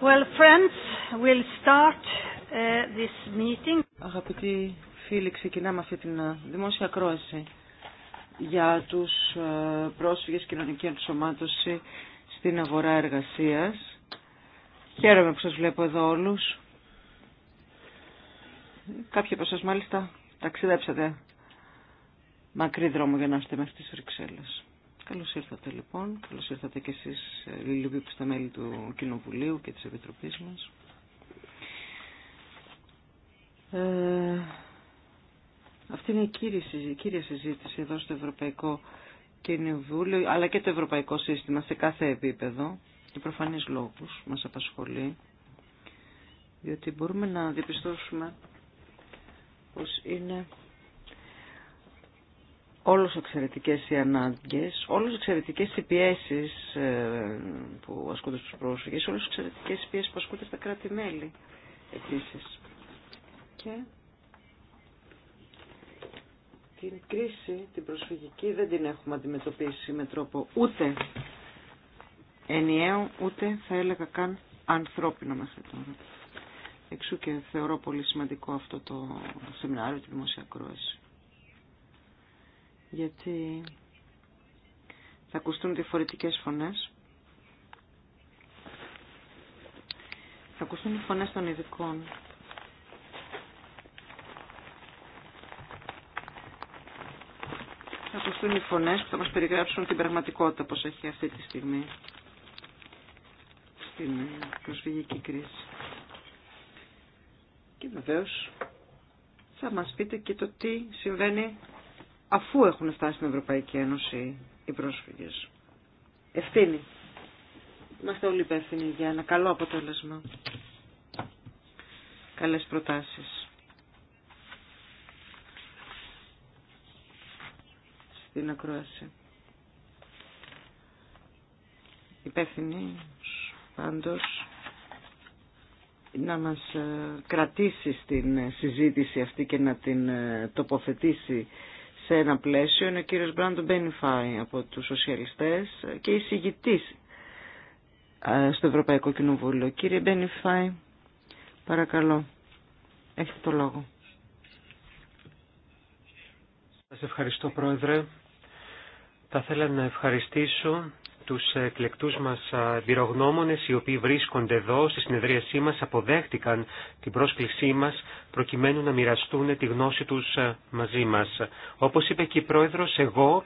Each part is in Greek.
Well, friends, we'll start uh, this meeting. Αγαπητοί φίλοι, ξεκινάμε αυτή την ε, δημόσια ακρόαση για τους ε, πρόσφυγες κοινωνική ενσωμάτωση στην αγορά εργασίας. Χαίρομαι που σας βλέπω εδώ όλους. Κάποιοι από σας μάλιστα ταξιδέψατε μακρύ δρόμο για να είστε μέχρι τις Βρυξέλλες. Καλώς ήρθατε λοιπόν. Καλώς ήρθατε και εσείς ε, Λίλιβοι που στα μέλη του Κοινοβουλίου και της Επιτροπής μας. Ε, αυτή είναι η κύρια, συζήτηση εδώ στο Ευρωπαϊκό Κοινοβούλιο αλλά και το Ευρωπαϊκό Σύστημα σε κάθε επίπεδο και προφανείς λόγους μας απασχολεί διότι μπορούμε να διαπιστώσουμε πως είναι όλους εξαιρετικές οι ανάγκες, όλους εξαιρετικές οι πιέσεις ε, που ασκούνται στους πρόσφυγες, όλους εξαιρετικές οι πιέσεις που ασκούνται στα κράτη-μέλη επίσης. Και την κρίση, την προσφυγική δεν την έχουμε αντιμετωπίσει με τρόπο ούτε ενιαίο, ούτε θα έλεγα καν ανθρώπινο μέχρι τώρα. Εξού και θεωρώ πολύ σημαντικό αυτό το σεμινάριο, τη δημοσιακή γιατί θα ακουστούν διαφορετικές φωνές. Θα ακουστούν οι φωνές των ειδικών. Θα ακουστούν οι φωνές που θα μας περιγράψουν την πραγματικότητα πως έχει αυτή τη στιγμή στην προσφυγική κρίση. Και βεβαίως θα μας πείτε και το τι συμβαίνει αφού έχουν φτάσει στην Ευρωπαϊκή Ένωση οι πρόσφυγες. Ευθύνη. Είμαστε όλοι υπεύθυνοι για ένα καλό αποτέλεσμα. Καλές προτάσεις. Στην ακρόαση. Υπεύθυνοι πάντως να μας ε, κρατήσει στην ε, συζήτηση αυτή και να την ε, τοποθετήσει σε ένα πλαίσιο είναι ο κύριος Μπράντο Μπένιφάι από τους σοσιαλιστές και εισηγητής ε, στο Ευρωπαϊκό Κοινοβούλιο. Κύριε Μπένιφάι, παρακαλώ, έχετε το λόγο. Σας ευχαριστώ Πρόεδρε. Θα ήθελα να ευχαριστήσω τους ε, εκλεκτούς μας διρογνώμονες οι οποίοι βρίσκονται εδώ στη συνεδρίασή μας αποδέχτηκαν την πρόσκλησή μας προκειμένου να μοιραστούν τη γνώση τους ε, μαζί μας. Όπως είπε και η Πρόεδρος, εγώ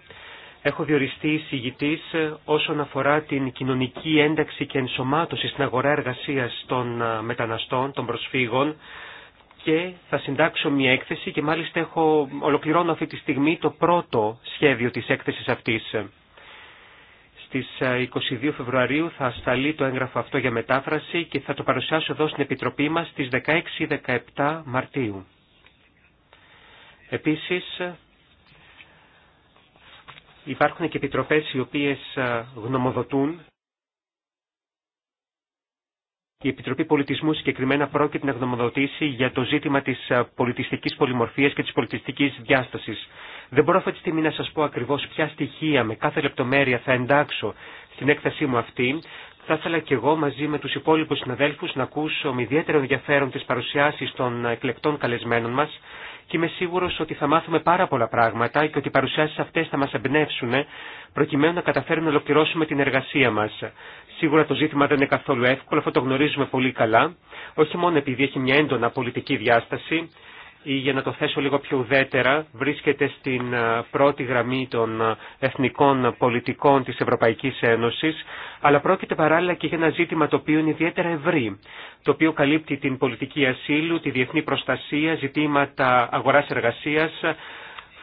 έχω διοριστεί εισηγητής ε, όσον αφορά την κοινωνική ένταξη και ενσωμάτωση στην αγορά εργασίας των μεταναστών, των προσφύγων και θα συντάξω μια έκθεση και μάλιστα έχω ολοκληρώνω αυτή τη στιγμή το πρώτο σχέδιο της έκθεσης αυτής στις 22 ε, Φεβρουαρίου θα ασταλεί το έγγραφο αυτό για μετάφραση και θα το παρουσιάσω εδώ στην Επιτροπή μας στις 16-17 Μαρτίου. Επίσης, υπάρχουν και επιτροπές οι οποίες ε, γνωμοδοτούν. Η Επιτροπή Πολιτισμού συγκεκριμένα πρόκειται να γνωμοδοτήσει για το ζήτημα της ε, πολιτιστικής πολυμορφίας και της πολιτιστικής διάστασης. Δεν μπορώ αυτή τη στιγμή να σας πω ακριβώς ποια στοιχεία με κάθε λεπτομέρεια θα εντάξω στην έκθεσή μου αυτή. Θα ήθελα και εγώ μαζί με τους υπόλοιπους συναδέλφους να ακούσω με ιδιαίτερο ενδιαφέρον τις παρουσιάσεις των εκλεκτών καλεσμένων μας και είμαι σίγουρο ότι θα μάθουμε πάρα πολλά πράγματα και ότι οι παρουσιάσεις αυτές θα μας εμπνεύσουν προκειμένου να καταφέρουμε να ολοκληρώσουμε την εργασία μας. Σίγουρα το ζήτημα δεν είναι καθόλου εύκολο, αυτό το γνωρίζουμε πολύ καλά, όχι μόνο επειδή έχει μια έντονα πολιτική διάσταση, ή για να το θέσω λίγο πιο ουδέτερα, βρίσκεται στην ε, πρώτη γραμμή των ε, εθνικών πολιτικών της Ευρωπαϊκής Ένωσης, αλλά πρόκειται παράλληλα και για ένα ζήτημα το οποίο είναι ιδιαίτερα ευρύ, το οποίο καλύπτει την πολιτική ασύλου, τη διεθνή προστασία, ζητήματα αγοράς εργασίας,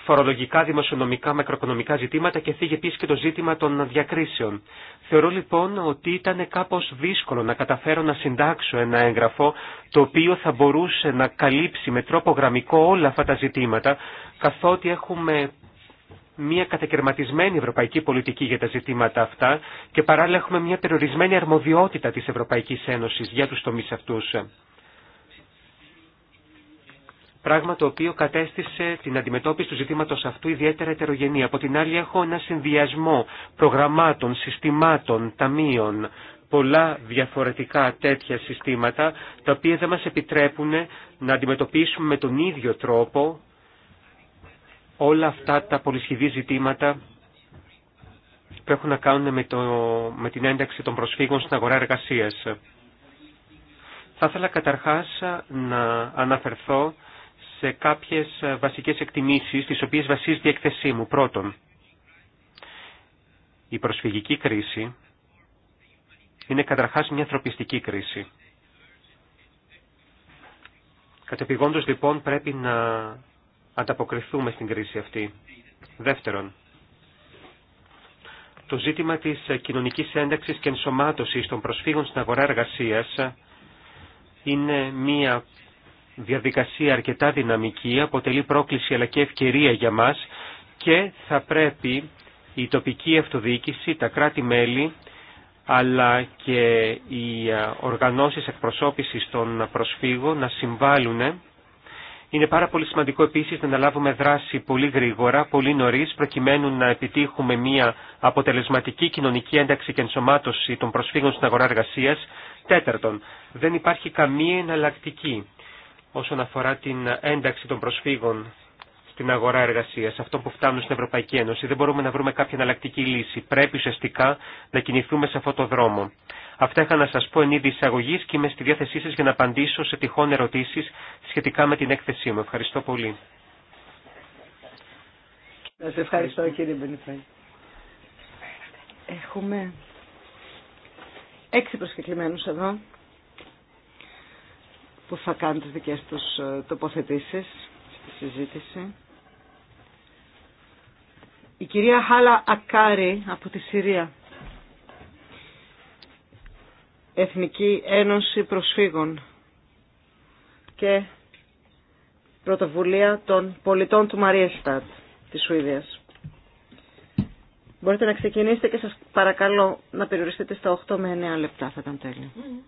φορολογικά, δημοσιονομικά, μακροοικονομικά ζητήματα και θίγει επίση και το ζήτημα των διακρίσεων. Θεωρώ λοιπόν ότι ήταν κάπω δύσκολο να καταφέρω να συντάξω ένα έγγραφο το οποίο θα μπορούσε να καλύψει με τρόπο γραμμικό όλα αυτά τα ζητήματα, καθότι έχουμε μια κατακαιρματισμένη ευρωπαϊκή πολιτική για τα ζητήματα αυτά και παράλληλα έχουμε μια περιορισμένη αρμοδιότητα της Ευρωπαϊκής Ένωσης για τους τομείς αυτούς. Πράγμα το οποίο κατέστησε την αντιμετώπιση του ζητήματος αυτού ιδιαίτερα ετερογενή. Από την άλλη έχω ένα συνδυασμό προγραμμάτων, συστημάτων, ταμείων, πολλά διαφορετικά τέτοια συστήματα, τα οποία δεν μας επιτρέπουν να αντιμετωπίσουμε με τον ίδιο τρόπο όλα αυτά τα πολυσχηδή ζητήματα που έχουν να κάνουν με, με την ένταξη των προσφύγων στην αγορά εργασίας. Θα ήθελα καταρχάς να αναφερθώ σε κάποιες ε, βασικές εκτιμήσεις τις οποίες βασίζει η εκθεσή μου. Πρώτον, η προσφυγική κρίση είναι καταρχάς μια ανθρωπιστική κρίση. Κατεπηγόντως λοιπόν πρέπει να ανταποκριθούμε στην κρίση αυτή. Δεύτερον, το ζήτημα της κοινωνικής ένταξης και ενσωμάτωσης των προσφύγων στην αγορά εργασίας είναι μία διαδικασία αρκετά δυναμική, αποτελεί πρόκληση αλλά και ευκαιρία για μας και θα πρέπει η τοπική αυτοδιοίκηση, τα κράτη-μέλη, αλλά και οι ε, οργανώσεις εκπροσώπησης των προσφύγων να συμβάλλουν. Είναι πάρα πολύ σημαντικό επίσης να αναλάβουμε δράση πολύ γρήγορα, πολύ νωρίς, προκειμένου να επιτύχουμε μια αποτελεσματική κοινωνική ένταξη και ενσωμάτωση των προσφύγων στην αγορά εργασίας. Τέταρτον, δεν υπάρχει καμία εναλλακτική όσον αφορά την ένταξη των προσφύγων στην αγορά εργασίας, αυτό που φτάνουν στην Ευρωπαϊκή Ένωση. Δεν μπορούμε να βρούμε κάποια εναλλακτική λύση. Πρέπει ουσιαστικά να κινηθούμε σε αυτό το δρόμο. Αυτά είχα να σας πω εν είδη εισαγωγή και είμαι στη διάθεσή σας για να απαντήσω σε τυχόν ερωτήσεις σχετικά με την έκθεσή μου. Ευχαριστώ πολύ. Σας ευχαριστώ κύριε Μπενιφέλη. Έχουμε έξι προσκεκλημένους εδώ που θα κάνουν τις δικές τους ε, τοποθετήσεις στη συζήτηση. Η κυρία Χάλα Ακάρη από τη Συρία. Εθνική Ένωση Προσφύγων και πρωτοβουλία των πολιτών του Μαρίεστατ της Σουηδίας. Μπορείτε να ξεκινήσετε και σας παρακαλώ να περιοριστείτε στα 8 με 9 λεπτά, θα ήταν τέλειο. Mm-hmm.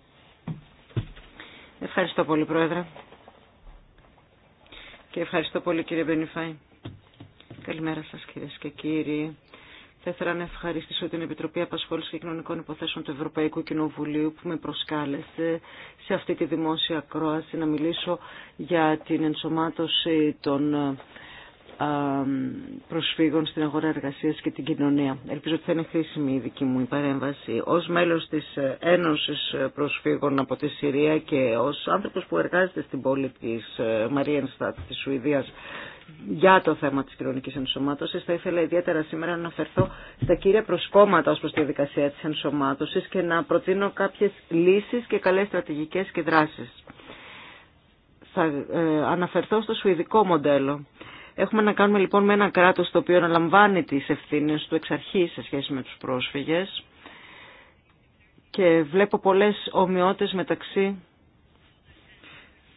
Ευχαριστώ πολύ, Πρόεδρε. Και ευχαριστώ πολύ, κύριε Μπενιφάη. Καλημέρα σας, κυρίες και κύριοι. Θα ήθελα να ευχαριστήσω την Επιτροπή Απασχόληση και Κοινωνικών Υποθέσεων του Ευρωπαϊκού Κοινοβουλίου που με προσκάλεσε σε αυτή τη δημόσια κρόαση να μιλήσω για την ενσωμάτωση των προσφύγων στην αγορά εργασίας και την κοινωνία. Ελπίζω ότι θα είναι χρήσιμη η δική μου η παρέμβαση. Ως μέλος της Ένωσης Προσφύγων από τη Συρία και ως άνθρωπος που εργάζεται στην πόλη της ε, Μαρίενστατ της Σουηδίας για το θέμα της κοινωνικής ενσωμάτωσης. Θα ήθελα ιδιαίτερα σήμερα να αναφερθώ στα κύρια προσκόμματα ως προς τη διαδικασία της ενσωμάτωσης και να προτείνω κάποιες λύσεις και καλές στρατηγικές και δράσεις. Θα ε, αναφερθώ στο σουηδικό μοντέλο. Έχουμε να κάνουμε λοιπόν με ένα κράτος το οποίο αναλαμβάνει τις ευθύνες του εξ αρχής σε σχέση με τους πρόσφυγες και βλέπω πολλές ομοιότητες μεταξύ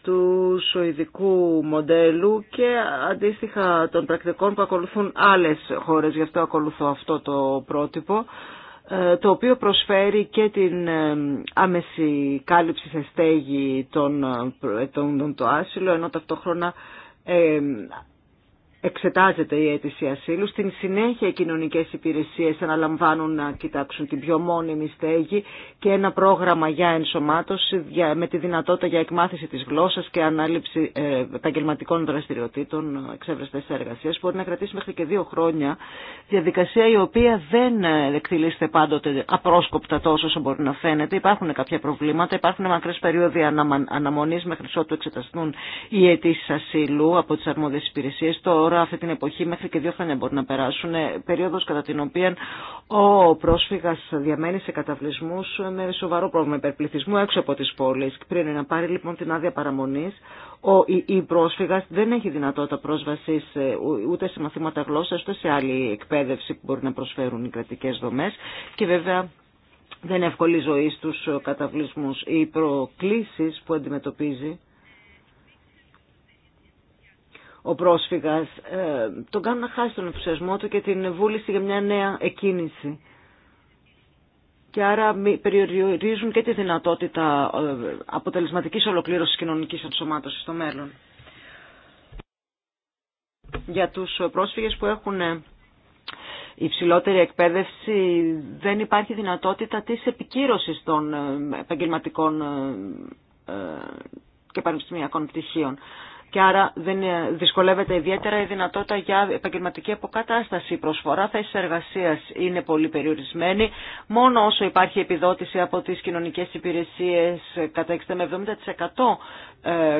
του σοηδικού μοντέλου και αντίστοιχα των πρακτικών που ακολουθούν άλλες χώρες, γι' αυτό ακολουθώ αυτό το πρότυπο, ε, το οποίο προσφέρει και την ε, άμεση κάλυψη σε στέγη ε, των των το άσυλο, ενώ ταυτόχρονα εξετάζεται η αίτηση ασύλου. Στην συνέχεια οι κοινωνικές υπηρεσίες αναλαμβάνουν να κοιτάξουν την πιο μόνιμη στέγη και ένα πρόγραμμα για ενσωμάτωση με τη δυνατότητα για εκμάθηση της γλώσσας και ανάληψη ε, επαγγελματικών δραστηριοτήτων εξεύρεστες εργασίες. Μπορεί να κρατήσει μέχρι και δύο χρόνια διαδικασία η οποία δεν ε, εκτελείστε πάντοτε απρόσκοπτα τόσο όσο μπορεί να φαίνεται. Υπάρχουν κάποια προβλήματα, υπάρχουν μακρές περίοδοι αναμονής μέχρι ότου εξεταστούν οι αιτήσει ασύλου από τις αρμόδιες υπηρεσίες αυτή την εποχή, μέχρι και δύο χρόνια μπορεί να περάσουν, ε, περίοδος κατά την οποία ο πρόσφυγας διαμένει σε καταβλισμούς με σοβαρό πρόβλημα υπερπληθισμού έξω από τις πόλεις. Πριν να πάρει λοιπόν την άδεια παραμονής, ο, η, πρόσφυγας δεν έχει δυνατότητα πρόσβαση ούτε σε μαθήματα γλώσσας, ούτε σε άλλη εκπαίδευση που μπορεί να προσφέρουν οι κρατικές δομές και βέβαια δεν εύκολη ζωή στους καταβλισμούς. Οι προκλήσεις που αντιμετωπίζει ο πρόσφυγας. Ε, τον κάνουν να χάσει τον ενθουσιασμό του και την βούληση για μια νέα εκκίνηση. Και άρα περιορίζουν και τη δυνατότητα ε, αποτελεσματικής ολοκλήρωσης κοινωνικής ενσωμάτωσης στο μέλλον. Για τους πρόσφυγες που έχουν ε, υψηλότερη εκπαίδευση δεν υπάρχει δυνατότητα της επικύρωσης των ε, επαγγελματικών και πανεπιστημιακών πτυχίων και άρα δεν ε, δυσκολεύεται ιδιαίτερα η δυνατότητα για επαγγελματική αποκατάσταση. Η προσφορά θέση εργασία είναι πολύ περιορισμένη. Μόνο όσο υπάρχει επιδότηση από τι κοινωνικέ υπηρεσίε ε, κατά 60 με 70%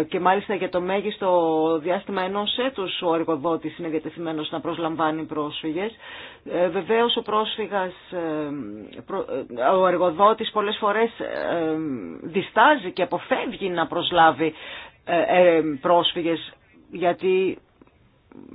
και μάλιστα για το μέγιστο διάστημα ενό έτου ο εργοδότη είναι διατεθειμένο να προσλαμβάνει πρόσφυγε. Ε, Βεβαίω ο πρόσφυγα, ο εργοδότη πολλέ φορέ διστάζει και αποφεύγει να προσλάβει ε, ε, πρόσφυγες γιατί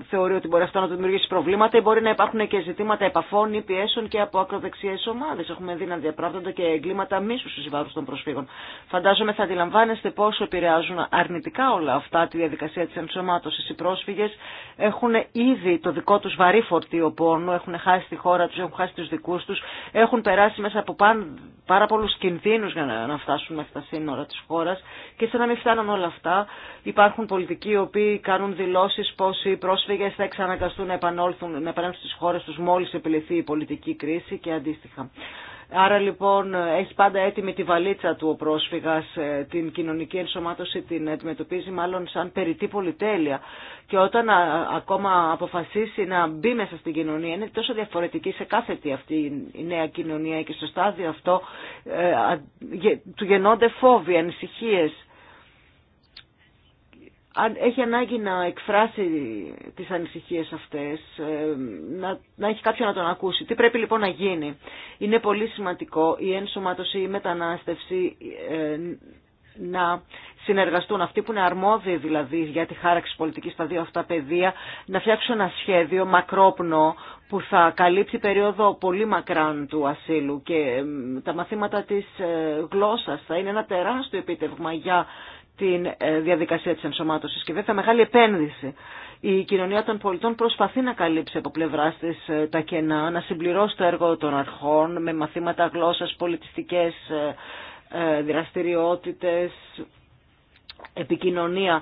θεωρεί ότι μπορεί αυτό να δημιουργήσει προβλήματα ή μπορεί να υπάρχουν και ζητήματα επαφών ή πιέσεων και από ακροδεξιέ ομάδε. Έχουμε δει να διαπράττονται και εγκλήματα μίσου στου βάρου των προσφύγων. Φαντάζομαι θα αντιλαμβάνεστε πόσο επηρεάζουν αρνητικά όλα αυτά τη διαδικασία τη ενσωμάτωση. Οι πρόσφυγε έχουν ήδη το δικό του βαρύ φορτίο πόνου, έχουν χάσει τη χώρα του, έχουν χάσει του δικού του, έχουν περάσει μέσα από πάρα πολλού κινδύνου για να φτάσουν μέχρι τα σύνορα τη χώρα και σαν να μην φτάνουν όλα αυτά υπάρχουν πολιτικοί οι οποίοι κάνουν δηλώσει πω οι πρόσφυγε θα εξαναγκαστούν να επανέλθουν, να επανέλθουν στις χώρες τους μόλις επιληθεί η πολιτική κρίση και αντίστοιχα. Άρα λοιπόν έχει πάντα έτοιμη τη βαλίτσα του ο πρόσφυγας, ε, την κοινωνική ενσωμάτωση την αντιμετωπίζει μάλλον σαν περιττή πολυτέλεια. Και όταν ακόμα αποφασίσει να μπει μέσα στην κοινωνία, είναι τόσο διαφορετική σε κάθε τι αυτή η νέα κοινωνία και στο στάδιο αυτό ε, του γεννώνται φόβοι, ανησυχίες έχει ανάγκη να εκφράσει τις ανησυχίες αυτές, ε, να, να έχει κάποιον να τον ακούσει. Τι πρέπει λοιπόν να γίνει. Είναι πολύ σημαντικό η ενσωμάτωση, η μετανάστευση ε, να συνεργαστούν αυτοί που είναι αρμόδιοι δηλαδή για τη χάραξη πολιτικής στα δύο αυτά πεδία, να φτιάξουν ένα σχέδιο μακρόπνο που θα καλύψει περίοδο πολύ μακράν του ασύλου και ε, τα μαθήματα της γλώσσας θα είναι ένα τεράστιο επίτευγμα για την ε, διαδικασία της ενσωμάτωσης και βέβαια μεγάλη επένδυση. Η κοινωνία των πολιτών προσπαθεί να καλύψει από πλευρά τη ε, τα κενά, να συμπληρώσει το έργο των αρχών με μαθήματα γλώσσας, πολιτιστικές ε, δραστηριότητες, επικοινωνία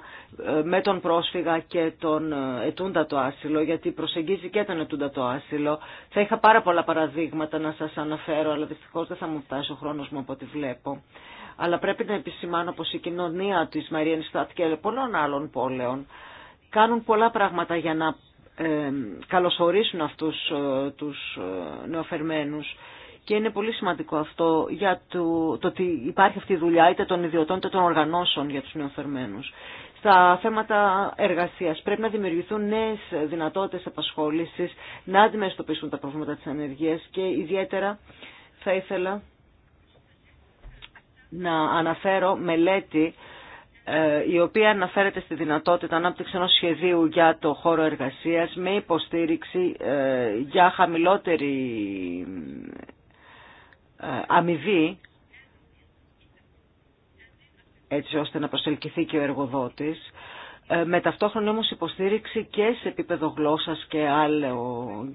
με τον πρόσφυγα και τον ετούντα το άσυλο, γιατί προσεγγίζει και τον ετούντα το άσυλο. Θα είχα πάρα πολλά παραδείγματα να σας αναφέρω, αλλά δυστυχώς δεν θα μου φτάσει ο χρόνος μου από ό,τι βλέπω αλλά πρέπει να επισημάνω πως η κοινωνία της Νιστάτ και πολλών άλλων πόλεων κάνουν πολλά πράγματα για να ε, καλωσορίσουν αυτούς ε, τους ε, νεοφερμένους και είναι πολύ σημαντικό αυτό για το, ότι υπάρχει αυτή η δουλειά είτε των ιδιωτών είτε των οργανώσεων για τους νεοφερμένους. Στα θέματα εργασίας πρέπει να δημιουργηθούν νέες δυνατότητες απασχόλησης, να αντιμετωπίσουν τα προβλήματα της ανεργίας και ιδιαίτερα θα ήθελα να αναφέρω μελέτη ε, η οποία αναφέρεται στη δυνατότητα ανάπτυξη ενός σχεδίου για το χώρο εργασίας με υποστήριξη ε, για χαμηλότερη ε, αμοιβή έτσι ώστε να προσελκυθεί και ο εργοδότης ε, με ταυτόχρονη όμως υποστήριξη και σε επίπεδο γλώσσας και άλλων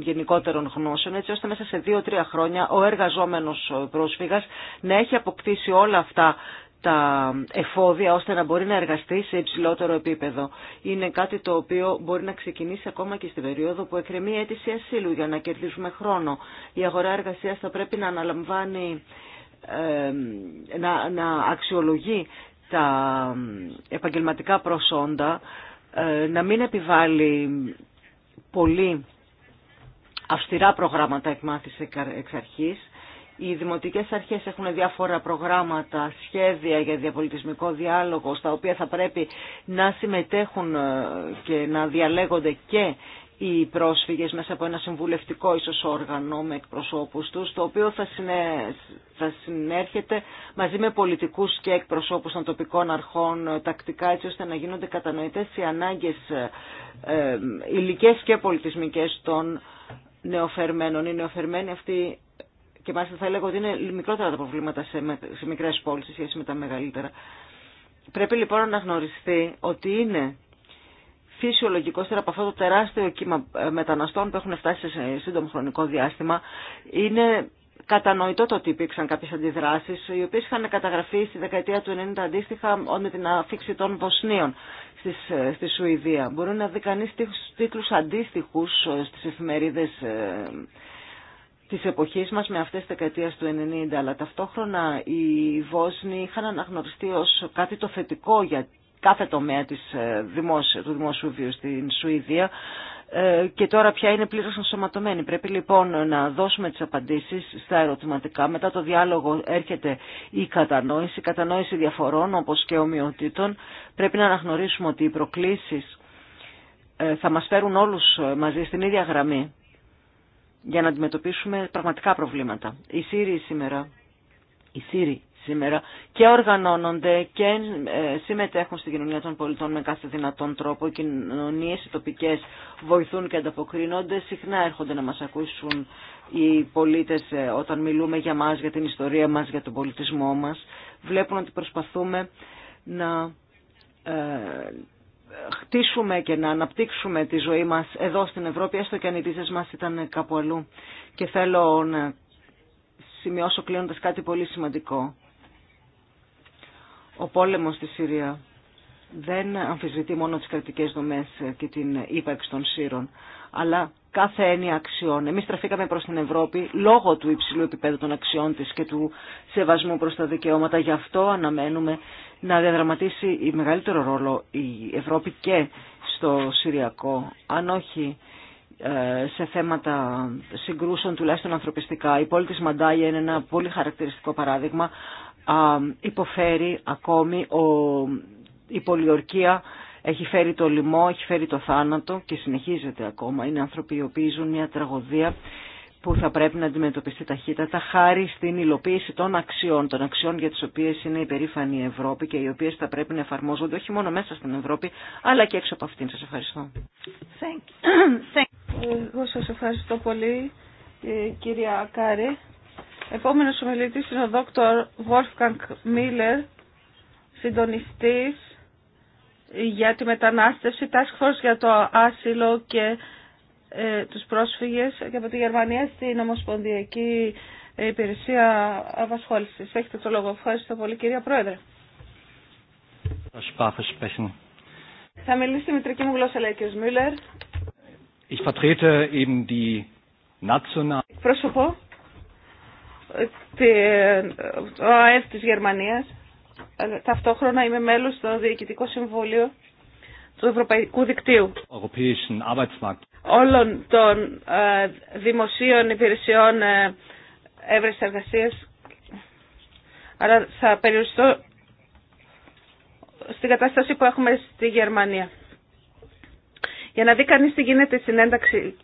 γενικότερων γνώσεων, έτσι ώστε μέσα σε δύο-τρία χρόνια ο εργαζόμενος πρόσφυγας να έχει αποκτήσει όλα αυτά τα εφόδια ώστε να μπορεί να εργαστεί σε υψηλότερο επίπεδο. Είναι κάτι το οποίο μπορεί να ξεκινήσει ακόμα και στην περίοδο που εκκρεμεί η αίτηση ασύλου για να κερδίσουμε χρόνο. Η αγορά εργασίας θα πρέπει να αναλαμβάνει ε, να, να αξιολογεί τα επαγγελματικά προσόντα ε, να μην επιβάλλει πολύ αυστηρά προγράμματα εκμάθηση εξ αρχής. Οι δημοτικές αρχές έχουν διάφορα προγράμματα, σχέδια για διαπολιτισμικό διάλογο, στα οποία θα πρέπει να συμμετέχουν ε, και να διαλέγονται και οι πρόσφυγες μέσα από ένα συμβουλευτικό ίσως όργανο με εκπροσώπους τους, το οποίο θα, συνέ, συνέρχεται μαζί με πολιτικούς και εκπροσώπους των τοπικών αρχών ε, τακτικά έτσι ώστε να γίνονται κατανοητές οι ανάγκες ε, ε και πολιτισμικές των νεοφερμένων. Οι νεοφερμένοι αυτοί και μάλιστα θα έλεγα ότι είναι μικρότερα τα προβλήματα σε, σε μικρές πόλεις σε σχέση με τα μεγαλύτερα. Πρέπει λοιπόν να γνωριστεί ότι είναι ύστερα από αυτό το τεράστιο κύμα ε, μεταναστών που έχουν φτάσει σε σύντομο χρονικό διάστημα είναι κατανοητό το ότι υπήρξαν κάποιε αντιδράσεις, οι οποίε είχαν καταγραφεί στη δεκαετία του 90 αντίστοιχα με την αφήξη των Βοσνίων στη, ε, στη Σουηδία. Μπορεί να δει κανεί τίτλου αντίστοιχου ε, στι εφημερίδε της εποχής μας με αυτές τις δεκαετίες του 90, αλλά ταυτόχρονα οι Βόσνοι είχαν αναγνωριστεί ως κάτι το θετικό για κάθε τομέα της, ε, του δημόσιου βίου στην Σουηδία ε, και τώρα πια είναι πλήρως ενσωματωμένη. Πρέπει λοιπόν να δώσουμε τις απαντήσεις στα ερωτηματικά. Μετά το διάλογο έρχεται η κατανόηση, η κατανόηση διαφορών όπως και ομοιοτήτων. Πρέπει να αναγνωρίσουμε ότι οι προκλήσεις ε, θα μας φέρουν όλους μαζί στην ίδια γραμμή για να αντιμετωπίσουμε πραγματικά προβλήματα. Η Σύριοι σήμερα, η σήμερα και οργανώνονται και ε, συμμετέχουν στην κοινωνία των πολιτών με κάθε δυνατόν τρόπο. Οι κοινωνίες οι τοπικές βοηθούν και ανταποκρίνονται. Συχνά έρχονται να μας ακούσουν οι πολίτες ε, όταν μιλούμε για μας, για την ιστορία μας, για τον πολιτισμό μας. Βλέπουν ότι προσπαθούμε να ε, χτίσουμε και να αναπτύξουμε τη ζωή μας εδώ στην Ευρώπη, έστω και αν οι μας ήταν κάπου αλλού. Και θέλω να σημειώσω κλείνοντας κάτι πολύ σημαντικό. Ο πόλεμος στη Συρία δεν αμφισβητεί μόνο τις κρατικές δομές και την ύπαρξη των σύρων, αλλά κάθε έννοια αξιών. Εμείς στραφήκαμε προς την Ευρώπη λόγω του υψηλού επίπεδου των αξιών της και του σεβασμού προς τα δικαιώματα. Γι' αυτό αναμένουμε να διαδραματίσει η μεγαλύτερο ρόλο η Ευρώπη και στο Συριακό, αν όχι ε, σε θέματα συγκρούσεων τουλάχιστον ανθρωπιστικά. Η πόλη της Μαντάγια είναι ένα πολύ χαρακτηριστικό παράδειγμα υποφέρει ακόμη, η πολιορκία έχει φέρει το λοιμό, έχει φέρει το θάνατο και συνεχίζεται ακόμα. Είναι άνθρωποι οι οποίοι ζουν μια τραγωδία που θα πρέπει να αντιμετωπιστεί ταχύτατα χάρη στην υλοποίηση των αξιών, των αξιών για τις οποίες είναι η η Ευρώπη και οι οποίες θα πρέπει να εφαρμόζονται όχι μόνο μέσα στην Ευρώπη αλλά και έξω από αυτήν. Σας ευχαριστώ. Thank you. Εγώ σας ευχαριστώ πολύ ε, κυρία Κάρη. Επόμενος ομιλητή, είναι ο δόκτωρ Wolfgang Miller, συντονιστής για τη μετανάστευση, task force για το άσυλο και ε, τους πρόσφυγες και από τη Γερμανία στην Ομοσπονδιακή Υπηρεσία Απασχόληση. Έχετε το λόγο. Ευχαριστώ πολύ κυρία Πρόεδρε. Θα μιλήσει τη μητρική μου γλώσσα, λέει ο Μίλλερ. Ich vertrete eben die ο ΑΕΦ της Γερμανίας. Ε, ταυτόχρονα είμαι μέλος στο Διοικητικό Συμβούλιο του Ευρωπαϊκού Δικτύου όλων των ε, δημοσίων υπηρεσιών ε, εύρεσης εργασίας. Αλλά θα περιοριστώ στην κατάσταση που έχουμε στη Γερμανία. Για να δει κανείς τι γίνεται στην ένταξη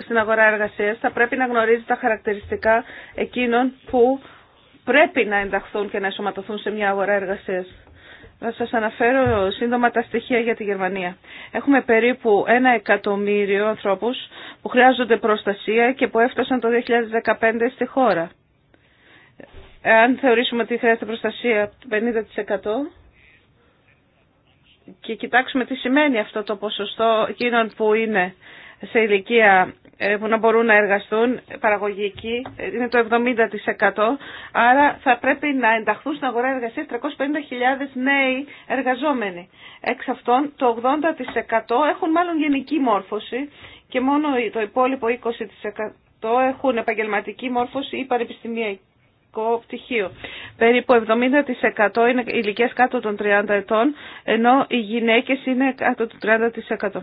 στην αγορά εργασίας θα πρέπει να γνωρίζει τα χαρακτηριστικά εκείνων που πρέπει να ενταχθούν και να εσωματωθούν σε μια αγορά εργασίας. Θα σας αναφέρω σύντομα τα στοιχεία για τη Γερμανία. Έχουμε περίπου ένα εκατομμύριο ανθρώπους που χρειάζονται προστασία και που έφτασαν το 2015 στη χώρα. Αν θεωρήσουμε ότι χρειάζεται προστασία 50%, και κοιτάξουμε τι σημαίνει αυτό το ποσοστό εκείνων που είναι σε ηλικία ε, που να μπορούν να εργαστούν, παραγωγική, ε, είναι το 70%. Άρα θα πρέπει να ενταχθούν στην αγορά εργασίας 350.000 νέοι εργαζόμενοι. Εξ αυτών το 80% έχουν μάλλον γενική μόρφωση και μόνο το υπόλοιπο 20% έχουν επαγγελματική μόρφωση ή πανεπιστημιακό πτυχίο. Περίπου 70% είναι ηλικίες κάτω των 30 ετών, ενώ οι γυναίκες είναι κάτω του 30%.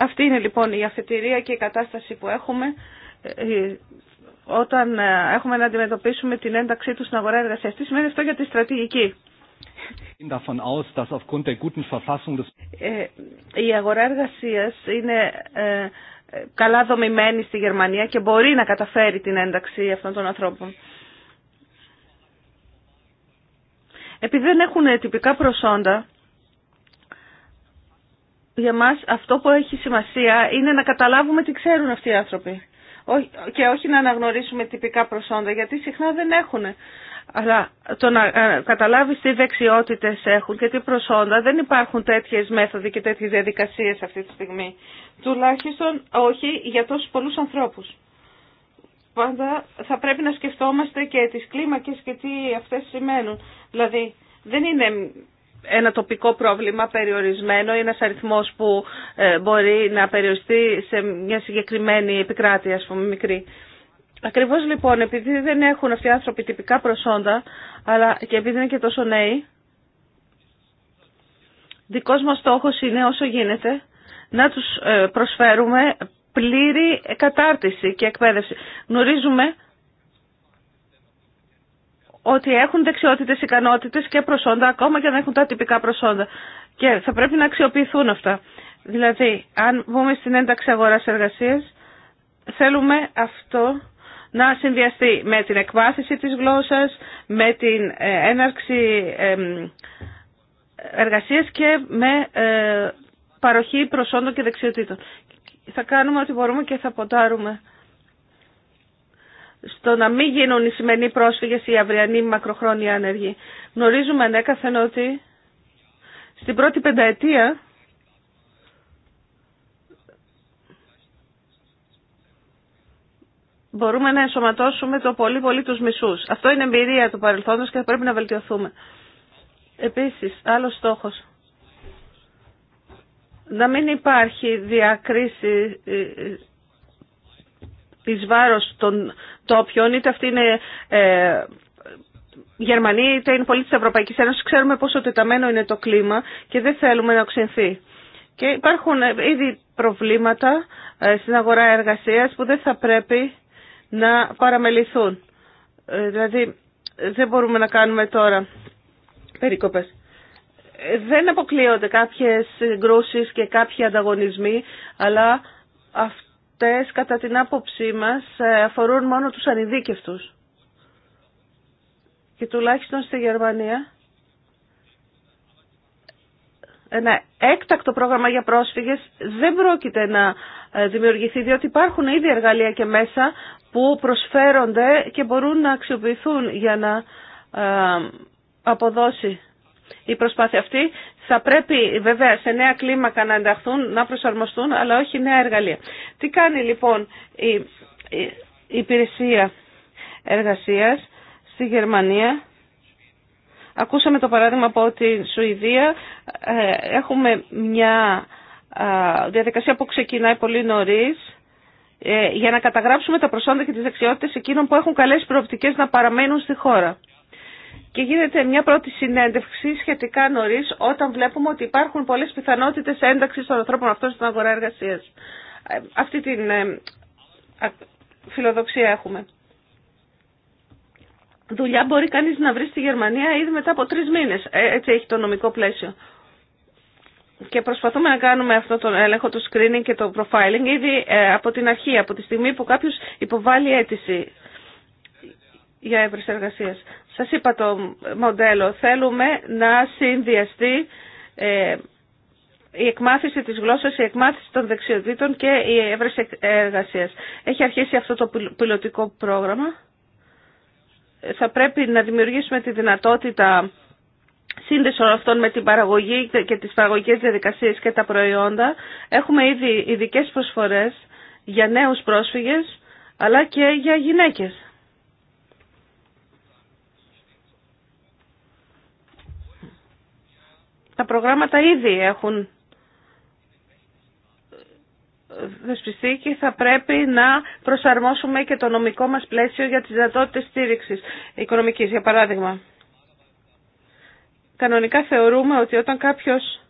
Αυτή είναι λοιπόν η αφετηρία και η κατάσταση που έχουμε ε, όταν ε, έχουμε να αντιμετωπίσουμε την ένταξή του στην αγορά εργασία. Τι σημαίνει αυτό για τη στρατηγική. Ε, η αγορά εργασία είναι καλά δομημένη στη Γερμανία και μπορεί να καταφέρει την ένταξη αυτών των ανθρώπων. Επειδή δεν έχουν τυπικά προσόντα, για μας αυτό που έχει σημασία είναι να καταλάβουμε τι ξέρουν αυτοί οι άνθρωποι και όχι να αναγνωρίσουμε τυπικά προσόντα γιατί συχνά δεν έχουν. Αλλά το να ε, καταλάβει τι δεξιότητε έχουν και τι προσόντα δεν υπάρχουν τέτοιε μέθοδοι και τέτοιε διαδικασίε αυτή τη στιγμή. Τουλάχιστον όχι για τόσου πολλού ανθρώπου. Πάντα θα πρέπει να σκεφτόμαστε και τις κλίμακες και τι αυτές σημαίνουν. Δηλαδή δεν είναι ένα τοπικό πρόβλημα περιορισμένο ή ένας αριθμός που ε, μπορεί να περιοριστεί σε μια συγκεκριμένη επικράτεια, ας πούμε, μικρή. Ακριβώς λοιπόν, επειδή δεν έχουν αυτοί οι άνθρωποι τυπικά προσόντα, αλλά και επειδή είναι και τόσο νέοι, δικός μας στόχος είναι όσο γίνεται να τους ε, προσφέρουμε πλήρη κατάρτιση και εκπαίδευση. Γνωρίζουμε ότι έχουν δεξιότητες, ικανότητες και προσόντα, ακόμα και αν έχουν τα τυπικά προσόντα. Και θα πρέπει να αξιοποιηθούν αυτά. Δηλαδή, αν βγούμε στην ενταξη αγορά εργασία, θέλουμε αυτό να συνδυαστεί με την εκμάθηση της γλώσσας, με την ε, έναρξη εργασίας και με ε, παροχή προσόντων και δεξιοτήτων. Θα κάνουμε ό,τι μπορούμε και θα ποτάρουμε στο να μην γίνουν οι σημερινοί πρόσφυγε ή οι αυριανοί μακροχρόνια άνεργοι. Γνωρίζουμε ανέκαθεν ναι, ότι στην πρώτη πενταετία μπορούμε να ενσωματώσουμε το πολύ πολύ τους μισούς. Αυτό είναι εμπειρία του παρελθόντος και θα πρέπει να βελτιωθούμε. Επίσης, άλλος στόχος. Να μην υπάρχει διακρίση ε, ε, εις βάρος των τόπιων, είτε αυτή είναι ε, Γερμανοί είτε είναι πολίτες τη Ευρωπαϊκή Ένωση, ξέρουμε πόσο τεταμένο είναι το κλίμα και δεν θέλουμε να οξυνθεί. Και υπάρχουν ε, ήδη προβλήματα ε, στην αγορά εργασίας που δεν θα πρέπει να παραμεληθούν. Ε, δηλαδή δεν μπορούμε να κάνουμε τώρα περίκοπες. Δεν αποκλείονται κάποιες συγκρούσεις και κάποιοι ανταγωνισμοί, αλλά αυτό αυτές κατά την άποψή μας ε, αφορούν μόνο τους ανειδίκευτους. Και τουλάχιστον στη Γερμανία ένα έκτακτο πρόγραμμα για πρόσφυγες δεν πρόκειται να ε, δημιουργηθεί διότι υπάρχουν ήδη εργαλεία και μέσα που προσφέρονται και μπορούν να αξιοποιηθούν για να ε, αποδώσει η προσπάθεια αυτή θα πρέπει βέβαια σε νέα κλίμακα να ενταχθούν, να προσαρμοστούν, αλλά όχι νέα εργαλεία. Τι κάνει λοιπόν η υπηρεσία εργασίας στη Γερμανία. Ακούσαμε το παράδειγμα από τη Σουηδία. Ε, έχουμε μια διαδικασία που ξεκινάει πολύ νωρίς ε, για να καταγράψουμε τα προσόντα και τις δεξιότητες εκείνων που έχουν καλές προοπτικές να παραμένουν στη χώρα και γίνεται μια πρώτη συνέντευξη σχετικά νωρί όταν βλέπουμε ότι υπάρχουν πολλέ πιθανότητε ένταξη των ανθρώπων αυτών στην αγορά εργασία. Ε, αυτή την ε, φιλοδοξία έχουμε. Δουλειά μπορεί κανείς να βρει στη Γερμανία ήδη μετά από τρεις μήνες. Ε, έτσι έχει το νομικό πλαίσιο. Και προσπαθούμε να κάνουμε αυτό τον έλεγχο, του screening και το profiling ήδη από την αρχή, από τη στιγμή που κάποιος υποβάλλει αίτηση για εύρης εργασίας. Σας είπα το μοντέλο. Θέλουμε να συνδυαστεί ε, η εκμάθηση της γλώσσας, η εκμάθηση των δεξιοτήτων και η έβρεση εργασίας. Έχει αρχίσει αυτό το πιλωτικό πρόγραμμα. Ε, θα πρέπει να δημιουργήσουμε τη δυνατότητα σύνδεση όλων αυτών με την παραγωγή και τις παραγωγικές διαδικασίες και τα προϊόντα. Έχουμε ήδη ειδικέ προσφορές για νέους πρόσφυγες αλλά και για γυναίκες. Τα προγράμματα ήδη έχουν δεσπιστεί και θα πρέπει να προσαρμόσουμε και το νομικό μας πλαίσιο για τις δυνατότητες στήριξης οικονομικής, για παράδειγμα. Κανονικά θεωρούμε ότι όταν κάποιος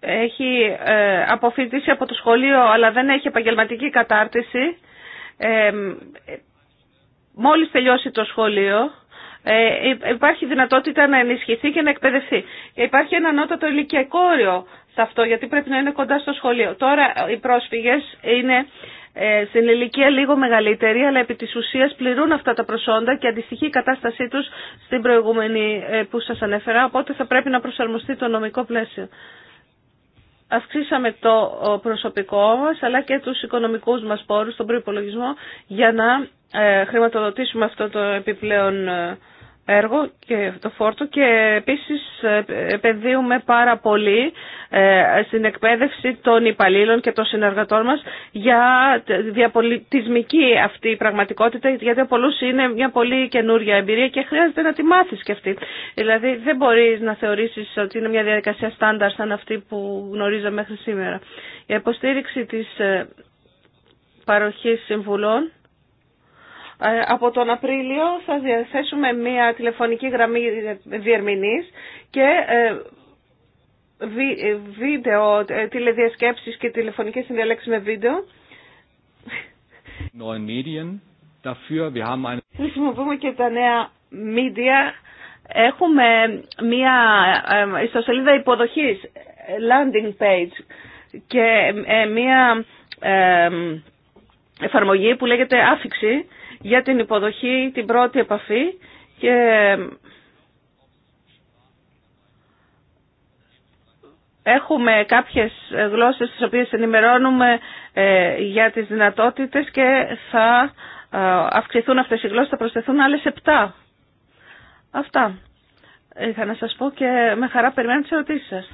έχει ε, αποφοιτήσει από το σχολείο αλλά δεν έχει επαγγελματική κατάρτιση, ε, μόλις τελειώσει το σχολείο ε, υπάρχει δυνατότητα να ενισχυθεί και να εκπαιδευτεί. Υπάρχει ένα ανώτατο ηλικιακό όριο σε αυτό, γιατί πρέπει να είναι κοντά στο σχολείο. Τώρα οι πρόσφυγες είναι ε, στην ηλικία λίγο μεγαλύτερη, αλλά επί της ουσίας πληρούν αυτά τα προσόντα και αντιστοιχεί η κατάστασή τους στην προηγούμενη ε, που σας ανέφερα, οπότε θα πρέπει να προσαρμοστεί το νομικό πλαίσιο αυξήσαμε το προσωπικό μας αλλά και τους οικονομικούς μας πόρους τον προϋπολογισμό για να ε, χρηματοδοτήσουμε αυτό το επιπλέον ε, έργο και το φόρτο και επίσης επενδύουμε πάρα πολύ ε, στην εκπαίδευση των υπαλλήλων και των συνεργατών μας για διαπολιτισμική αυτή η πραγματικότητα γιατί πολλούς είναι μια πολύ καινούρια εμπειρία και χρειάζεται να τη μάθεις και αυτή. Δηλαδή δεν μπορείς να θεωρήσεις ότι είναι μια διαδικασία στάνταρ σαν αυτή που γνωρίζω μέχρι σήμερα. Η υποστήριξη της ε, παροχής συμβουλών ε, από τον Απρίλιο θα διαθέσουμε μία τηλεφωνική γραμμή διερμηνής και ε, ε, βίντεο, τηλεδιασκέψεις και τηλεφωνικές συνδιαλέξεις με βίντεο. Χρησιμοποιούμε και τα νέα media. Έχουμε μία ιστοσελίδα υποδοχής, landing page και μία εφαρμογή που λέγεται άφηξη για την υποδοχή, την πρώτη επαφή και έχουμε κάποιες γλώσσες τις οποίες ενημερώνουμε ε, για τις δυνατότητες και θα ε, αυξηθούν αυτές οι γλώσσες, θα προσθεθούν άλλες 7. Αυτά. Είχα να σας πω και με χαρά περιμένω τις ερωτήσεις σας.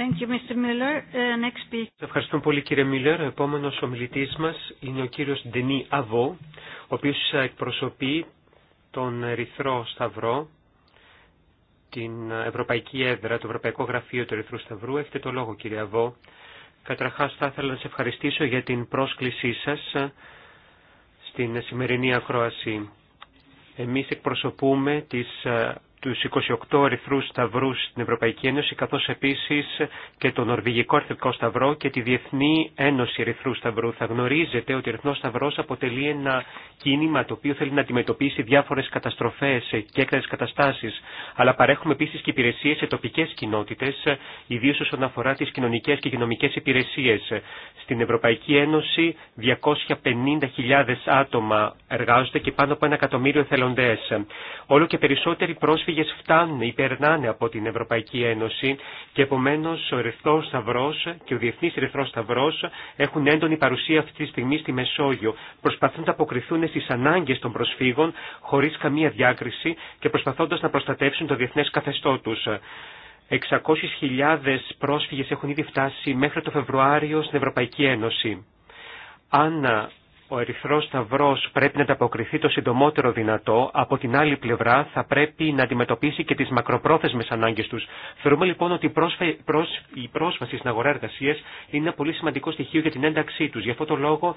Thank you, Mr. Uh, next Ευχαριστούμε πολύ κύριε Μίλλερ. Ο επόμενος ομιλητής μας είναι ο κύριος Ντενί Αβό, ο οποίος εκπροσωπεί τον Ερυθρό Σταυρό, την Ευρωπαϊκή Έδρα, το Ευρωπαϊκό Γραφείο του Ερυθρού Σταυρού. Έχετε το λόγο κύριε Αβό. Καταρχάς θα ήθελα να σε ευχαριστήσω για την πρόσκλησή σας στην σημερινή ακρόαση. Εμείς εκπροσωπούμε τις ε, του 28 ερυθρούς σταυρού στην Ευρωπαϊκή Ένωση, καθώ επίση και τον Νορβηγικό Ερθρικό Σταυρό και τη Διεθνή Ένωση Ερυθρού Σταυρού. Θα γνωρίζετε ότι ο Ερυθρός Σταυρός αποτελεί ένα κίνημα το οποίο θέλει να αντιμετωπίσει διάφορες καταστροφές και έκτακτες καταστάσεις, αλλά παρέχουμε επίσης και υπηρεσίες σε τοπικές κοινότητες, ιδίως όσον αφορά τις κοινωνικές και οικονομικές υπηρεσίες. Στην Ευρωπαϊκή Ένωση 250.000 άτομα εργάζονται και πάνω από ένα εκατομμύριο θελοντές. Όλο και περισσότεροι πρόσφυγες πρόσφυγες φτάνουν ή περνάνε από την Ευρωπαϊκή Ένωση και επομένως ο Ερυθρός Σταυρός και ο Διεθνής Ερυθρός Σταυρός έχουν έντονη παρουσία αυτή τη στιγμή στη Μεσόγειο. Προσπαθούν να αποκριθούν στις ανάγκες των προσφύγων χωρίς καμία διάκριση και προσπαθώντας να προστατεύσουν το διεθνές καθεστώ του. 600.000 πρόσφυγες έχουν ήδη φτάσει μέχρι το Φεβρουάριο στην Ευρωπαϊκή Ένωση. Αν ο Ερυθρός Σταυρός πρέπει να ανταποκριθεί το συντομότερο δυνατό, από την άλλη πλευρά θα πρέπει να αντιμετωπίσει και τις μακροπρόθεσμες ανάγκες τους. Θεωρούμε λοιπόν ότι η πρόσβαση στην αγορά εργασία είναι ένα πολύ σημαντικό στοιχείο για την ένταξή τους. Γι' αυτό το λόγο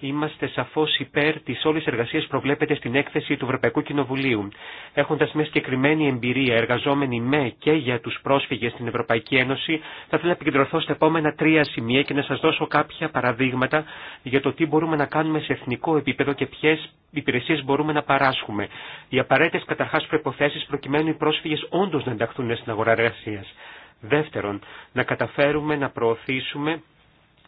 είμαστε σαφώς υπέρ της όλης εργασίας προβλέπεται στην έκθεση του Ευρωπαϊκού Κοινοβουλίου. Έχοντας μια συγκεκριμένη εμπειρία εργαζόμενη με και για τους πρόσφυγες στην Ευρωπαϊκή Ένωση, θα ήθελα να επικεντρωθώ στα επόμενα τρία σημεία και να σας δώσω κάποια παραδείγματα για το τι μπορούμε να κάνουμε κάνουμε σε εθνικό επίπεδο και ποιε υπηρεσίε μπορούμε να παράσχουμε. Οι απαραίτητε καταρχά προποθέσει προκειμένου οι πρόσφυγε όντω να ενταχθούν στην αγορά εργασία. Δεύτερον, να καταφέρουμε να προωθήσουμε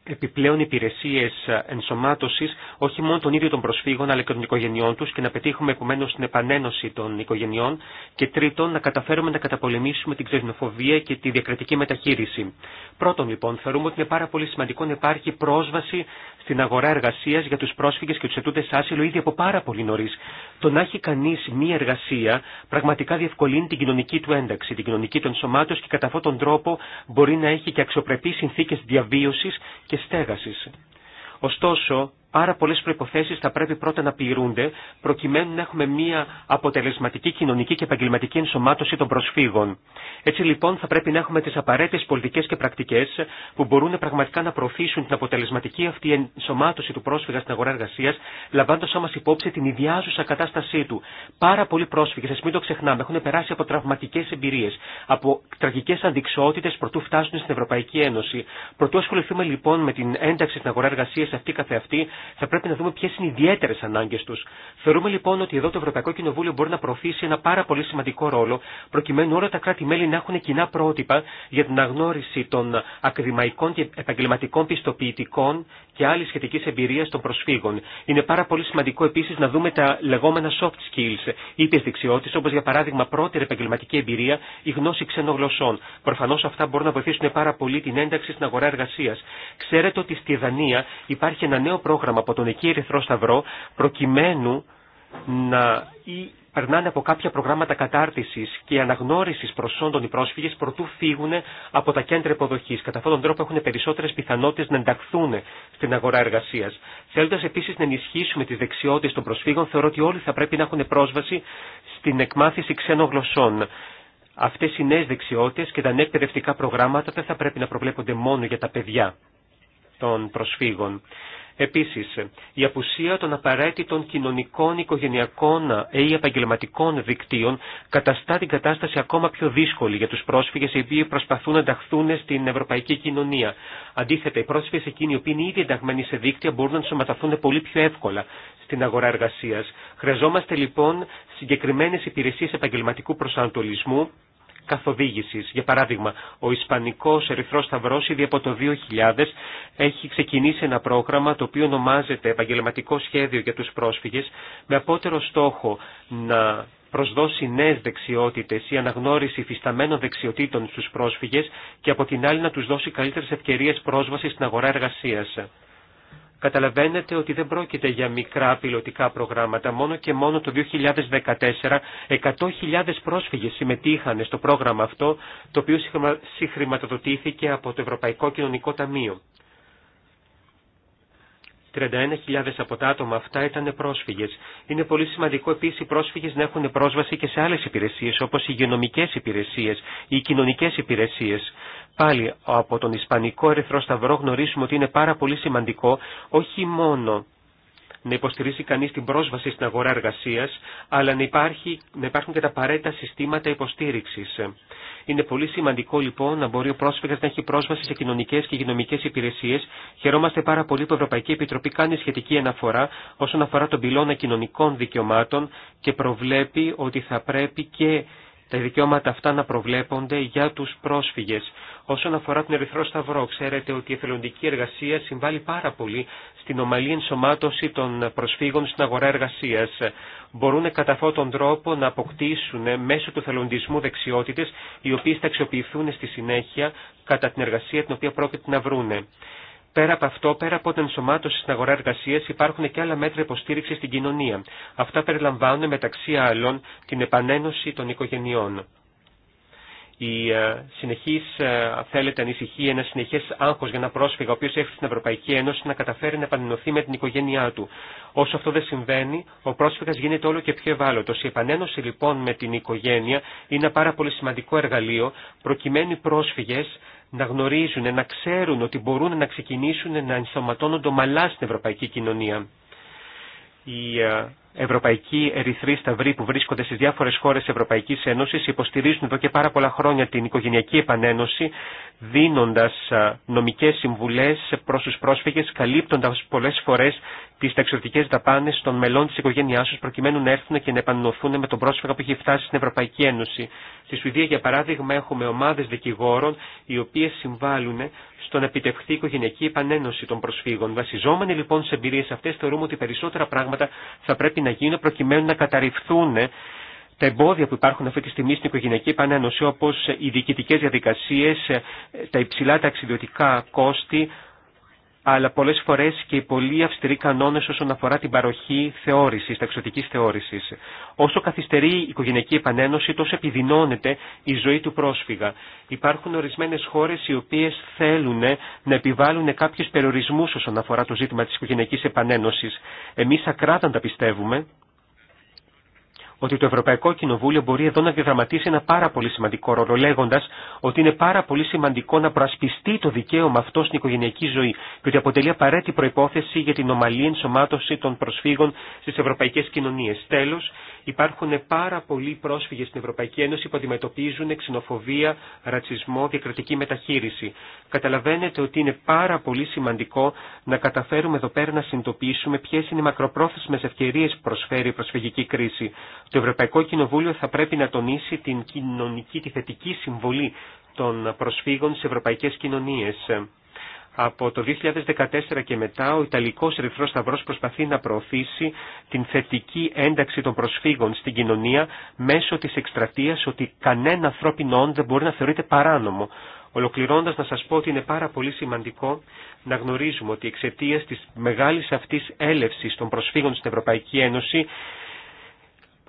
επιπλέον υπηρεσίε ενσωμάτωση όχι μόνο των ίδιων των προσφύγων αλλά και των οικογενειών του και να πετύχουμε επομένω την επανένωση των οικογενειών και τρίτον να καταφέρουμε να καταπολεμήσουμε την ξενοφοβία και τη διακριτική μεταχείριση. Πρώτον λοιπόν θεωρούμε ότι είναι πάρα πολύ σημαντικό να υπάρχει πρόσβαση στην αγορά εργασία για του πρόσφυγε και του ετούτε άσυλο ήδη από πάρα πολύ νωρί. Το να έχει κανεί μία εργασία πραγματικά διευκολύνει την κοινωνική του ένταξη, την κοινωνική του ενσωμάτωση και κατά αυτόν τον τρόπο μπορεί να έχει και αξιοπρεπεί συνθήκε διαβίωση και στέγασης. Ωστόσο, Άρα πολλές προϋποθέσεις θα πρέπει πρώτα να πληρούνται προκειμένου να έχουμε μια αποτελεσματική κοινωνική και επαγγελματική ενσωμάτωση των προσφύγων. Έτσι λοιπόν θα πρέπει να έχουμε τις απαραίτητες πολιτικές και πρακτικές που μπορούν πραγματικά να προωθήσουν την αποτελεσματική αυτή ενσωμάτωση του πρόσφυγα στην αγορά εργασία, λαμβάνοντας όμως υπόψη την ιδιάζουσα κατάστασή του. Πάρα πολλοί πρόσφυγες, α μην το ξεχνάμε, έχουν περάσει από τραυματικές εμπειρίες, από τραγικές αντικσότητες προτού φτάσουν στην Ευρωπαϊκή Ένωση. Προτού ασχοληθούμε λοιπόν με την ένταξη στην αγορά εργασία αυτή καθεαυτή, θα πρέπει να δούμε ποιε είναι οι ιδιαίτερε ανάγκε του. Θεωρούμε λοιπόν ότι εδώ το Ευρωπαϊκό Κοινοβούλιο μπορεί να προωθήσει ένα πάρα πολύ σημαντικό ρόλο, προκειμένου όλα τα κράτη-μέλη να έχουν κοινά πρότυπα για την αγνώριση των ακαδημαϊκών και επαγγελματικών πιστοποιητικών και άλλη σχετική εμπειρία των προσφύγων. Είναι πάρα πολύ σημαντικό επίση να δούμε τα λεγόμενα soft skills, ή δεξιότητε, όπω για παράδειγμα πρώτερη επαγγελματική εμπειρία, η γνώση ξένων γλωσσών. Προφανώ αυτά μπορούν να βοηθήσουν πάρα πολύ την ένταξη στην αγορά εργασία. Ξέρετε ότι στη Δανία υπάρχει ένα νέο πρόγραμμα πρόγραμμα από τον εκεί Ερυθρό Σταυρό προκειμένου να ή περνάνε από κάποια προγράμματα κατάρτισης και αναγνώρισης προσόντων οι πρόσφυγε προτού φύγουν από τα κέντρα υποδοχής. Κατά αυτόν τον τρόπο έχουν περισσότερες πιθανότητες να ενταχθούν στην αγορά εργασία. Θέλοντας επίση να ενισχύσουμε τι δεξιότητε των προσφύγων, θεωρώ ότι όλοι θα πρέπει να έχουν πρόσβαση στην εκμάθηση ξένων γλωσσών. Αυτές οι νέες δεξιότητες και τα νέα εκπαιδευτικά προγράμματα δεν θα πρέπει να προβλέπονται μόνο για τα παιδιά των προσφύγων. Επίσης, η απουσία των απαραίτητων κοινωνικών, οικογενειακών ή επαγγελματικών δικτύων καταστά την κατάσταση ακόμα πιο δύσκολη για τους πρόσφυγες οι οποίοι προσπαθούν να ενταχθούν στην ευρωπαϊκή κοινωνία. Αντίθετα, οι πρόσφυγες εκείνοι οι οποίοι είναι ήδη ενταγμένοι σε δίκτυα μπορούν να ενσωματωθούν πολύ πιο εύκολα στην αγορά εργασίας. Χρειαζόμαστε λοιπόν συγκεκριμένες υπηρεσίες επαγγελματικού προσανατολισμού καθοδήγησης. Για παράδειγμα, ο Ισπανικός Ερυθρός Σταυρός ήδη από το 2000 έχει ξεκινήσει ένα πρόγραμμα το οποίο ονομάζεται Επαγγελματικό Σχέδιο για τους Πρόσφυγες με απότερο στόχο να προσδώσει νέε δεξιότητε ή αναγνώριση φυσταμένων δεξιοτήτων στου πρόσφυγες και από την άλλη να του δώσει καλύτερε ευκαιρίε πρόσβαση στην αγορά εργασία. Καταλαβαίνετε ότι δεν πρόκειται για μικρά πιλωτικά προγράμματα. Μόνο και μόνο το 2014 100.000 πρόσφυγες συμμετείχαν στο πρόγραμμα αυτό, το οποίο συγχρηματοδοτήθηκε από το Ευρωπαϊκό Κοινωνικό Ταμείο. 31.000 από τα άτομα αυτά ήταν πρόσφυγες. Είναι πολύ σημαντικό επίσης οι πρόσφυγες να έχουν πρόσβαση και σε άλλες υπηρεσίες όπως οι υγειονομικές υπηρεσίες ή οι κοινωνικές υπηρεσίες. Πάλι από τον Ισπανικό Ερυθρό Σταυρό γνωρίζουμε ότι είναι πάρα πολύ σημαντικό όχι μόνο να υποστηρίζει κανείς την πρόσβαση στην αγορά εργασίας, αλλά να, υπάρχει, να υπάρχουν και τα απαραίτητα συστήματα υποστήριξης. Είναι πολύ σημαντικό λοιπόν να μπορεί ο πρόσφυγας να έχει πρόσβαση σε κοινωνικές και υγειονομικέ υπηρεσίες. Χαιρόμαστε πάρα πολύ που η Ευρωπαϊκή Επιτροπή κάνει σχετική αναφορά όσον αφορά τον πυλώνα κοινωνικών δικαιωμάτων και προβλέπει ότι θα πρέπει και τα δικαιώματα αυτά να προβλέπονται για τους πρόσφυγες. Όσον αφορά τον Ερυθρό Σταυρό, ξέρετε ότι η εθελοντική εργασία συμβάλλει πάρα πολύ στην ομαλή ενσωμάτωση των προσφύγων στην αγορά εργασίας. Μπορούν κατά αυτόν τον τρόπο να αποκτήσουν μέσω του θελοντισμού δεξιότητες, οι οποίες θα αξιοποιηθούν στη συνέχεια κατά την εργασία την οποία πρόκειται να βρούνε. Πέρα από αυτό, πέρα από την ενσωμάτωση στην αγορά εργασία, υπάρχουν και άλλα μέτρα υποστήριξη στην κοινωνία. Αυτά περιλαμβάνουν μεταξύ άλλων την επανένωση των οικογενειών. Η ε, συνεχή, ε, θέλετε, ανησυχία, ένα συνεχέ άγχο για ένα πρόσφυγα, ο οποίο έρχεται στην Ευρωπαϊκή Ένωση να καταφέρει να επανενωθεί με την οικογένειά του. Όσο αυτό δεν συμβαίνει, ο πρόσφυγα γίνεται όλο και πιο ευάλωτο. Η επανένωση λοιπόν με την οικογένεια είναι ένα πάρα πολύ σημαντικό εργαλείο, προκειμένου οι πρόσφυγε να γνωρίζουν, να ξέρουν ότι μπορούν να ξεκινήσουν να ενσωματώνονται ομαλά στην ευρωπαϊκή κοινωνία. Η ε, Ευρωπαϊκοί Ερυθροί Σταυροί που βρίσκονται στι διάφορε χώρε Ευρωπαϊκή Ένωση υποστηρίζουν εδώ και πάρα πολλά χρόνια την οικογενειακή επανένωση, δίνοντα νομικέ συμβουλέ προ του πρόσφυγε, καλύπτοντα πολλέ φορέ τι ταξιδιωτικέ δαπάνε των μελών τη οικογένειά του, προκειμένου να έρθουν και να επανενωθούν με τον πρόσφυγα που έχει φτάσει στην Ευρωπαϊκή Ένωση. Στη Σουηδία, για παράδειγμα, έχουμε ομάδε δικηγόρων, οι οποίε συμβάλλουν στο να επιτευχθεί η οικογενειακή επανένωση των προσφύγων. Βασιζόμενοι λοιπόν σε εμπειρίε αυτέ, θεωρούμε ότι περισσότερα πράγματα θα πρέπει να γίνουν προκειμένου να καταρριφθούν τα εμπόδια που υπάρχουν αυτή τη στιγμή στην οικογενειακή επανένωση, όπως οι διοικητικές διαδικασίες, τα υψηλά ταξιδιωτικά κόστη, αλλά πολλέ φορέ και οι πολύ αυστηροί κανόνες όσον αφορά την παροχή θεώρησης, ταξιωτικής θεώρησης. Όσο καθυστερεί η οικογενειακή επανένωση, τόσο επιδεινώνεται η ζωή του πρόσφυγα. Υπάρχουν ορισμένες χώρες οι οποίες θέλουν να επιβάλλουν κάποιου περιορισμούς όσον αφορά το ζήτημα της οικογενειακής επανένωσης. Εμείς ακράταντα πιστεύουμε ότι το Ευρωπαϊκό Κοινοβούλιο μπορεί εδώ να διαδραματίσει ένα πάρα πολύ σημαντικό ρόλο, λέγοντα ότι είναι πάρα πολύ σημαντικό να προασπιστεί το δικαίωμα αυτό στην οικογενειακή ζωή και ότι αποτελεί απαραίτητη προπόθεση για την ομαλή ενσωμάτωση των προσφύγων στι ευρωπαϊκέ κοινωνίε. Τέλο, υπάρχουν πάρα πολλοί πρόσφυγε στην Ευρωπαϊκή Ένωση που αντιμετωπίζουν ξενοφοβία, ρατσισμό, διακριτική μεταχείριση. Καταλαβαίνετε ότι είναι πάρα πολύ σημαντικό να καταφέρουμε εδώ πέρα να συνειδητοποιήσουμε ποιε είναι οι μακροπρόθεσμε ευκαιρίε που προσφέρει η προσφυγική κρίση. Το Ευρωπαϊκό Κοινοβούλιο θα πρέπει να τονίσει την κοινωνική, τη θετική συμβολή των προσφύγων σε ευρωπαϊκές κοινωνίες. Από το 2014 και μετά ο Ιταλικός Ερυθρός Σταυρός προσπαθεί να προωθήσει την θετική ένταξη των προσφύγων στην κοινωνία μέσω της εκστρατείας ότι κανένα ανθρώπινο όν δεν μπορεί να θεωρείται παράνομο. Ολοκληρώντας, να σας πω ότι είναι πάρα πολύ σημαντικό να γνωρίζουμε ότι εξαιτία της μεγάλης αυτής έλευσης των προσφύγων στην Ευρωπαϊκή Ένωση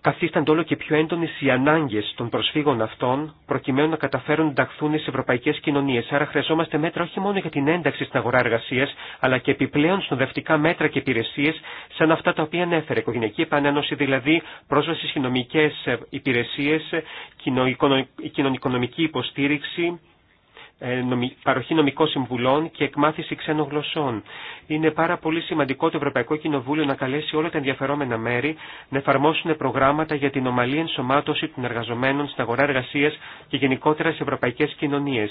καθίστανται όλο και πιο έντονε οι ανάγκε των προσφύγων αυτών, προκειμένου να καταφέρουν να ενταχθούν στι ευρωπαϊκέ κοινωνίε. Άρα, χρειαζόμαστε μέτρα όχι μόνο για την ένταξη στην αγορά εργασία, αλλά και επιπλέον συνοδευτικά μέτρα και υπηρεσίε, σαν αυτά τα οποία ανέφερε. Οικογενειακή επανένωση, δηλαδή πρόσβαση στι κοινωνικέ ε, υπηρεσίε, κοινωνικονομική υποστήριξη, ε, παροχή νομικών συμβουλών και εκμάθηση ξένων γλωσσών. Είναι πάρα πολύ σημαντικό το Ευρωπαϊκό Κοινοβούλιο να καλέσει όλα τα ενδιαφερόμενα μέρη να εφαρμόσουν προγράμματα για την ομαλή ενσωμάτωση των εργαζομένων στην αγορά εργασία και γενικότερα σε ευρωπαϊκέ κοινωνίε.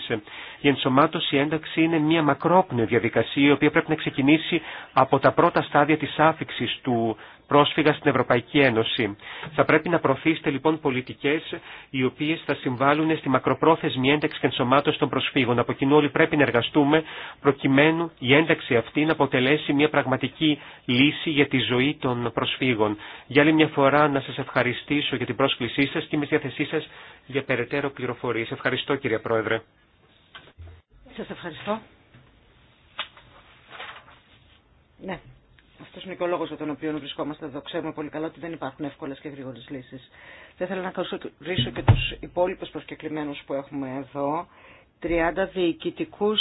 Η ενσωμάτωση ένταξη είναι μια μακρόπνοη διαδικασία η οποία πρέπει να ξεκινήσει από τα πρώτα στάδια τη άφηξη του πρόσφυγα στην Ευρωπαϊκή Ένωση. Θα πρέπει να προωθήσετε λοιπόν πολιτικέ οι οποίε θα συμβάλλουν στη μακροπρόθεσμη ένταξη και ενσωμάτωση των προσφύγων. Από κοινού όλοι πρέπει να εργαστούμε προκειμένου η ένταξη αυτή να αποτελέσει μια πραγματική λύση για τη ζωή των προσφύγων. Για άλλη μια φορά να σα ευχαριστήσω για την πρόσκλησή σα και με διάθεσή σα για περαιτέρω πληροφορίε. Ευχαριστώ κύριε Πρόεδρε. Σας ευχαριστώ. Ναι. Αυτό είναι και ο λόγο για τον οποίο βρισκόμαστε εδώ. Ξέρουμε πολύ καλά ότι δεν υπάρχουν εύκολε και γρήγορε λύσει. Θα ήθελα να καλωσορίσω και του υπόλοιπου προσκεκλημένου που έχουμε εδώ. 30 διοικητικού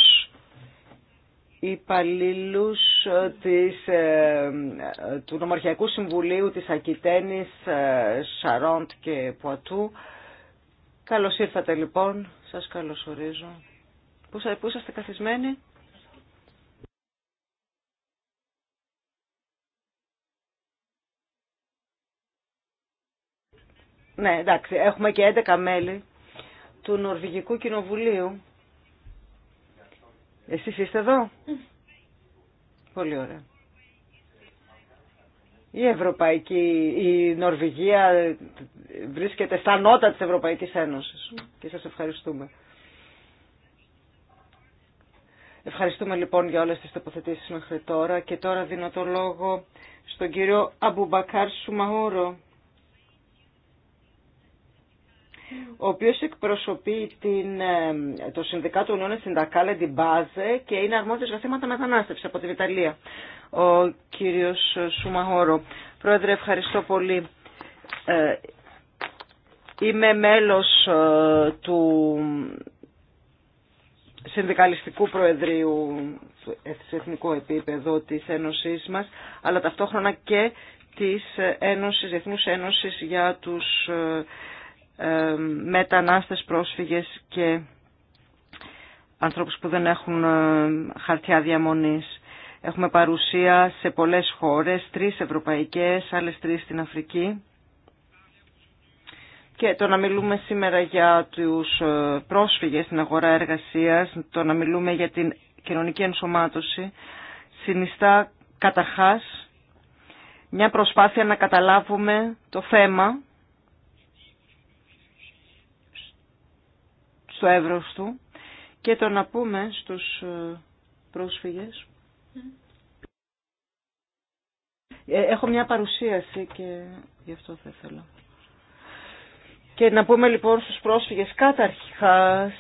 υπαλλήλου ε, του Νομαρχιακού Συμβουλίου τη Ακυτένη ε, Σαρόντ και Πουατού. Καλώ ήρθατε λοιπόν. Σα καλωσορίζω. Πού είσαστε καθισμένοι. Ναι, εντάξει, έχουμε και 11 μέλη του Νορβηγικού Κοινοβουλίου. Εσείς είστε εδώ. Πολύ ωραία. Η Ευρωπαϊκή, η Νορβηγία βρίσκεται στα νότα της Ευρωπαϊκής Ένωσης και σας ευχαριστούμε. Ευχαριστούμε λοιπόν για όλες τις τοποθετήσεις μέχρι τώρα και τώρα δίνω το λόγο στον κύριο Αμπουμπακάρ Σουμαούρο ο οποίος εκπροσωπεί την, ε, το Συνδικάτο Unione Sindacale την και είναι αρμόδιος για θέματα μετανάστευση από την Ιταλία, ο κύριος Σουμαγόρο. Πρόεδρε, ευχαριστώ πολύ. Ε, είμαι μέλος ε, του συνδικαλιστικού προεδρίου σε εθνικό επίπεδο της Ένωσής μας, αλλά ταυτόχρονα και της Ένωσης, Διεθνούς Ένωσης για τους ε, μετανάστες, πρόσφυγες και ανθρώπους που δεν έχουν ε, χαρτιά διαμονής. Έχουμε παρουσία σε πολλές χώρες, τρεις ευρωπαϊκές, άλλες τρεις στην Αφρική. Και το να μιλούμε σήμερα για τους ε, πρόσφυγες στην αγορά εργασίας, το να μιλούμε για την κοινωνική ενσωμάτωση, συνιστά καταρχάς μια προσπάθεια να καταλάβουμε το θέμα στο εύρος του και το να πούμε στους ε, πρόσφυγες. Ε, έχω μια παρουσίαση και γι' αυτό θα ήθελα. Και να πούμε λοιπόν στους πρόσφυγες καταρχάς,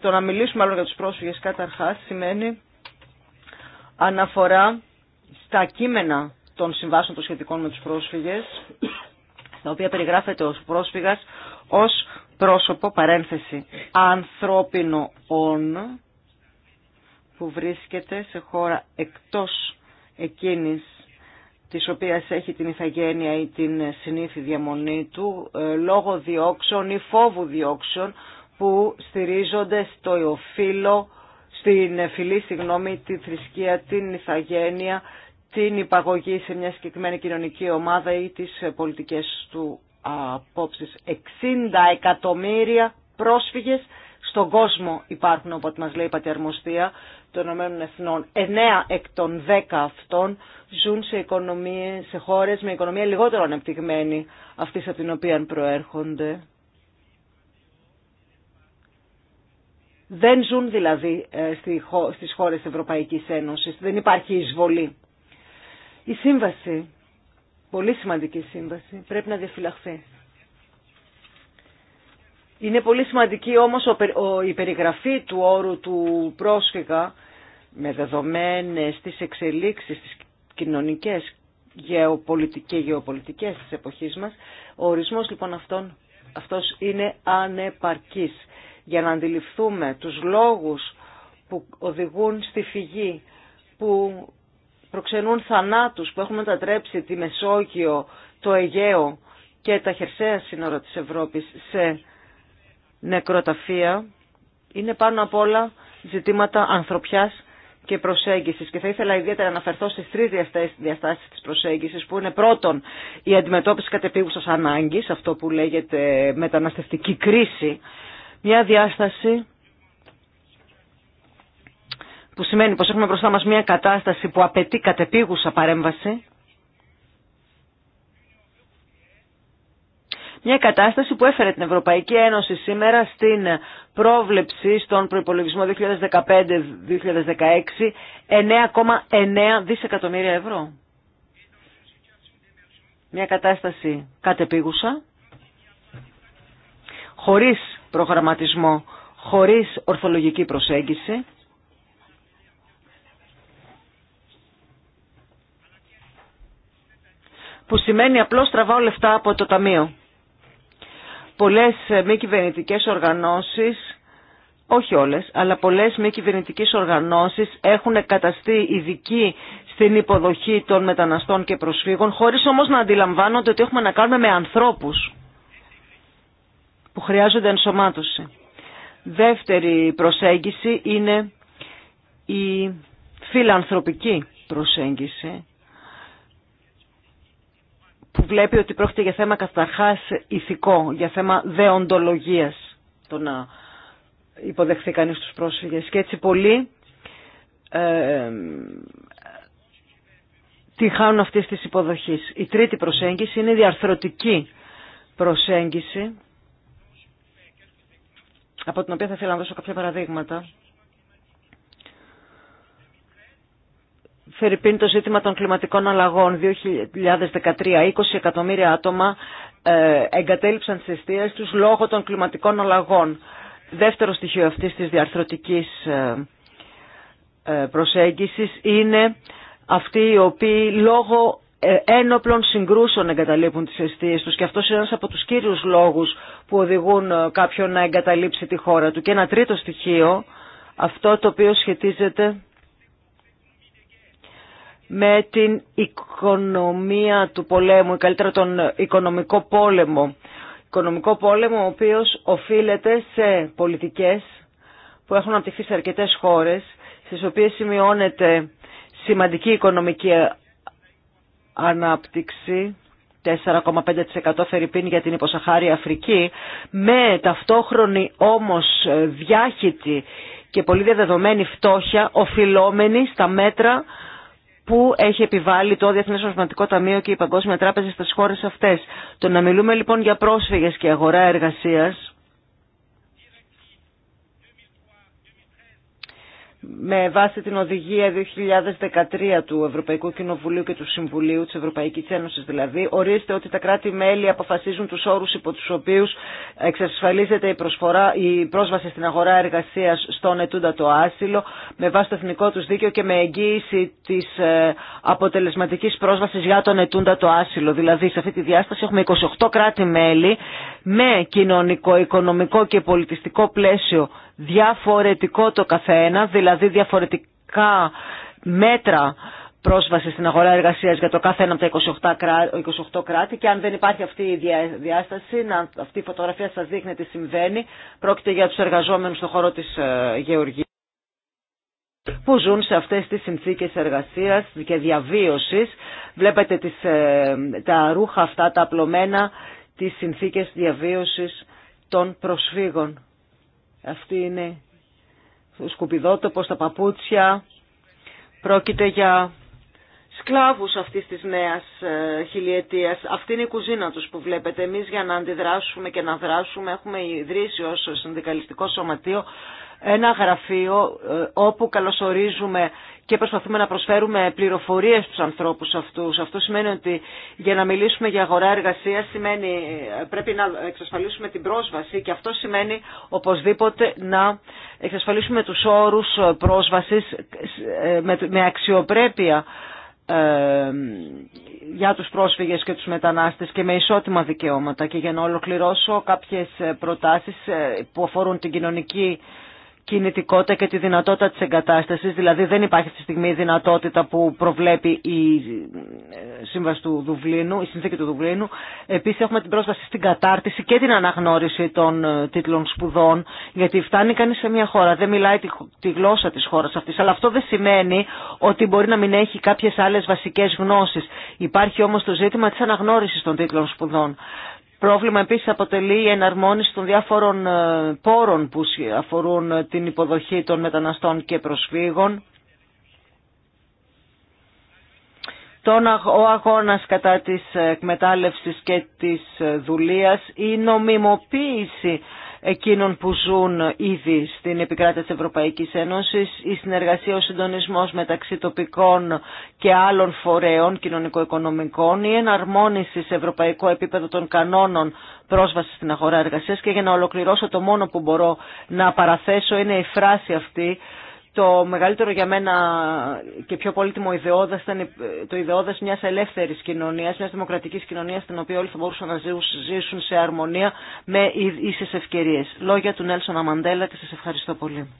το να μιλήσουμε μάλλον για τους πρόσφυγες καταρχάς σημαίνει αναφορά στα κείμενα των συμβάσεων των σχετικών με τους πρόσφυγες τα οποία περιγράφεται ως πρόσφυγας ως πρόσωπο παρένθεση ανθρώπινο όν που βρίσκεται σε χώρα εκτός εκείνης της οποίας έχει την ηθαγένεια ή την συνήθη διαμονή του, ε, λόγω διώξεων ή φόβου διώξεων που στηρίζονται στο οφείλο στην φυλή, συγγνώμη, τη θρησκεία, την ηθαγένεια, την υπαγωγή σε μια συγκεκριμένη κοινωνική ομάδα ή τις πολιτικές του απόψεις. 60 εκατομμύρια πρόσφυγες στον κόσμο υπάρχουν από ό,τι μας λέει η τις πολιτικες του αποψεις 60 εκατομμυρια προσφυγες στον κοσμο υπαρχουν οπως μας λεει η πατιαρμοστια των Ηνωμένων Εθνών. 9 εκ των 10 αυτών ζουν σε, οικονομίες, σε χώρες με οικονομία λιγότερο ανεπτυγμένη αυτής από την οποία προέρχονται. Δεν ζουν δηλαδή ε, στις χώρες Ευρωπαϊκής Ένωσης, δεν υπάρχει εισβολή η σύμβαση, πολύ σημαντική σύμβαση, πρέπει να διαφυλαχθεί. Είναι πολύ σημαντική όμως η περιγραφή του όρου του πρόσφυγα με δεδομένες τις εξελίξεις, τις κοινωνικές και γεωπολιτικές της εποχής μας. Ο ορισμός λοιπόν αυτών, αυτός είναι ανεπαρκής. Για να αντιληφθούμε τους λόγους που οδηγούν στη φυγή, που προξενούν θανάτους που έχουν μετατρέψει τη Μεσόγειο, το Αιγαίο και τα χερσαία σύνορα της Ευρώπης σε νεκροταφεία είναι πάνω απ' όλα ζητήματα ανθρωπιάς και προσέγγισης. Και θα ήθελα ιδιαίτερα να αναφερθώ στις τρεις διαστάσεις της προσέγγισης που είναι πρώτον η αντιμετώπιση κατεπίγουσας ανάγκης, αυτό που λέγεται μεταναστευτική κρίση, μια διάσταση που σημαίνει πως έχουμε μπροστά μας μια κατάσταση που απαιτεί κατεπίγουσα παρέμβαση, Μια κατάσταση που έφερε την Ευρωπαϊκή Ένωση σήμερα στην πρόβλεψη στον προϋπολογισμό 2015-2016 9,9 δισεκατομμύρια ευρώ. Μια κατάσταση κατεπίγουσα, χωρίς προγραμματισμό, χωρίς ορθολογική προσέγγιση, που σημαίνει απλώς τραβάω λεφτά από το ταμείο. Πολλές ε, μη κυβερνητικέ οργανώσεις, όχι όλες, αλλά πολλές μη κυβερνητικέ οργανώσεις έχουν καταστεί ειδικοί στην υποδοχή των μεταναστών και προσφύγων, χωρίς όμως να αντιλαμβάνονται ότι έχουμε να κάνουμε με ανθρώπους που χρειάζονται ενσωμάτωση. Δεύτερη προσέγγιση είναι η φιλανθρωπική προσέγγιση βλέπει ότι πρόκειται για θέμα καταρχά ηθικό, για θέμα δεοντολογίας το να υποδεχθεί κανείς του πρόσφυγες. Και έτσι πολλοί ε, τη χάνουν αυτής της υποδοχής. Η τρίτη προσέγγιση είναι η διαρθρωτική προσέγγιση, από την οποία θα ήθελα να δώσω κάποια παραδείγματα. Φερρυπίν το ζήτημα των κλιματικών αλλαγών 2013 20 εκατομμύρια άτομα ε, εγκατέλειψαν τις αιστείες τους λόγω των κλιματικών αλλαγών. Δεύτερο στοιχείο αυτής της διαρθρωτικής ε, ε, προσέγγισης είναι αυτοί οι οποίοι λόγω ένοπλων συγκρούσεων εγκαταλείπουν τις αιστείες τους και αυτό είναι ένας από τους κύριους λόγους που οδηγούν κάποιον να εγκαταλείψει τη χώρα του. Και ένα τρίτο στοιχείο, αυτό το οποίο σχετίζεται με την οικονομία του πολέμου, ή καλύτερα τον οικονομικό πόλεμο. Οικονομικό πόλεμο ο οποίος οφείλεται σε πολιτικές που έχουν αναπτυχθεί σε αρκετές χώρες, στις οποίες σημειώνεται σημαντική οικονομική ανάπτυξη, 4,5% φερρυπίν για την υποσαχάρη Αφρική, με ταυτόχρονη όμως διάχυτη και πολύ διαδεδομένη φτώχεια, οφειλόμενη στα μέτρα που έχει επιβάλει το Διεθνέ Ταμείο και η Παγκόσμια Τράπεζα στι χώρε αυτέ. Το να μιλούμε λοιπόν για πρόσφυγε και αγορά εργασία με βάση την οδηγία 2013 του Ευρωπαϊκού Κοινοβουλίου και του Συμβουλίου της Ευρωπαϊκής Ένωσης δηλαδή, ορίζεται ότι τα κράτη-μέλη αποφασίζουν τους όρους υπό τους οποίους εξασφαλίζεται η, προσφορά, η πρόσβαση στην αγορά εργασίας στον ετούντα το άσυλο με βάση το εθνικό τους δίκαιο και με εγγύηση της ε, αποτελεσματικής πρόσβασης για τον ετούντα το άσυλο. Δηλαδή σε αυτή τη διάσταση έχουμε 28 κράτη-μέλη με κοινωνικό, οικονομικό και πολιτιστικό πλαίσιο διαφορετικό το καθένα, δηλαδή διαφορετικά μέτρα πρόσβαση στην αγορά εργασίας για το κάθε ένα από τα 28 κράτη και αν δεν υπάρχει αυτή η διάσταση, αυτή η φωτογραφία σας δείχνει τι συμβαίνει, πρόκειται για τους εργαζόμενους στον χώρο της ε, γεωργίας που ζουν σε αυτές τις συνθήκες εργασίας και διαβίωσης. Βλέπετε τις, ε, τα ρούχα αυτά, τα απλωμένα, τις συνθήκες διαβίωσης των προσφύγων. Αυτή είναι σκουπιδότοπος, τα παπούτσια. Πρόκειται για σκλάβους αυτής της νέας ε, χιλιετίας. Αυτή είναι η κουζίνα τους που βλέπετε. Εμείς για να αντιδράσουμε και να δράσουμε έχουμε ιδρύσει ως συνδικαλιστικό σωματείο ένα γραφείο ε, όπου καλωσορίζουμε και προσπαθούμε να προσφέρουμε πληροφορίες στους ανθρώπους αυτούς. Αυτό σημαίνει ότι για να μιλήσουμε για αγορά εργασίας σημαίνει, ε, πρέπει να εξασφαλίσουμε την πρόσβαση και αυτό σημαίνει οπωσδήποτε να εξασφαλίσουμε τους όρους ε, πρόσβασης με αξιοπρέπεια για τους πρόσφυγες και τους μετανάστες και με ισότιμα δικαιώματα. Και για να ολοκληρώσω κάποιες προτάσεις που αφορούν την κοινωνική κινητικότητα και τη δυνατότητα της εγκατάστασης, δηλαδή δεν υπάρχει αυτή τη στιγμή η δυνατότητα που προβλέπει η ε, σύμβαση του Δουβλίνου, η συνθήκη του Δουβλίνου. Επίσης έχουμε την πρόσβαση στην κατάρτιση και την αναγνώριση των ε, τίτλων σπουδών, γιατί φτάνει κανείς σε μια χώρα, δεν μιλάει τη, γλώσσα της χώρας αυτής, αλλά αυτό δεν σημαίνει ότι μπορεί να μην έχει κάποιες άλλες βασικές γνώσεις. Υπάρχει όμως το ζήτημα της αναγνώρισης των τίτλων σπουδών. Πρόβλημα επίσης αποτελεί η εναρμόνιση των διάφορων ε, πόρων που αφορούν ε, την υποδοχή των μεταναστών και προσφύγων. Ο αγώνας κατά της ε, εκμετάλλευσης και της δουλείας, η νομιμοποίηση εκείνων που ζουν ήδη στην επικράτεια της Ευρωπαϊκής Ένωσης, η συνεργασία, ο συντονισμός μεταξύ τοπικών και άλλων φορέων κοινωνικο-οικονομικών, η εναρμόνιση σε ευρωπαϊκό επίπεδο των κανόνων πρόσβαση στην αγορά εργασίας και για να ολοκληρώσω το μόνο που μπορώ να παραθέσω είναι η φράση αυτή το μεγαλύτερο για μένα και πιο πολύτιμο ιδεώδες ήταν το ιδεώδες μιας ελεύθερης κοινωνίας, μιας δημοκρατικής κοινωνίας στην οποία όλοι θα μπορούσαν να ζήσουν σε αρμονία με ίσες ευκαιρίες. Λόγια του Νέλσον Αμαντέλα και σας ευχαριστώ πολύ.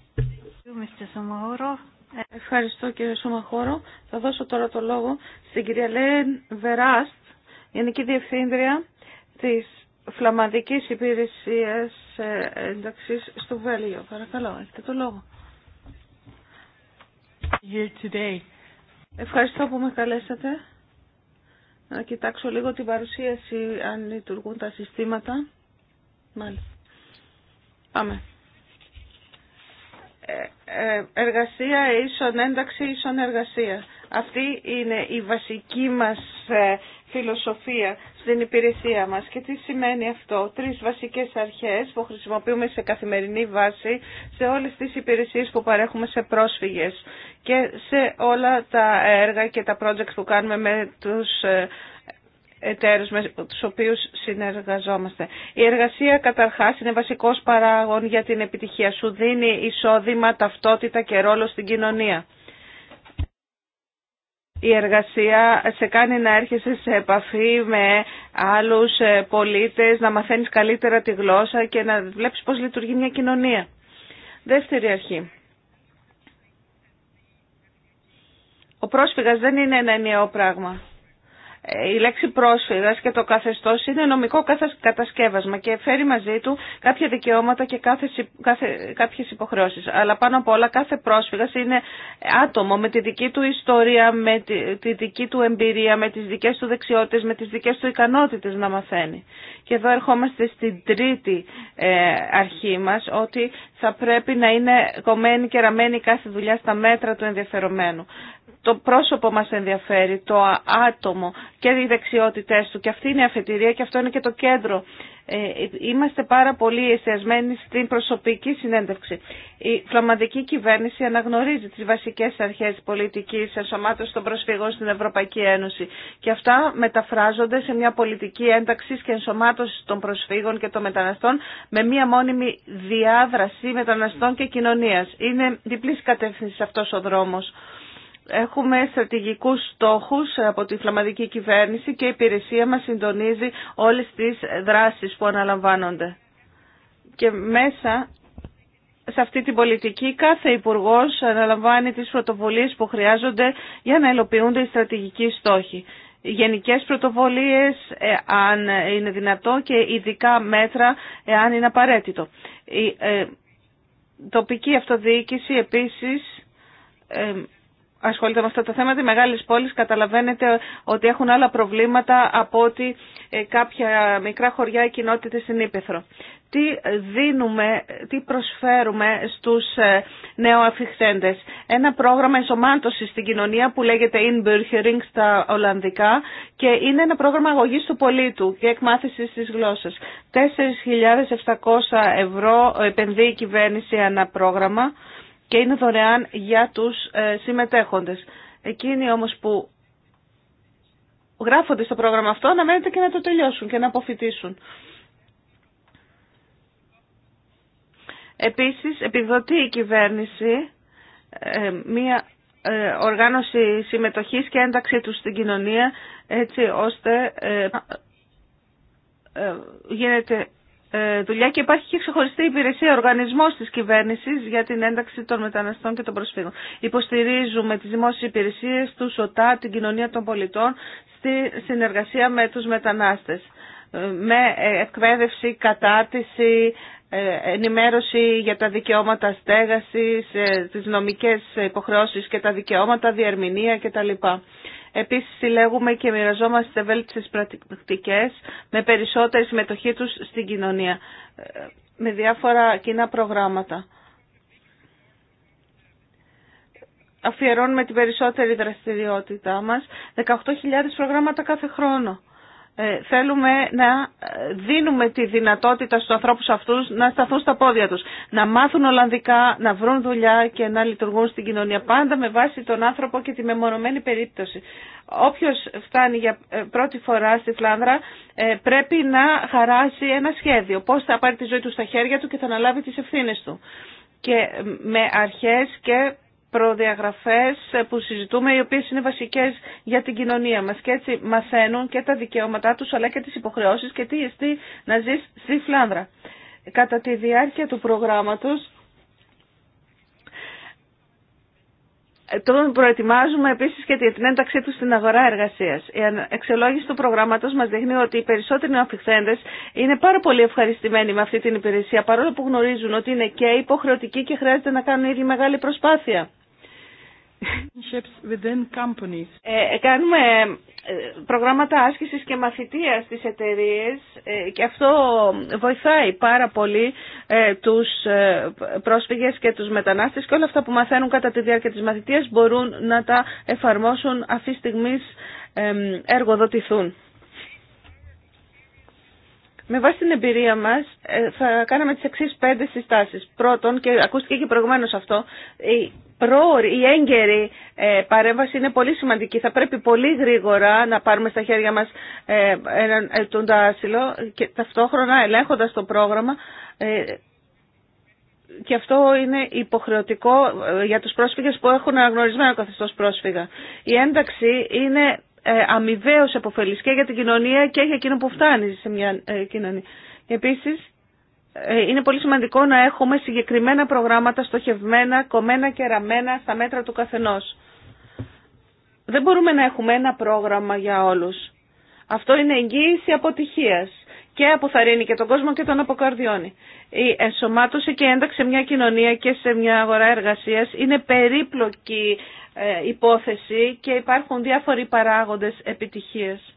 Ευχαριστώ κύριε Σωμαχώρο. Θα δώσω τώρα το λόγο στην κυρία Λέν Βεράστ, Γενική Διευθύντρια της Φλαμανδικής Υπηρεσίας Ενταξής στο Βέλγιο. Παρακαλώ, έχετε το λόγο today. Ευχαριστώ που με καλέσατε. Να κοιτάξω λίγο την παρουσίαση αν λειτουργούν τα συστήματα. Μάλιστα. Πάμε. Ε, ε, εργασία ίσον ένταξη ίσον εργασία. Αυτή είναι η βασική μας ε, φιλοσοφία στην υπηρεσία μας. Και τι σημαίνει αυτό. Τρεις βασικές αρχές που χρησιμοποιούμε σε καθημερινή βάση σε όλες τις υπηρεσίες που παρέχουμε σε πρόσφυγες και σε όλα τα έργα και τα projects που κάνουμε με τους ε, εταίρους με τους οποίους συνεργαζόμαστε. Η εργασία καταρχάς είναι βασικός παράγον για την επιτυχία σου. Δίνει εισόδημα, ταυτότητα και ρόλο στην κοινωνία η εργασία σε κάνει να έρχεσαι σε επαφή με άλλους ε, πολίτες, να μαθαίνεις καλύτερα τη γλώσσα και να βλέπεις πώς λειτουργεί μια κοινωνία. Δεύτερη αρχή. Ο πρόσφυγας δεν είναι ένα ενιαίο πράγμα η λέξη πρόσφυγας και το καθεστώς είναι νομικό κατασκεύασμα και φέρει μαζί του κάποια δικαιώματα και κάθε, κάθε, κάποιες υποχρεώσεις. Αλλά πάνω απ' όλα κάθε πρόσφυγας είναι άτομο με τη δική του ιστορία, με τη, δική του εμπειρία, με τις δικές του δεξιότητες, με τις δικές του ικανότητες να μαθαίνει. Και εδώ ερχόμαστε στην τρίτη ε, αρχή μας ότι θα πρέπει να είναι κομμένη και ραμμένη κάθε δουλειά στα μέτρα του ενδιαφερομένου. Το πρόσωπο μας ενδιαφέρει, το άτομο και οι δεξιότητές του. Και αυτή είναι η αφετηρία και αυτό είναι και το κέντρο. Ε, είμαστε πάρα πολύ εστιασμένοι στην προσωπική συνέντευξη. Η φλαμανδική κυβέρνηση αναγνωρίζει τις βασικές αρχές πολιτική πολιτικής των προσφυγών στην Ευρωπαϊκή Ένωση και αυτά μεταφράζονται σε μια πολιτική ένταξη και ενσωμάτωση των προσφύγων και των μεταναστών με μια μόνιμη διάδραση μεταναστών και κοινωνίας. Είναι διπλής κατεύθυνση αυτός ο δρόμο. Έχουμε στρατηγικούς στόχους από τη φλαμαδική κυβέρνηση και η υπηρεσία μας συντονίζει όλες τις δράσεις που αναλαμβάνονται. Και μέσα σε αυτή την πολιτική κάθε υπουργό αναλαμβάνει τις πρωτοβουλίες που χρειάζονται για να ελοποιούνται οι στρατηγικοί στόχοι. Γενικές πρωτοβολίες, ε, αν είναι δυνατό, και ειδικά μέτρα, αν είναι απαραίτητο. Η ε, τοπική αυτοδιοίκηση επίσης ε, ασχολείται με αυτά τα θέματα, οι μεγάλες πόλεις καταλαβαίνετε ότι έχουν άλλα προβλήματα από ότι ε, κάποια μικρά χωριά ή κοινότητες στην Ήπεθρο. Τι δίνουμε, τι προσφέρουμε στους ε, νεοαφιχθέντες. Ένα πρόγραμμα ενσωμάτωσης στην κοινωνία που λέγεται Inburgering στα Ολλανδικά και είναι ένα πρόγραμμα αγωγής του πολίτου και εκμάθησης της γλώσσας. 4.700 ευρώ επενδύει η κυβέρνηση ένα πρόγραμμα και είναι δωρεάν για τους ε, συμμετέχοντες. Εκείνοι όμως που γράφονται στο πρόγραμμα αυτό να αναμένεται και να το τελειώσουν και να αποφυτίσουν. Επίσης, επιδοτεί η κυβέρνηση ε, μία ε, οργάνωση συμμετοχής και ένταξή τους στην κοινωνία έτσι ώστε γίνεται ε, δουλειά και υπάρχει και ξεχωριστή υπηρεσία οργανισμό τη κυβέρνηση για την ένταξη των μεταναστών και των προσφύγων. Υποστηρίζουμε τι δημόσιε υπηρεσίε, του ΟΤΑ, την κοινωνία των πολιτών στη συνεργασία με του μετανάστε. Ε, με ε, εκπαίδευση, κατάρτιση, ενημέρωση για τα δικαιώματα στέγασης, τις νομικές υποχρεώσεις και τα δικαιώματα, διερμηνία κτλ. Επίσης συλλέγουμε και μοιραζόμαστε βέλτιστες πρακτικές με περισσότερη συμμετοχή τους στην κοινωνία, ε, με διάφορα κοινά προγράμματα. Αφιερώνουμε την περισσότερη δραστηριότητά μας, 18.000 προγράμματα κάθε χρόνο. Ε, θέλουμε να δίνουμε τη δυνατότητα στους ανθρώπους αυτούς να σταθούν στα πόδια τους, να μάθουν Ολλανδικά, να βρουν δουλειά και να λειτουργούν στην κοινωνία πάντα με βάση τον άνθρωπο και τη μεμονωμένη περίπτωση. Όποιος φτάνει για ε, πρώτη φορά στη Φλάνδρα ε, πρέπει να χαράσει ένα σχέδιο, πώς θα πάρει τη ζωή του στα χέρια του και θα αναλάβει τις ευθύνες του. Και με αρχές και προδιαγραφές που συζητούμε, οι οποίες είναι βασικές για την κοινωνία μας και έτσι μαθαίνουν και τα δικαιώματά τους αλλά και τις υποχρεώσεις και τι εστί να ζεις στη Φλάνδρα. Κατά τη διάρκεια του προγράμματος Ε, τον προετοιμάζουμε επίσης και την ένταξή του στην αγορά εργασία. Η εξελόγηση του προγράμματος μας δείχνει ότι οι περισσότεροι αφιχθέντες είναι πάρα πολύ ευχαριστημένοι με αυτή την υπηρεσία, παρόλο που γνωρίζουν ότι είναι και υποχρεωτικοί και χρειάζεται να κάνουν ήδη μεγάλη προσπάθεια. Ε, ε, κάνουμε ε, προγράμματα άσκησης και μαθητείας στις εταιρείες και αυτό βοηθάει πάρα πολύ τους πρόσφυγες και τους μετανάστες και όλα αυτά που μαθαίνουν κατά τη διάρκεια της μαθητείας μπορούν να τα εφαρμόσουν αυτή τη στιγμή εργοδοτηθούν. Με βάση την εμπειρία μας θα κάναμε τις εξή πέντε συστάσεις. Πρώτον, και ακούστηκε και προηγουμένω αυτό, πρόορη, η έγκαιρη ε, παρέμβαση είναι πολύ σημαντική. Θα πρέπει πολύ γρήγορα να πάρουμε στα χέρια μας ε, έναν ελτούντα άσυλο και ταυτόχρονα ελέγχοντας το πρόγραμμα ε, και αυτό είναι υποχρεωτικό για τους πρόσφυγες που έχουν αναγνωρισμένο καθεστώς πρόσφυγα. Η ένταξη είναι αμοιβαίως επωφελής και για την κοινωνία και για εκείνο που φτάνει σε μια κοινωνία. Επίσης, ε, είναι πολύ σημαντικό να έχουμε συγκεκριμένα προγράμματα στοχευμένα, κομμένα και ραμμένα στα μέτρα του καθενός. Δεν μπορούμε να έχουμε ένα πρόγραμμα για όλους. Αυτό είναι εγγύηση αποτυχίας και αποθαρρύνει και τον κόσμο και τον αποκαρδιώνει. Η ενσωμάτωση και ένταξη σε μια κοινωνία και σε μια αγορά εργασίας είναι περίπλοκη ε, υπόθεση και υπάρχουν διάφοροι παράγοντες επιτυχίας.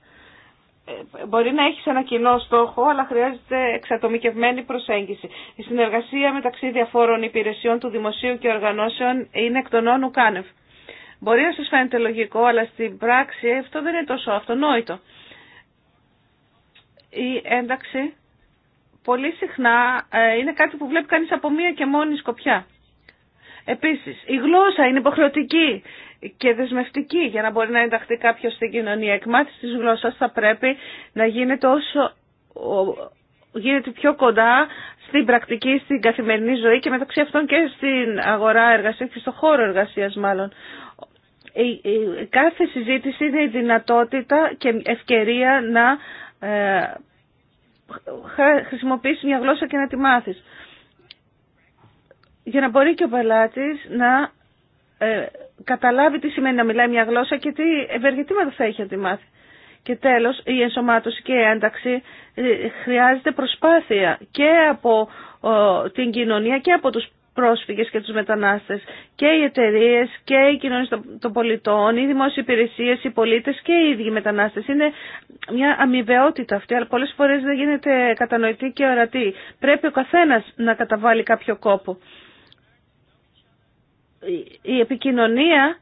Ε, μπορεί να έχει ένα κοινό στόχο, αλλά χρειάζεται εξατομικευμένη προσέγγιση. Η συνεργασία μεταξύ διαφόρων υπηρεσιών του δημοσίου και οργανώσεων είναι εκ των όνου κάνευ. Μπορεί να σας φαίνεται λογικό, αλλά στην πράξη αυτό δεν είναι τόσο αυτονόητο. Η ένταξη πολύ συχνά ε, είναι κάτι που βλέπει κανείς από μία και μόνη σκοπιά. Επίσης, η γλώσσα είναι υποχρεωτική και δεσμευτική για να μπορεί να ενταχθεί κάποιο στην κοινωνία. Η εκμάθηση της γλώσσας θα πρέπει να γίνεται όσο γίνεται πιο κοντά στην πρακτική, στην καθημερινή ζωή και μεταξύ αυτών και στην αγορά εργασία και στον χώρο εργασίας μάλλον. Η κάθε συζήτηση είναι η δυνατότητα και ευκαιρία να ε, χρησιμοποιήσει μια γλώσσα και να τη μάθεις. Για να μπορεί και ο πελάτης να ε, καταλάβει τι σημαίνει να μιλάει μια γλώσσα και τι ευεργετήματα θα έχει να μάθει. Και τέλος, η ενσωμάτωση και η ένταξη ε, χρειάζεται προσπάθεια και από την κοινωνία και από τους πρόσφυγες και τους μετανάστες και οι εταιρείε και οι κοινωνίες των πολιτών, οι δημόσιες υπηρεσίες, οι πολίτες και οι ίδιοι μετανάστες. Είναι μια αμοιβαιότητα αυτή, αλλά πολλές φορές δεν γίνεται κατανοητή και ορατή. Πρέπει ο καθένας να καταβάλει κάποιο κόπο η επικοινωνία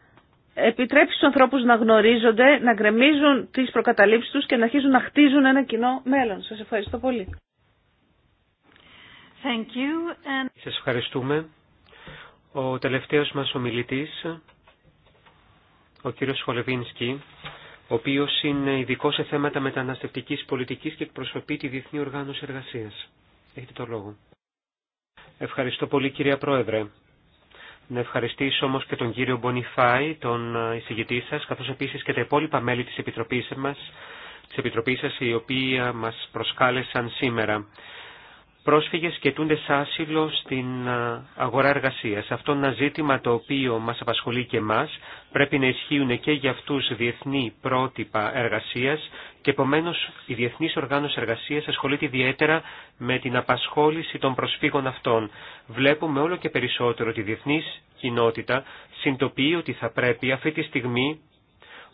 επιτρέπει στους ανθρώπους να γνωρίζονται, να γκρεμίζουν τις προκαταλήψεις τους και να αρχίζουν να χτίζουν ένα κοινό μέλλον. Σας ευχαριστώ πολύ. Thank Σας ευχαριστούμε. Ο τελευταίος μας ομιλητής, ο κύριος Σχολεβίνσκι, ο οποίος είναι ειδικό σε θέματα μεταναστευτικής πολιτικής και εκπροσωπεί τη Διεθνή Οργάνωση Εργασίας. Έχετε το λόγο. Ευχαριστώ πολύ κυρία Πρόεδρε. Να ευχαριστήσω όμως και τον κύριο Μπονιφάη, τον ε, εισηγητή σας, καθώς επίσης και τα υπόλοιπα μέλη της Επιτροπής μας, της Επιτροπής σας, οι οποίοι ε, μας προσκάλεσαν σήμερα πρόσφυγες και σ' άσυλο στην αγορά εργασίας. Αυτό είναι ένα ζήτημα το οποίο μας απασχολεί και μας. Πρέπει να ισχύουν και για αυτούς διεθνή πρότυπα εργασίας και επομένως η Διεθνής Οργάνωση Εργασίας ασχολείται ιδιαίτερα με την απασχόληση των προσφύγων αυτών. Βλέπουμε όλο και περισσότερο τη η διεθνής κοινότητα συντοποιεί ότι θα πρέπει αυτή τη στιγμή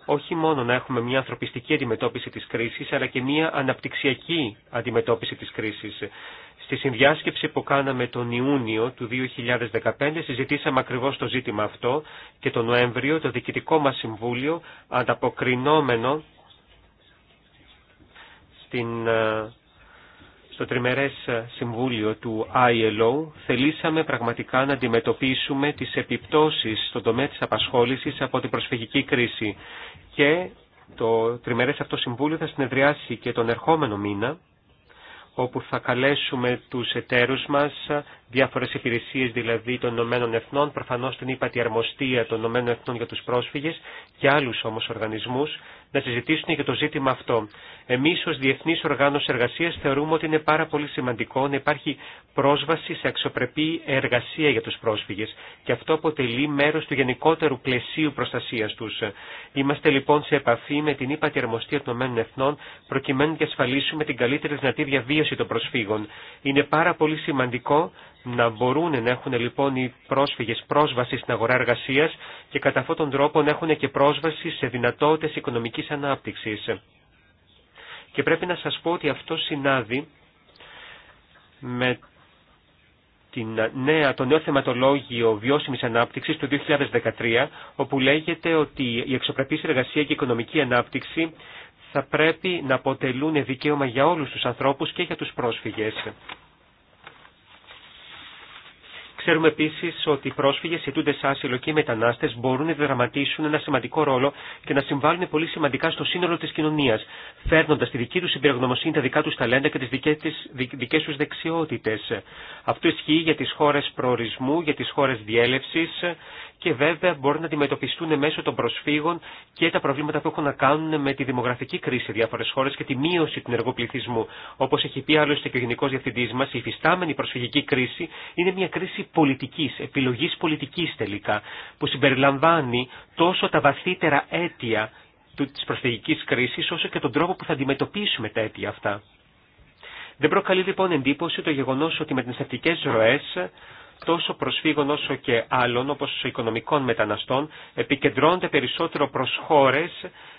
όχι μόνο να έχουμε μια ανθρωπιστική αντιμετώπιση της κρίσης, αλλά και μια αναπτυξιακή αντιμετώπιση της κρίσης. Στη συνδιάσκεψη που κάναμε τον Ιούνιο του 2015 συζητήσαμε ακριβώς το ζήτημα αυτό και τον Νοέμβριο το Διοικητικό μας Συμβούλιο ανταποκρινόμενο στην, ε, στο τριμερές συμβούλιο του ILO θελήσαμε πραγματικά να αντιμετωπίσουμε τις επιπτώσεις στον τομέα της απασχόλησης από την προσφυγική κρίση και το τριμερές αυτό συμβούλιο θα συνεδριάσει και τον ερχόμενο μήνα όπου θα καλέσουμε τους εταίρους μας, διάφορες υπηρεσίες δηλαδή των Ηνωμένων Εθνών, προφανώς την είπα τη αρμοστία των Ηνωμένων Εθνών για τους πρόσφυγες και άλλους όμως οργανισμούς, να συζητήσουν για το ζήτημα αυτό. Εμείς ως Διεθνής Οργάνωση Εργασίας θεωρούμε ότι είναι πάρα πολύ σημαντικό να υπάρχει πρόσβαση σε αξιοπρεπή εργασία για τους πρόσφυγες και αυτό αποτελεί μέρος του γενικότερου πλαισίου προστασίας τους. Είμαστε λοιπόν σε επαφή με την ύπατη αρμοστία των ΗΕ προκειμένου να ασφαλίσουμε την καλύτερη δυνατή διαβίωση προσφύγων. Είναι πάρα πολύ σημαντικό να μπορούν να έχουν λοιπόν οι πρόσφυγες πρόσβαση στην αγορά εργασίας και κατά αυτόν τον τρόπο να έχουν και πρόσβαση σε δυνατότητες οικονομικής ανάπτυξης. Και πρέπει να σας πω ότι αυτό συνάδει με την νέα, το νέο θεματολόγιο βιώσιμης ανάπτυξης του 2013, όπου λέγεται ότι η εξωπρεπής εργασία και η οικονομική ανάπτυξη θα πρέπει να αποτελούν δικαίωμα για όλους τους ανθρώπους και για τους πρόσφυγες. Ξέρουμε επίση ότι οι πρόσφυγες, οι ετούντε άσυλο και οι μετανάστε μπορούν να δραματίσουν ένα σημαντικό ρόλο και να συμβάλλουν πολύ σημαντικά στο σύνολο τη κοινωνία, φέρνοντα τη δική του συμπεριγνωμοσύνη, τα δικά του ταλέντα και τι δικέ του δεξιότητε. Αυτό ισχύει για τι χώρε προορισμού, για τι χώρε διέλευση και βέβαια μπορούν να αντιμετωπιστούν μέσω των προσφύγων και τα προβλήματα που έχουν να κάνουν με τη δημογραφική κρίση σε διάφορε χώρε και τη μείωση του ενεργού πληθυσμού. Όπω έχει πει άλλωστε και ο Γενικό Διευθυντή μα, η υφιστάμενη προσφυγική κρίση είναι μια κρίση πολιτική, επιλογή πολιτική τελικά, που συμπεριλαμβάνει τόσο τα βαθύτερα αίτια της προσφυγικής κρίσης όσο και τον τρόπο που θα αντιμετωπίσουμε τα αίτια αυτά. Δεν προκαλεί λοιπόν εντύπωση το γεγονός ότι με τις τόσο προσφύγων όσο και άλλων, όπως οικονομικών μεταναστών, επικεντρώνονται περισσότερο προς χώρες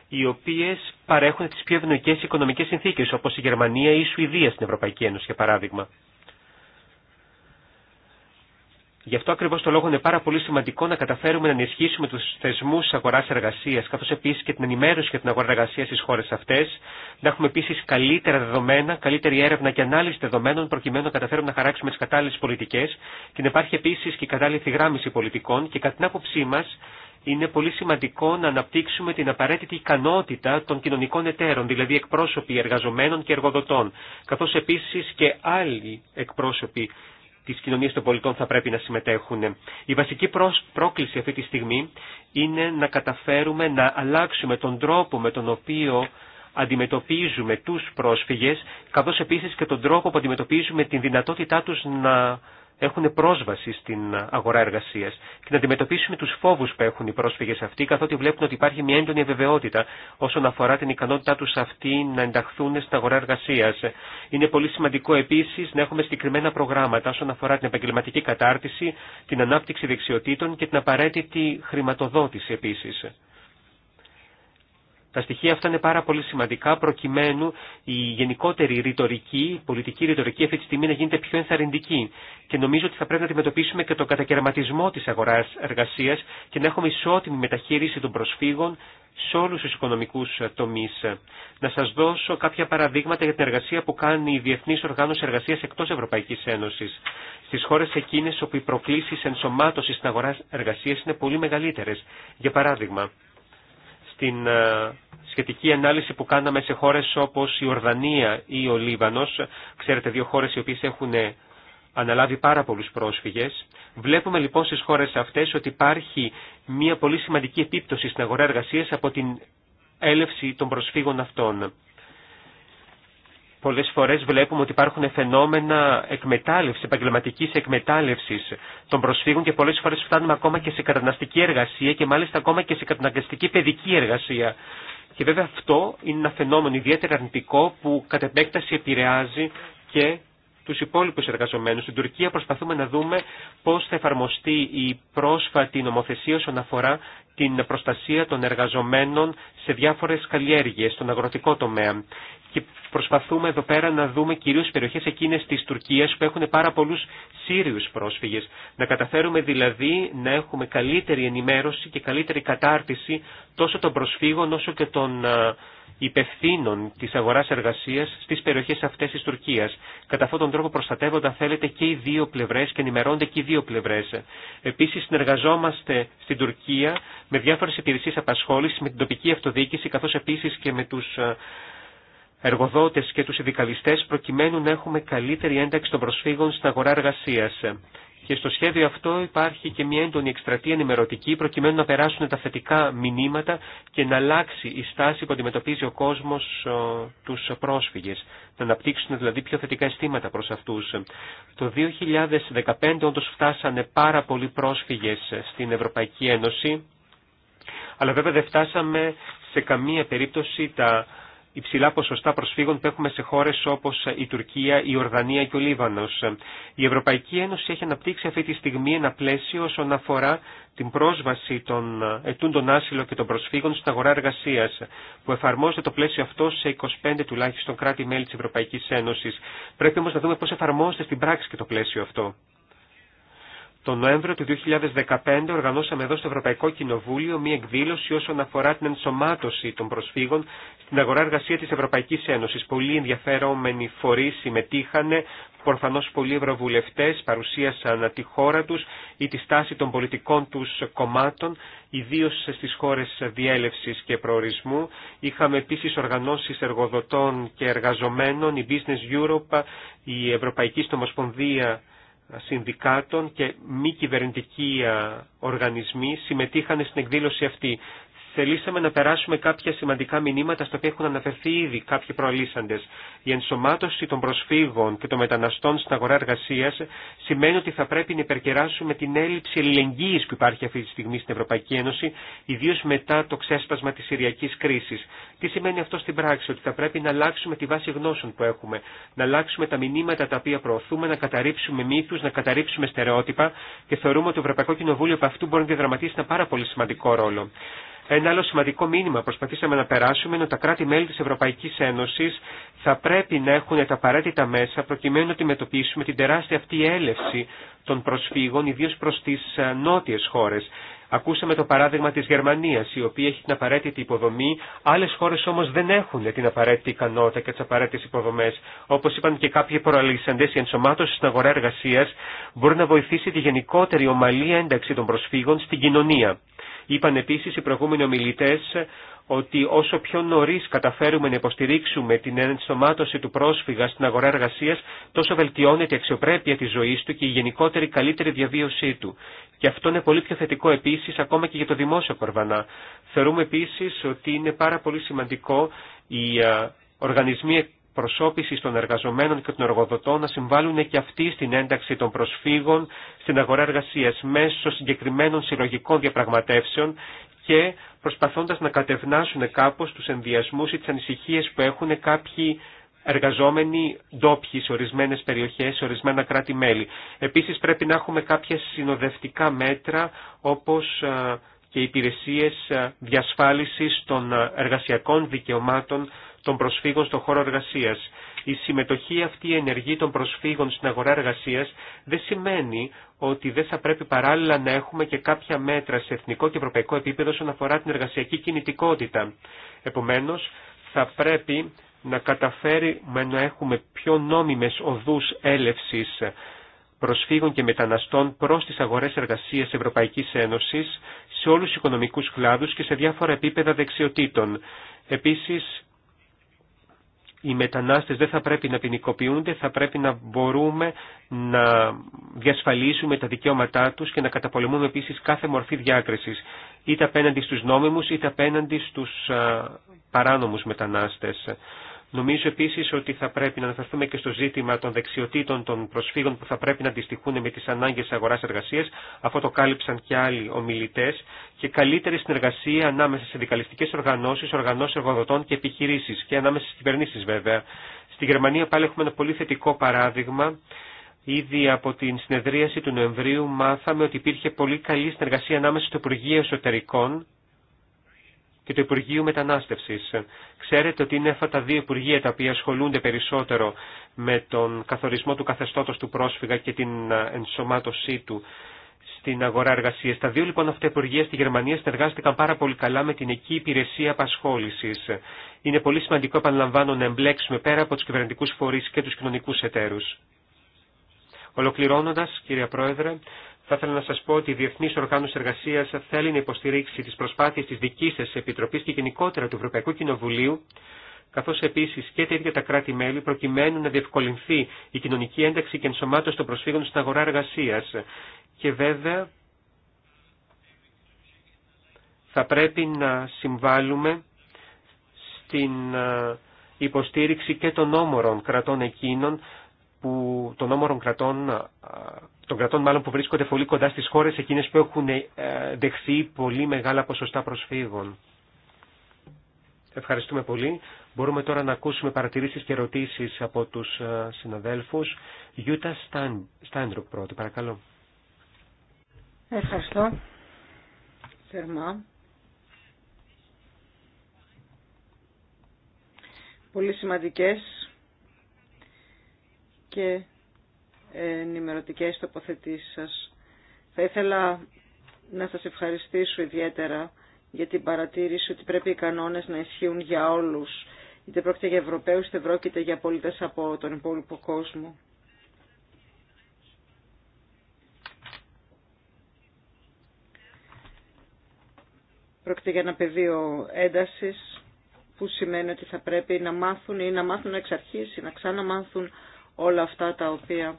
οι οποίες παρέχουν τις πιο ευνοϊκές οικονομικές συνθήκες, όπως η Γερμανία ή η Σουηδία στην Ευρωπαϊκή Ένωση, για παράδειγμα. Γι' αυτό ακριβώ το λόγο είναι πάρα πολύ σημαντικό να καταφέρουμε να ενισχύσουμε του θεσμού αγορά-εργασία, καθώ επίση και την ενημέρωση για την αγορά εργασία στι χώρε αυτέ, να έχουμε επίση καλύτερα δεδομένα, καλύτερη έρευνα και ανάλυση δεδομένων, προκειμένου να καταφέρουμε να χαράξουμε τι κατάλληλε πολιτικέ και να υπάρχει επίση και η κατάλληλη γράμμιση πολιτικών και κατά την άποψή μα είναι πολύ σημαντικό να αναπτύξουμε την απαραίτητη ικανότητα των κοινωνικών εταίρων, δηλαδή εκπρόσωποι εργαζομένων και εργοδοτών, καθώ επίση και άλλοι εκπρόσωποι Τη κοινωνία των πολιτών θα πρέπει να συμμετέχουν. Η βασική πρόκληση αυτή τη στιγμή είναι να καταφέρουμε να αλλάξουμε τον τρόπο με τον οποίο αντιμετωπίζουμε τους πρόσφυγες, καθώς επίσης και τον τρόπο που αντιμετωπίζουμε την δυνατότητά τους να έχουν πρόσβαση στην αγορά εργασία και να αντιμετωπίσουμε του φόβου που έχουν οι πρόσφυγε αυτοί, καθότι βλέπουν ότι υπάρχει μια έντονη αβεβαιότητα όσον αφορά την ικανότητά του αυτή να ενταχθούν στην αγορά εργασία. Είναι πολύ σημαντικό επίση να έχουμε συγκεκριμένα προγράμματα όσον αφορά την επαγγελματική κατάρτιση, την ανάπτυξη δεξιοτήτων και την απαραίτητη χρηματοδότηση επίση. Τα στοιχεία αυτά είναι πάρα πολύ σημαντικά προκειμένου η γενικότερη ρητορική, η πολιτική ρητορική αυτή τη στιγμή να γίνεται πιο ενθαρρυντική. Και νομίζω ότι θα πρέπει να αντιμετωπίσουμε και τον κατακαιρματισμό τη αγορά εργασία και να έχουμε ισότιμη μεταχείριση των προσφύγων σε όλου του οικονομικού τομεί. Να σα δώσω κάποια παραδείγματα για την εργασία που κάνει η Διεθνή Οργάνωση εργασία εκτό Ευρωπαϊκή Ένωση, στι χώρε εκείνε όπου οι προκλήσει ενσωμάτωση στην αγορά εργασία είναι πολύ μεγαλύτερε. Για παράδειγμα, στην ε, σχετική ανάλυση που κάναμε σε χώρες όπως η Ορδανία ή ο Λίβανος, ξέρετε δύο χώρες οι οποίες έχουν αναλάβει πάρα πολλούς πρόσφυγες. Βλέπουμε λοιπόν στις χώρες αυτές ότι υπάρχει μια πολύ σημαντική επίπτωση στην αγορά εργασίας από την έλευση των προσφύγων αυτών. Πολλές φορές βλέπουμε ότι υπάρχουν φαινόμενα εκμετάλλευση, επαγγελματική εκμετάλλευση των προσφύγων και πολλές φορές φτάνουμε ακόμα και σε καταναστική εργασία και μάλιστα ακόμα και σε καταναγκαστική παιδική εργασία. Και βέβαια αυτό είναι ένα φαινόμενο ιδιαίτερα αρνητικό που κατ' επέκταση επηρεάζει και του υπόλοιπου εργαζομένου. Στην Τουρκία προσπαθούμε να δούμε πώ θα εφαρμοστεί η πρόσφατη νομοθεσία όσον αφορά την προστασία των εργαζομένων σε διάφορε καλλιέργειε, στον αγροτικό τομέα προσπαθούμε εδώ πέρα να δούμε κυρίω περιοχέ εκείνε τη Τουρκία που έχουν πάρα πολλού Σύριου πρόσφυγε. Να καταφέρουμε δηλαδή να έχουμε καλύτερη ενημέρωση και καλύτερη κατάρτιση τόσο των προσφύγων όσο και των ε, υπευθύνων τη αγορά εργασία στι περιοχέ αυτέ τη Τουρκία. Κατά αυτόν τον τρόπο προστατεύονται, θέλετε, και οι δύο πλευρέ και ενημερώνονται και οι δύο πλευρέ. Επίση, συνεργαζόμαστε στην Τουρκία με διάφορε υπηρεσίε απασχόληση, με την τοπική αυτοδιοίκηση, καθώ επίση και με του ε, Εργοδότε και του συνδικαλιστέ προκειμένου να έχουμε καλύτερη ένταξη των προσφύγων στην αγορά εργασία. Και στο σχέδιο αυτό υπάρχει και μια έντονη εκστρατεία ενημερωτική προκειμένου να περάσουν τα θετικά μηνύματα και να αλλάξει η στάση που αντιμετωπίζει ο κόσμο του πρόσφυγε, Να αναπτύξουν δηλαδή πιο θετικά αισθήματα προ αυτού. Το 2015 όντω φτάσανε πάρα πολλοί πρόσφυγε στην Ευρωπαϊκή Ένωση αλλά βέβαια δεν φτάσαμε σε καμία περίπτωση τα υψηλά ποσοστά προσφύγων που έχουμε σε χώρες όπως η Τουρκία, η Ορδανία και ο Λίβανος. Η Ευρωπαϊκή Ένωση έχει αναπτύξει αυτή τη στιγμή ένα πλαίσιο όσον αφορά την πρόσβαση των ετούντων άσυλο και των προσφύγων στην αγορά εργασία, που εφαρμόζεται το πλαίσιο αυτό σε 25 τουλάχιστον κράτη-μέλη τη Ευρωπαϊκή Ένωση. Πρέπει όμω να δούμε πώ εφαρμόζεται στην πράξη και το πλαίσιο αυτό. Το Νοέμβριο του 2015 οργανώσαμε εδώ στο Ευρωπαϊκό Κοινοβούλιο μία εκδήλωση όσον αφορά την ενσωμάτωση των προσφύγων στην αγορά εργασία της Ευρωπαϊκής Ένωσης. Πολλοί ενδιαφέρομενοι φορείς συμμετείχαν, προφανώς πολλοί ευρωβουλευτές παρουσίασαν τη χώρα τους ή τη στάση των πολιτικών τους κομμάτων, ιδίως στις χώρες διέλευσης και προορισμού. Είχαμε επίσης οργανώσεις εργοδοτών και εργαζομένων, η Business Europe, η Ευρωπαϊκή Στομοσπονδία συνδικάτων και μη κυβερνητικοί ε, οργανισμοί συμμετείχαν στην εκδήλωση αυτή θελήσαμε να περάσουμε κάποια σημαντικά μηνύματα στα οποία έχουν αναφερθεί ήδη κάποιοι προαλήσαντε. Η ενσωμάτωση των προσφύγων και των μεταναστών στην αγορά εργασία σημαίνει ότι θα πρέπει να υπερκεράσουμε την έλλειψη ελληνική που υπάρχει αυτή τη στιγμή στην Ευρωπαϊκή Ένωση, ιδίω μετά το ξέσπασμα τη Συριακή κρίση. Τι σημαίνει αυτό στην πράξη, ότι θα πρέπει να αλλάξουμε τη βάση γνώσεων που έχουμε, να αλλάξουμε τα μηνύματα τα οποία προωθούμε, να καταρρύψουμε μύθου, να καταρρύψουμε στερεότυπα και θεωρούμε ότι το Ευρωπαϊκό Κοινοβούλιο από αυτού μπορεί να διαδραματίσει ένα πάρα πολύ σημαντικό ρόλο. Ένα άλλο σημαντικό μήνυμα προσπαθήσαμε να περάσουμε είναι ότι τα κράτη-μέλη της Ευρωπαϊκής Ένωσης θα πρέπει να έχουν τα απαραίτητα μέσα προκειμένου να αντιμετωπίσουμε την τεράστια αυτή έλευση των προσφύγων, ιδίως προς τις ε, νότιες χώρες. Ακούσαμε το παράδειγμα της Γερμανίας, η οποία έχει την απαραίτητη υποδομή, άλλες χώρες όμως δεν έχουν την απαραίτητη ικανότητα και τις απαραίτητες υποδομές. Όπως είπαν και κάποιοι προαλήσαντες, η ενσωμάτωση στην αγορά εργασίας μπορεί να βοηθήσει τη γενικότερη ομαλή ένταξη των προσφύγων στην κοινωνία. Είπαν επίσης οι προηγούμενοι ομιλητές ότι όσο πιο νωρίς καταφέρουμε να υποστηρίξουμε την ενσωμάτωση του πρόσφυγα στην αγορά εργασίας, τόσο βελτιώνεται η αξιοπρέπεια της ζωής του και η γενικότερη καλύτερη διαβίωσή του. Και αυτό είναι πολύ πιο θετικό επίσης ακόμα και για το δημόσιο κορβανά. Θεωρούμε επίσης ότι είναι πάρα πολύ σημαντικό οι οργανισμοί των εργαζομένων και των εργοδοτών να συμβάλλουν και αυτοί στην ένταξη των προσφύγων στην αγορά εργασίας μέσω συγκεκριμένων συλλογικών διαπραγματεύσεων και προσπαθώντας να κατευνάσουν κάπως τους ενδιασμούς ή τις ανησυχίες που έχουν κάποιοι εργαζόμενοι ντόπιοι σε ορισμένε περιοχέ, σε ορισμένα κράτη-μέλη. Επίση πρέπει να έχουμε κάποια συνοδευτικά μέτρα όπω ε, και υπηρεσίε διασφάλιση των εργασιακών δικαιωμάτων των προσφύγων στον χώρο εργασία. Η συμμετοχή αυτή ενεργή των προσφύγων στην αγορά εργασία δεν σημαίνει ότι δεν θα πρέπει παράλληλα να έχουμε και κάποια μέτρα σε εθνικό και ευρωπαϊκό επίπεδο όσον αφορά την εργασιακή κινητικότητα. Επομένω, θα πρέπει να καταφέρουμε να έχουμε πιο νόμιμες οδούς έλευσης προσφύγων και μεταναστών προς τις αγορές εργασίας Ευρωπαϊκής Ένωσης σε όλους τους οικονομικού κλάδους και σε διάφορα επίπεδα δεξιοτήτων. Επίσης, οι μετανάστες δεν θα πρέπει να ποινικοποιούνται, θα πρέπει να μπορούμε να διασφαλίσουμε τα δικαιώματά τους και να καταπολεμούμε επίσης κάθε μορφή διάκρισης, είτε απέναντι στους νόμιμους είτε απέναντι στους παράνομους μετανάστες. Νομίζω επίση ότι θα πρέπει να αναφερθούμε και στο ζήτημα των δεξιοτήτων των προσφύγων που θα πρέπει να αντιστοιχούν με τι ανάγκε αγορά-εργασία. αφού το κάλυψαν και άλλοι ομιλητέ. Και καλύτερη συνεργασία ανάμεσα σε δικαλιστικέ οργανώσει, οργανώσει εργοδοτών και επιχειρήσει και ανάμεσα στι κυβερνήσει βέβαια. Στη Γερμανία πάλι έχουμε ένα πολύ θετικό παράδειγμα. Ήδη από την συνεδρίαση του Νοεμβρίου μάθαμε ότι υπήρχε πολύ καλή συνεργασία ανάμεσα στο Υπουργείο Εσωτερικών και του Υπουργείου Μετανάστευση. Ξέρετε ότι είναι αυτά τα δύο Υπουργεία τα οποία ασχολούνται περισσότερο με τον καθορισμό του καθεστώτος του πρόσφυγα και την ε, ενσωμάτωσή του στην αγορά εργασία. Τα δύο λοιπόν αυτά υπουργεία στη Γερμανία συνεργάστηκαν πάρα πολύ καλά με την εκεί υπηρεσία απασχόληση. Είναι πολύ σημαντικό, επαναλαμβάνω, να εμπλέξουμε πέρα από του κυβερνητικού φορεί και του κοινωνικού εταίρου. Ολοκληρώνοντα, κύριε Πρόεδρε, θα ήθελα να σας πω ότι η Διεθνής Οργάνωση Εργασίας θέλει να υποστηρίξει τις προσπάθειες της δικής σας Επιτροπής και γενικότερα του Ευρωπαϊκού Κοινοβουλίου, καθώς επίσης και τα ίδια τα κράτη-μέλη προκειμένου να διευκολυνθεί η κοινωνική ένταξη και ενσωμάτωση των προσφύγων στην αγορά εργασίας. Και βέβαια θα πρέπει να συμβάλλουμε στην ε, υποστήριξη και των όμορων κρατών εκείνων που των όμορων κρατών ε, των κρατών μάλλον που βρίσκονται πολύ κοντά στις χώρες εκείνες που έχουν ε, δεχθεί πολύ μεγάλα ποσοστά προσφύγων. Ευχαριστούμε πολύ. Μπορούμε τώρα να ακούσουμε παρατηρήσεις και ερωτήσεις από τους ε, συναδέλφους. Γιούτα Στάντρουκ πρώτη, παρακαλώ. Ευχαριστώ. Θερμά. Πολύ σημαντικές και ενημερωτικές τοποθετήσεις σας. Θα ήθελα να σας ευχαριστήσω ιδιαίτερα για την παρατήρηση ότι πρέπει οι κανόνες να ισχύουν για όλους, είτε πρόκειται για Ευρωπαίους, είτε πρόκειται για πολίτες από τον υπόλοιπο κόσμο. Πρόκειται για ένα πεδίο έντασης που σημαίνει ότι θα πρέπει να μάθουν ή να μάθουν εξ αρχής να ξαναμάθουν όλα αυτά τα οποία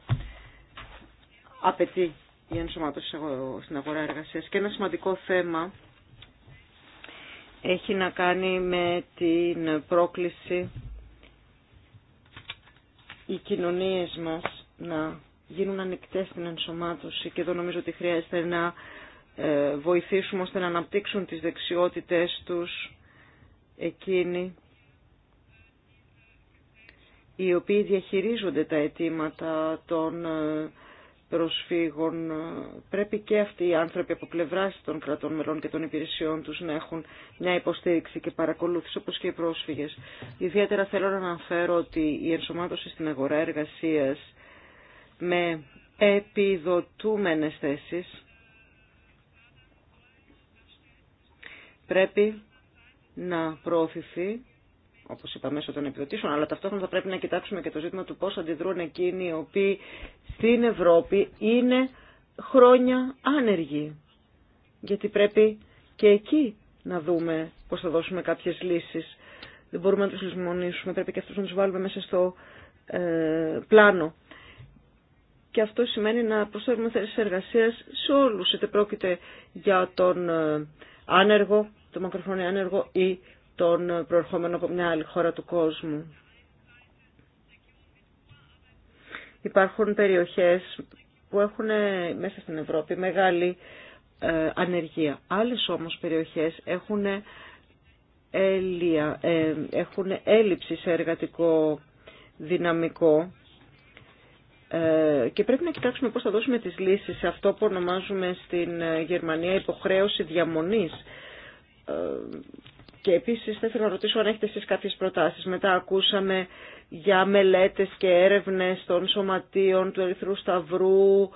απαιτεί η ενσωμάτωση στην αγορά εργασίας. Και ένα σημαντικό θέμα έχει να κάνει με την πρόκληση οι κοινωνίες μας να γίνουν ανοιχτές στην ενσωμάτωση και εδώ νομίζω ότι χρειάζεται να ε, βοηθήσουμε ώστε να αναπτύξουν τις δεξιότητες τους εκείνοι οι οποίοι διαχειρίζονται τα αιτήματα των ε, προσφύγων. Πρέπει και αυτοί οι άνθρωποι από πλευρά των κρατών μελών και των υπηρεσιών τους να έχουν μια υποστήριξη και παρακολούθηση όπως και οι πρόσφυγες. Ιδιαίτερα θέλω να αναφέρω ότι η ενσωμάτωση στην αγορά εργασίας με επιδοτούμενες θέσεις πρέπει να προωθηθεί όπως είπα, μέσω των επιδοτήσεων, αλλά ταυτόχρονα θα πρέπει να κοιτάξουμε και το ζήτημα του πώ αντιδρούν εκείνοι οι οποίοι στην Ευρώπη είναι χρόνια άνεργοι. Γιατί πρέπει και εκεί να δούμε πώ θα δώσουμε κάποιες λύσεις. Δεν μπορούμε να του λησμονήσουμε, πρέπει και αυτούς να του βάλουμε μέσα στο ε, πλάνο. Και αυτό σημαίνει να προσφέρουμε θέσει εργασία σε όλου, είτε πρόκειται για τον ε, άνεργο, το μακροχρόνιο άνεργο ή τον προερχόμενο από μια άλλη χώρα του κόσμου. Υπάρχουν περιοχές που έχουν ε, μέσα στην Ευρώπη μεγάλη ε, ανεργία. Άλλες όμως περιοχές έχουν, ε, έλεια, έχουν έλλειψη σε εργατικό δυναμικό και πρέπει να κοιτάξουμε πώς θα δώσουμε τις λύσεις σε αυτό που ονομάζουμε στην Γερμανία υποχρέωση διαμονής και επίσης θα ήθελα να ρωτήσω αν έχετε εσείς κάποιες προτάσεις. Μετά ακούσαμε για μελέτες και έρευνες των σωματείων του Ερυθρού Σταυρού,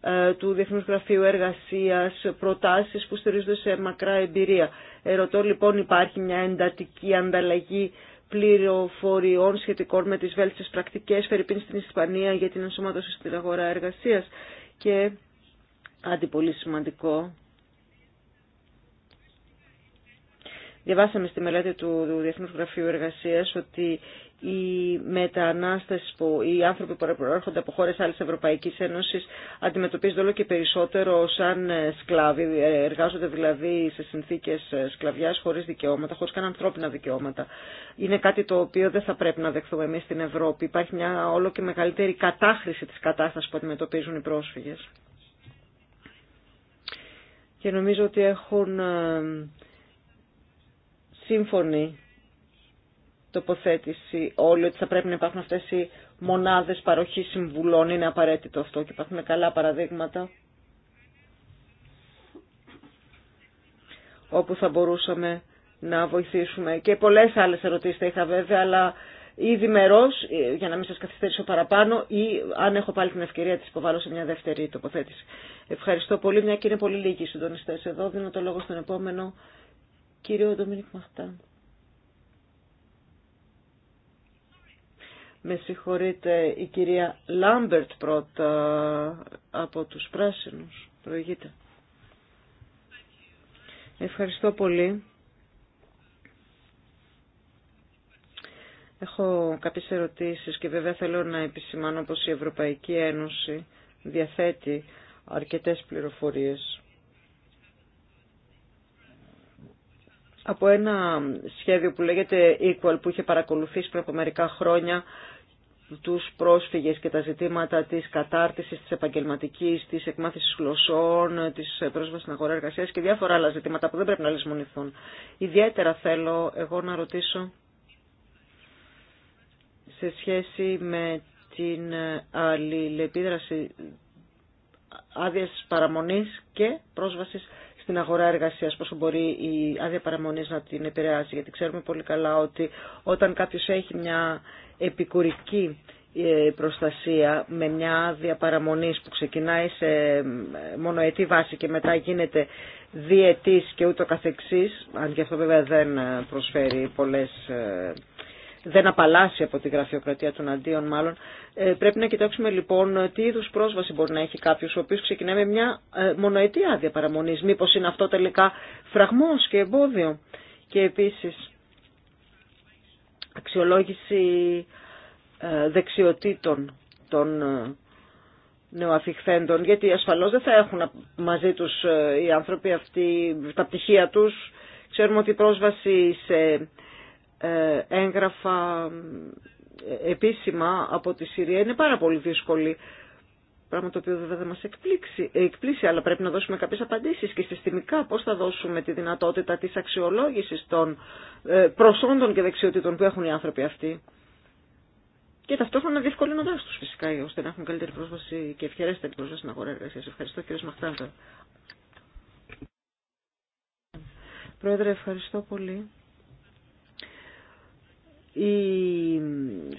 ε, του Διεθνούς Γραφείου Εργασίας, προτάσεις που στηρίζονται σε μακρά εμπειρία. Ερωτώ λοιπόν υπάρχει μια εντατική ανταλλαγή πληροφοριών σχετικών με τις βέλτιστες πρακτικές, φερειπίν στην Ισπανία για την ενσωμάτωση στην αγορά εργασίας και, αντί πολύ σημαντικό, Διαβάσαμε στη μελέτη του Διεθνούς Γραφείου Εργασίας ότι οι μετανάστες, που, οι άνθρωποι που προέρχονται από χώρες άλλης Ευρωπαϊκής Ένωσης αντιμετωπίζονται όλο και περισσότερο σαν ε, σκλάβοι, ε, εργάζονται δηλαδή σε συνθήκες ε, σκλαβιάς χωρίς δικαιώματα, χωρίς καν ανθρώπινα δικαιώματα. Είναι κάτι το οποίο δεν θα πρέπει να δεχθούμε εμείς στην Ευρώπη. Υπάρχει μια όλο και μεγαλύτερη κατάχρηση της κατάστασης που αντιμετωπίζουν οι πρόσφυγες. Και νομίζω ότι έχουν σύμφωνη τοποθέτηση όλοι ότι θα πρέπει να υπάρχουν αυτές οι μονάδες παροχής συμβουλών. Είναι απαραίτητο αυτό και υπάρχουν καλά παραδείγματα όπου θα μπορούσαμε να βοηθήσουμε. Και πολλές άλλες ερωτήσεις θα είχα βέβαια, αλλά ήδη μερός, για να μην σας καθυστερήσω παραπάνω, ή αν έχω πάλι την ευκαιρία της υποβάλλω σε μια δεύτερη τοποθέτηση. Ευχαριστώ πολύ, μια και είναι πολύ λίγοι οι συντονιστές εδώ. Δίνω το λόγο στον επόμενο κύριο Ντομίνικ Μαχτάν. Με συγχωρείτε, η κυρία Λάμπερτ πρώτα από τους πράσινους. Προηγείτε. Ευχαριστώ πολύ. Έχω κάποιες ερωτήσεις και βέβαια θέλω να επισημάνω πως η Ευρωπαϊκή Ένωση διαθέτει αρκετές πληροφορίες από ένα σχέδιο που λέγεται Equal που είχε παρακολουθήσει πριν από μερικά χρόνια τους πρόσφυγες και τα ζητήματα της κατάρτισης, της επαγγελματικής, της εκμάθησης γλωσσών, της πρόσβασης στην αγορά εργασίας και διάφορα άλλα ζητήματα που δεν πρέπει να λησμονηθούν. Ιδιαίτερα θέλω εγώ να ρωτήσω σε σχέση με την αλληλεπίδραση άδεια παραμονής και πρόσβασης στην αγορά εργασίας, πόσο μπορεί η άδεια παραμονής να την επηρεάσει, Γιατί ξέρουμε πολύ καλά ότι όταν κάποιος έχει μια επικουρική ε, προστασία με μια άδεια παραμονής που ξεκινάει σε ε, μονοετή βάση και μετά γίνεται διετής και ούτω καθεξής, αν και αυτό βέβαια δεν ε, προσφέρει πολλές δεν απαλλάσσει από τη γραφειοκρατία των αντίων μάλλον. Ε, πρέπει να κοιτάξουμε λοιπόν τι είδου πρόσβαση μπορεί να έχει κάποιο, ο οποίο ξεκινάει με μια μονοετία μονοετή άδεια παραμονή. Μήπω είναι αυτό τελικά φραγμό και εμπόδιο. Και επίση αξιολόγηση ε, δεξιοτήτων των ε, νεοαφιχθέντων, γιατί ασφαλώς δεν θα έχουν μαζί τους ε, οι άνθρωποι αυτοί τα πτυχία τους. Ξέρουμε ότι η πρόσβαση σε ε, έγγραφα ε, επίσημα από τη Συρία είναι πάρα πολύ δύσκολη. Πράγμα το οποίο βέβαια δεν μας εκπλήσει, αλλά πρέπει να δώσουμε κάποιες απαντήσεις και συστημικά πώς θα δώσουμε τη δυνατότητα της αξιολόγησης των ε, προσόντων και δεξιοτήτων που έχουν οι άνθρωποι αυτοί. Και ταυτόχρονα διευκολύνοντά του φυσικά, ώστε να έχουν καλύτερη πρόσβαση και ευχερέστερη πρόσβαση στην αγορά εργασία. Ευχαριστώ κύριε Μαχτάντα. Πρόεδρε, ευχαριστώ πολύ η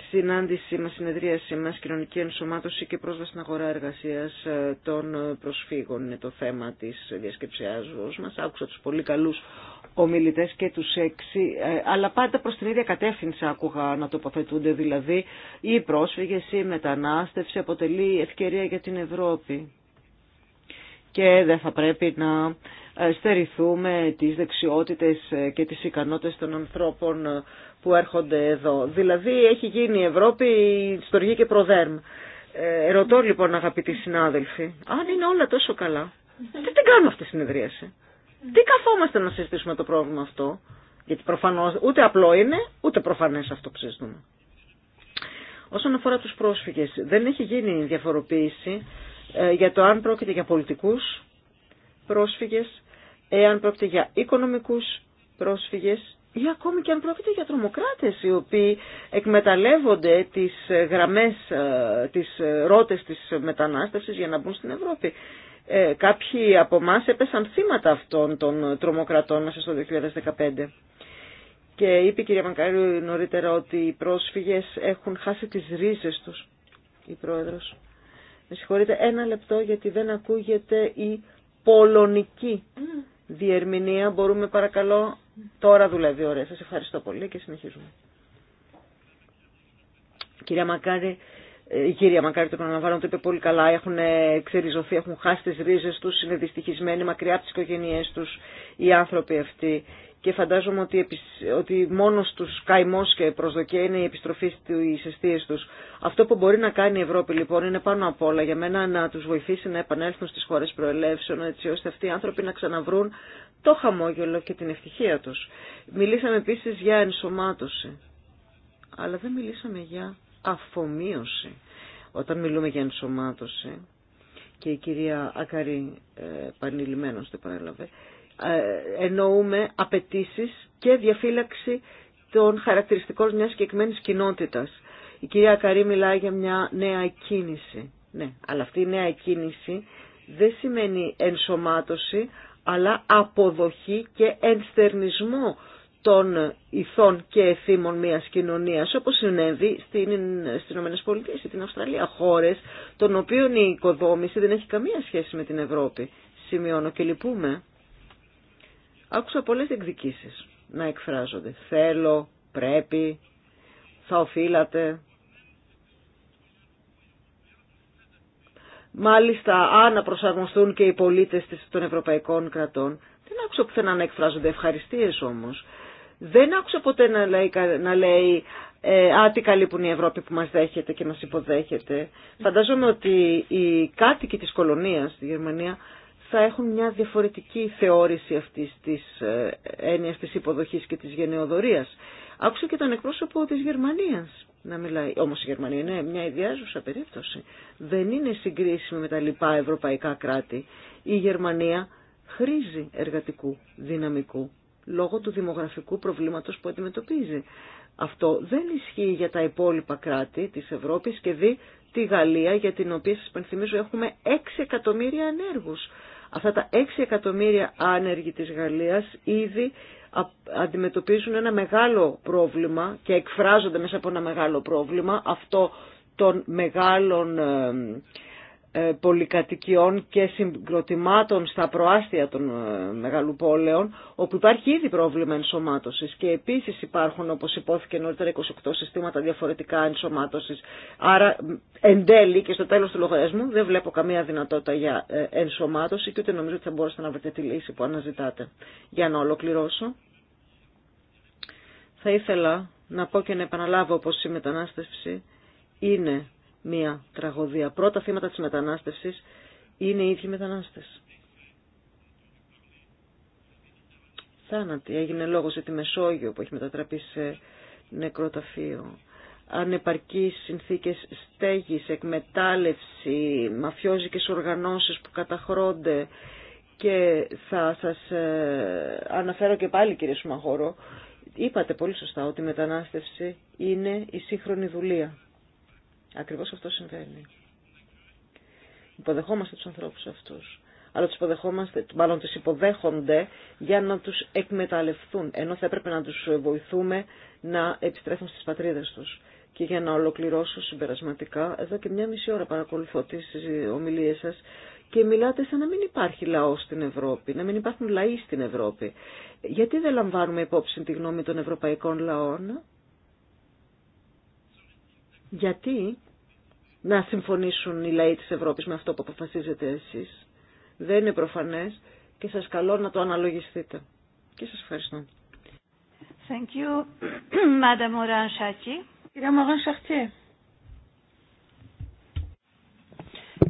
συνάντησή μας, συνεδρίασή μας, κοινωνική ενσωμάτωση και πρόσβαση στην αγορά εργασίας ε, των προσφύγων είναι το θέμα της διασκεψιάς μας. Άκουσα τους πολύ καλούς ομιλητές και τους έξι, ε, αλλά πάντα προς την ίδια κατεύθυνση άκουγα να τοποθετούνται δηλαδή. Οι πρόσφυγες, η μετανάστευση αποτελεί ευκαιρία για την Ευρώπη και δεν θα πρέπει να ε, στερηθούμε τις δεξιότητες και τις ικανότητες των ανθρώπων που έρχονται εδώ. Δηλαδή έχει γίνει η Ευρώπη στοργή και προδέρμ. Ε, ρωτώ λοιπόν αγαπητοί συνάδελφοι, αν είναι όλα τόσο καλά, τι την κάνουμε αυτή τη συνεδρίαση. Τι καθόμαστε να συζητήσουμε το πρόβλημα αυτό. Γιατί προφανώς ούτε απλό είναι, ούτε προφανές αυτό που συζητούμε. Όσον αφορά τους πρόσφυγες, δεν έχει γίνει διαφοροποίηση ε, για το αν πρόκειται για πολιτικούς πρόσφυγες, εάν πρόκειται για οικονομικούς πρόσφυγες ή ακόμη και αν πρόκειται για τρομοκράτες οι οποίοι εκμεταλλεύονται τις ε, γραμμές, ε, τις ε, ρότες της μετανάστευσης για να μπουν στην Ευρώπη. Ε, κάποιοι από εμά έπεσαν θύματα αυτών των τρομοκρατών μέσα στο 2015. Και είπε η κυρία Μακάριου νωρίτερα ότι οι πρόσφυγες έχουν χάσει τις ρίζες τους, η πρόεδρος. Με συγχωρείτε ένα λεπτό γιατί δεν ακούγεται η πολωνική mm. διερμηνία. Μπορούμε παρακαλώ Τώρα δουλεύει ωραία. Σας ευχαριστώ πολύ και συνεχίζουμε. Κυρία Μακάρη, ε, η κυρία Μακάρη το επαναλαμβάνω, το είπε πολύ καλά. Έχουν ε, ξεριζωθεί, έχουν χάσει τις ρίζες τους, είναι δυστυχισμένοι μακριά από τις οικογένειές τους οι άνθρωποι αυτοί. Και φαντάζομαι ότι, ότι μόνος τους καημός και προσδοκία είναι η επιστροφή στις αιστείες τους. Αυτό που μπορεί να κάνει η Ευρώπη λοιπόν είναι πάνω απ' όλα για μένα να τους βοηθήσει να επανέλθουν στις χώρες προελεύσεων έτσι ώστε αυτοί οι άνθρωποι να ξαναβρούν το χαμόγελο και την ευτυχία τους. Μιλήσαμε επίσης για ενσωμάτωση, αλλά δεν μιλήσαμε για αφομοίωση. Όταν μιλούμε για ενσωμάτωση, και η κυρία Ακαρή ε, το παρέλαβε, ε, εννοούμε απαιτήσει και διαφύλαξη των χαρακτηριστικών μιας συγκεκριμένη κοινότητας. Η κυρία Ακαρή μιλάει για μια νέα κίνηση. Ναι, αλλά αυτή η νέα κίνηση δεν σημαίνει ενσωμάτωση, αλλά αποδοχή και ενστερνισμό των ηθών και εθήμων μιας κοινωνίας, όπως συνέβη στην, στις ΗΠΑ ή την Αυστραλία, χώρες των οποίων η οικοδόμηση δεν έχει καμία σχέση με την Ευρώπη. Σημειώνω και λυπούμε. Άκουσα πολλές εκδικήσεις να εκφράζονται. Θέλω, πρέπει, θα οφείλατε. μάλιστα προσαρμοστούν και οι πολίτες των ευρωπαϊκών κρατών. Δεν άκουσα πουθενά να εκφράζονται ευχαριστίες όμως. Δεν άκουσα ποτέ να λέει, να λέει ε, «Α, τι καλή η Ευρώπη που μας δέχεται και μας υποδέχεται». Φαντάζομαι ότι οι κάτοικοι της κολονίας στη Γερμανία θα έχουν μια διαφορετική θεώρηση αυτής της ε, έννοιας της υποδοχής και της γενναιοδορίας. Άκουσα και τον εκπρόσωπο της Γερμανίας να μιλάει. Όμως η Γερμανία είναι μια ιδιάζουσα περίπτωση. Δεν είναι συγκρίσιμη με τα λοιπά ευρωπαϊκά κράτη. Η Γερμανία χρήζει εργατικού δυναμικού λόγω του δημογραφικού προβλήματος που αντιμετωπίζει. Αυτό δεν ισχύει για τα υπόλοιπα κράτη της Ευρώπης και δι τη Γαλλία για την οποία σας πενθυμίζω έχουμε 6 εκατομμύρια ανέργους. Αυτά τα 6 εκατομμύρια άνεργοι της Γαλλίας ήδη αντιμετωπίζουν ένα μεγάλο πρόβλημα και εκφράζονται μέσα από ένα μεγάλο πρόβλημα αυτό των μεγάλων ε, ε, πολυκατοικιών και συγκροτημάτων στα προάστια των ε, μεγαλού πόλεων, όπου υπάρχει ήδη πρόβλημα ενσωμάτωσης και επίσης υπάρχουν, όπως υπόθηκε νωρίτερα, 28 συστήματα διαφορετικά ενσωμάτωσης. Άρα, εν τέλει και στο τέλος του λογαριασμού δεν βλέπω καμία δυνατότητα για ε, ενσωμάτωση και ούτε νομίζω ότι θα μπορούσατε να βρείτε τη λύση που αναζητάτε. Για να ολοκληρώσω, θα ήθελα να πω και να επαναλάβω πως η μετανάστευση είναι μία τραγωδία. Πρώτα θύματα της μετανάστευσης είναι οι ίδιοι μετανάστες. Θάνατοι. Έγινε λόγος για τη Μεσόγειο που έχει μετατραπεί σε νεκροταφείο. Ανεπαρκείς συνθήκες στέγης, εκμετάλλευση, μαφιόζικες οργανώσεις που καταχρώνται. Και θα σας ε, αναφέρω και πάλι κύριε Σουμαχώρο, είπατε πολύ σωστά ότι η μετανάστευση είναι η σύγχρονη δουλεία. Ακριβώς αυτό συμβαίνει. Υποδεχόμαστε τους ανθρώπους αυτούς. Αλλά τους υποδεχόμαστε, μάλλον τους υποδέχονται για να τους εκμεταλλευτούν. Ενώ θα έπρεπε να τους βοηθούμε να επιστρέφουν στις πατρίδες τους. Και για να ολοκληρώσω συμπερασματικά, εδώ και μια μισή ώρα παρακολουθώ τις ομιλίες σας και μιλάτε σαν να μην υπάρχει λαό στην Ευρώπη, να μην υπάρχουν λαοί στην Ευρώπη. Γιατί δεν λαμβάνουμε υπόψη τη γνώμη των ευρωπαϊκών λαών, γιατί να συμφωνήσουν οι λαοί της Ευρώπης με αυτό που αποφασίζετε εσείς. Δεν είναι προφανές και σας καλώ να το αναλογιστείτε. Και σας ευχαριστώ. Thank you, Madame Κυρία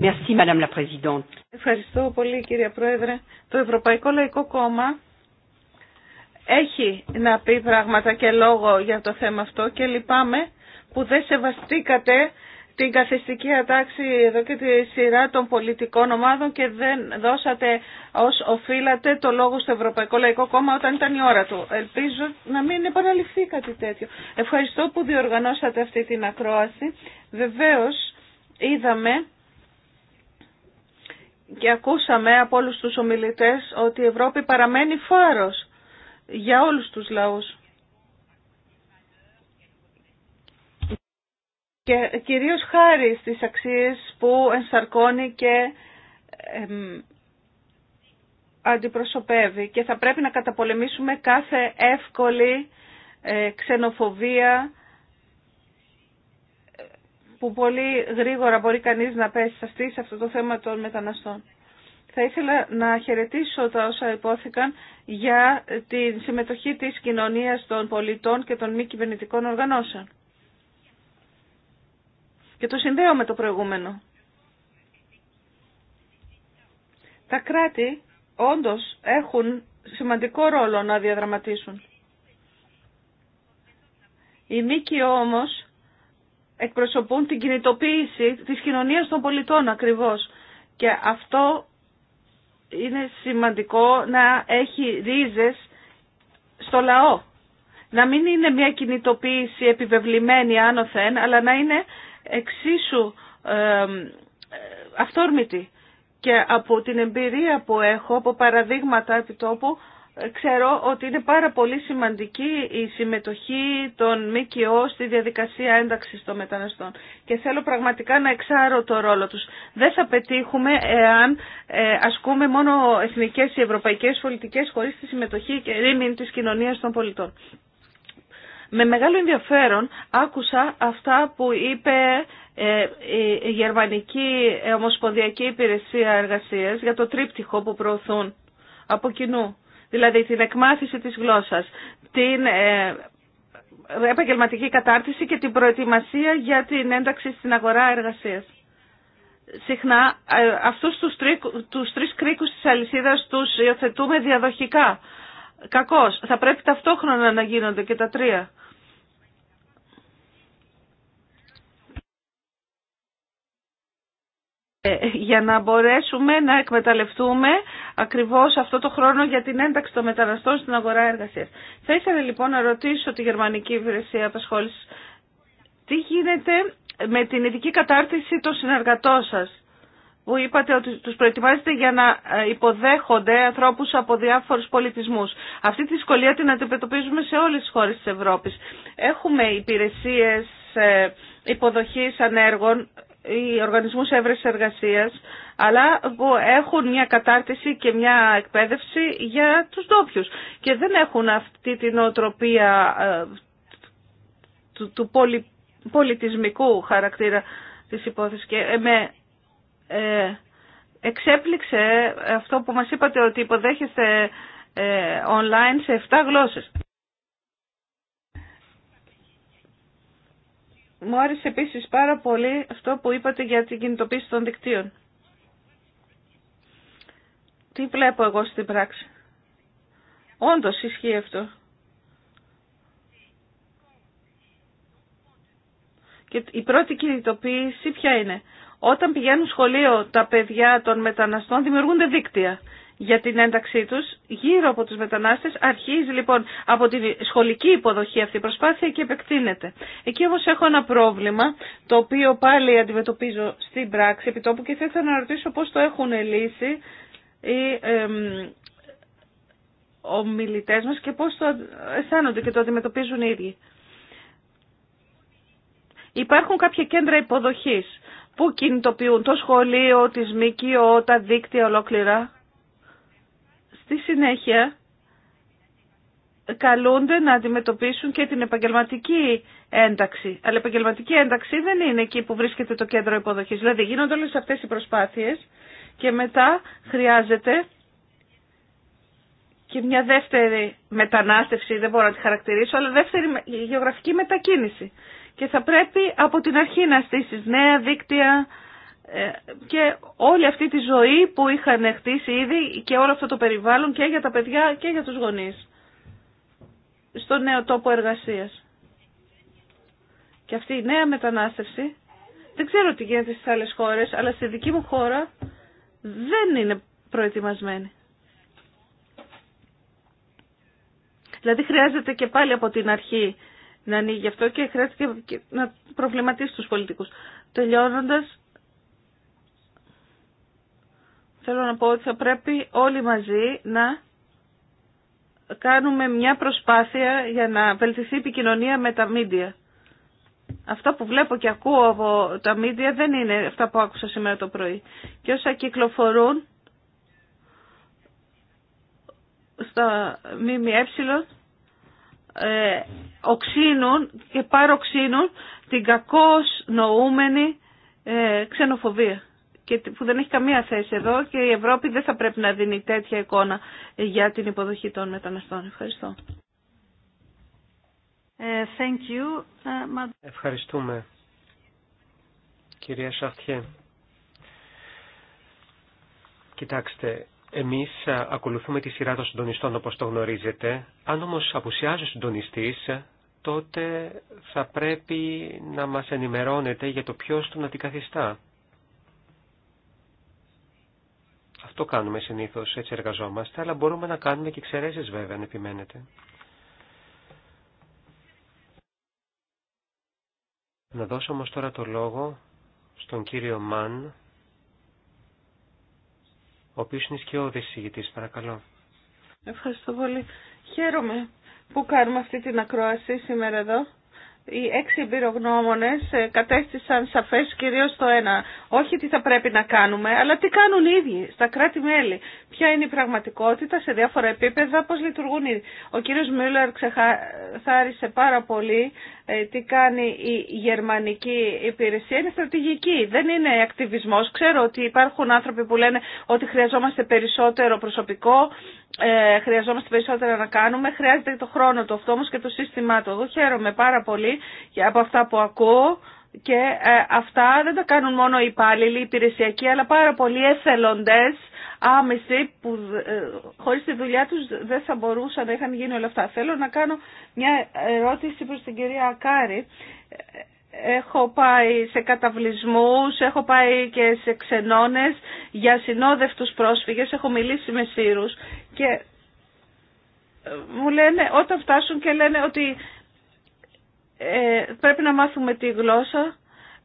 Merci, Madame la Présidente. Ευχαριστώ πολύ, κυρία Πρόεδρε. Το Ευρωπαϊκό Λαϊκό Κόμμα έχει να πει πράγματα και λόγο για το θέμα αυτό και λυπάμαι που δεν σεβαστήκατε την καθιστική ατάξη εδώ και τη σειρά των πολιτικών ομάδων και δεν δώσατε ως οφείλατε το λόγο στο Ευρωπαϊκό Λαϊκό Κόμμα όταν ήταν η ώρα του. Ελπίζω να μην επαναληφθεί κάτι τέτοιο. Ευχαριστώ που διοργανώσατε αυτή την ακρόαση. Βεβαίως είδαμε και ακούσαμε από όλους τους ομιλητές ότι η Ευρώπη παραμένει φάρος για όλους τους λαούς. και κυρίως χάρη στις αξίες που ενσαρκώνει και αντιπροσωπεύει και θα πρέπει να καταπολεμήσουμε κάθε εύκολη ε, ξενοφοβία που πολύ γρήγορα μπορεί κανείς να πέσει σε αυτή σε αυτό το θέμα των μεταναστών. Θα ήθελα να χαιρετήσω τα όσα υπόθηκαν για τη συμμετοχή της κοινωνίας των πολιτών και των μη κυβερνητικών οργανώσεων. Και το συνδέω με το προηγούμενο. Τα κράτη όντως έχουν σημαντικό ρόλο να διαδραματίσουν. Οι μήκοι όμως εκπροσωπούν την κινητοποίηση της κοινωνίας των πολιτών ακριβώς. Και αυτό είναι σημαντικό να έχει ρίζες στο λαό. Να μην είναι μια κινητοποίηση επιβεβλημένη άνωθεν, αλλά να είναι εξίσου ε, Και από την εμπειρία που έχω, από παραδείγματα επιτόπου, ξέρω ότι είναι πάρα πολύ σημαντική η συμμετοχή των ΜΚΟ στη διαδικασία ένταξης των μεταναστών. Και θέλω πραγματικά να εξάρω το ρόλο τους. Δεν θα πετύχουμε εάν ε, ασκούμε μόνο εθνικές ή ευρωπαϊκές πολιτικές χωρίς τη συμμετοχή και ρήμην της κοινωνίας των πολιτών. Με μεγάλο ενδιαφέρον άκουσα αυτά που είπε ε, η Γερμανική Ομοσπονδιακή Υπηρεσία Εργασίας για το τρίπτυχο που προωθούν από κοινού. Δηλαδή την εκμάθηση της γλώσσας, την ε, επαγγελματική κατάρτιση και την προετοιμασία για την ένταξη στην αγορά εργασίας. Συχνά ε, αυτούς τους, τους τρεις κρίκους της αλυσίδας τους υιοθετούμε διαδοχικά Κακός. Θα πρέπει ταυτόχρονα να γίνονται και τα τρία. Ε, για να μπορέσουμε να εκμεταλλευτούμε ακριβώς αυτό το χρόνο για την ένταξη των μεταναστών στην αγορά εργασίας. Θα ήθελα λοιπόν να ρωτήσω τη Γερμανική Υπηρεσία Απασχόλησης τι γίνεται με την ειδική κατάρτιση των συνεργατών σας που είπατε ότι τους προετοιμάζετε για να ε, υποδέχονται ανθρώπους από διάφορους πολιτισμούς. Αυτή τη δυσκολία την αντιμετωπίζουμε σε όλες τις χώρες της Ευρώπης. Έχουμε υπηρεσίες ε, υποδοχής ανέργων, οι οργανισμούς έβρεσης εργασίας, αλλά που έχουν μια κατάρτιση και μια εκπαίδευση για τους ντόπιου. και δεν έχουν αυτή την οτροπία ε, του πολιτισμικού χαρακτήρα της υπόθεσης και ε, εξέπληξε αυτό που μας είπατε ότι υποδέχεστε ε, online σε 7 γλώσσες. Μου άρεσε επίσης πάρα πολύ αυτό που είπατε για την κινητοποίηση των δικτύων. Τι βλέπω εγώ στην πράξη. Όντως ισχύει αυτό. Και η πρώτη κινητοποίηση ποια είναι. Όταν πηγαίνουν σχολείο τα παιδιά των μεταναστών δημιουργούνται δίκτυα για την ένταξή τους γύρω από τους μετανάστες αρχίζει λοιπόν από τη σχολική υποδοχή αυτή η προσπάθεια και επεκτείνεται. Εκεί όμως έχω ένα πρόβλημα το οποίο πάλι αντιμετωπίζω στην πράξη επιτόπου και θέλω να ρωτήσω πώς το έχουν λύσει οι ομιλητές μας και πώς το αισθάνονται και το αντιμετωπίζουν οι ίδιοι. Υπάρχουν κάποια κέντρα υποδοχής που κινητοποιούν το σχολείο, τη ΜΚΟ, τα δίκτυα ολόκληρα. Στη συνέχεια καλούνται να αντιμετωπίσουν και την επαγγελματική ένταξη. Αλλά η επαγγελματική ένταξη δεν είναι εκεί που βρίσκεται το κέντρο υποδοχής. Δηλαδή γίνονται όλες αυτές οι προσπάθειες και μετά χρειάζεται και μια δεύτερη μετανάστευση, δεν μπορώ να τη χαρακτηρίσω, αλλά δεύτερη γεωγραφική μετακίνηση. Και θα πρέπει από την αρχή να στήσεις νέα δίκτυα ε, και όλη αυτή τη ζωή που είχαν χτίσει ήδη και όλο αυτό το περιβάλλον και για τα παιδιά και για τους γονείς στο νέο τόπο εργασίας. Και αυτή η νέα μετανάστευση, δεν ξέρω τι γίνεται στις άλλες χώρες, αλλά στη δική μου χώρα δεν είναι προετοιμασμένη. Δηλαδή χρειάζεται και πάλι από την αρχή να ανοίγει αυτό και χρειάζεται να προβληματίσει τους πολιτικούς. Τελειώνοντας, θέλω να πω ότι θα πρέπει όλοι μαζί να κάνουμε μια προσπάθεια για να βελτιθεί η επικοινωνία με τα μίντια. Αυτά που βλέπω και ακούω από τα μίντια δεν είναι αυτά που άκουσα σήμερα το πρωί. Και όσα κυκλοφορούν στα ΜΜΕ ε, οξύνουν και παροξύνουν την κακώς νοούμενη ε, ξενοφοβία και που δεν έχει καμία θέση εδώ και η Ευρώπη δεν θα πρέπει να δίνει τέτοια εικόνα για την υποδοχή των μεταναστών. Ευχαριστώ. Ε, thank you. Ευχαριστούμε. Κυρία Σαφτιέ. Κοιτάξτε, εμείς ε, ακολουθούμε τη σειρά των συντονιστών όπως το γνωρίζετε. Αν όμως απουσιάζει ο συντονιστής, ε, τότε θα πρέπει να μας ενημερώνετε για το ποιος του αντικαθιστά. Αυτό κάνουμε συνήθως, έτσι εργαζόμαστε, αλλά μπορούμε να κάνουμε και εξαιρέσεις βέβαια, αν επιμένετε. Να δώσω όμως τώρα το λόγο στον κύριο Μαν, ο οποίος είναι σκιώδης ηγητής. Παρακαλώ. Ευχαριστώ πολύ. Χαίρομαι που κάνουμε αυτή την ακρόαση σήμερα εδώ οι έξι εμπειρογνώμονες ε, κατέστησαν σαφές κυρίως το ένα, όχι τι θα πρέπει να κάνουμε, αλλά τι κάνουν οι ίδιοι στα κράτη-μέλη. Ποια είναι η πραγματικότητα σε διάφορα επίπεδα, πώς λειτουργούν οι Ο κύριος Μιούλερ ξεχάρισε πάρα πολύ ε, τι κάνει η γερμανική υπηρεσία. Είναι στρατηγική, δεν είναι ακτιβισμός. Ξέρω ότι υπάρχουν άνθρωποι που λένε ότι χρειαζόμαστε περισσότερο προσωπικό, ε, χρειαζόμαστε περισσότερα να κάνουμε. Χρειάζεται το χρόνο του αυτό όμως και το σύστημά του. Εγώ χαίρομαι πάρα πολύ και από αυτά που ακούω και ε, αυτά δεν τα κάνουν μόνο οι υπάλληλοι, οι υπηρεσιακοί, αλλά πάρα πολλοί εθελοντές άμεση που ε, χωρίς τη δουλειά τους δεν θα μπορούσαν να είχαν γίνει όλα αυτά. Θέλω να κάνω μια ερώτηση προς την κυρία Ακάρη. Ε, Έχω πάει σε καταβλισμούς, έχω πάει και σε ξενώνες για συνόδευτους πρόσφυγες, έχω μιλήσει με σύρους και ε, μου λένε όταν φτάσουν και λένε ότι ε, πρέπει να μάθουμε τη γλώσσα,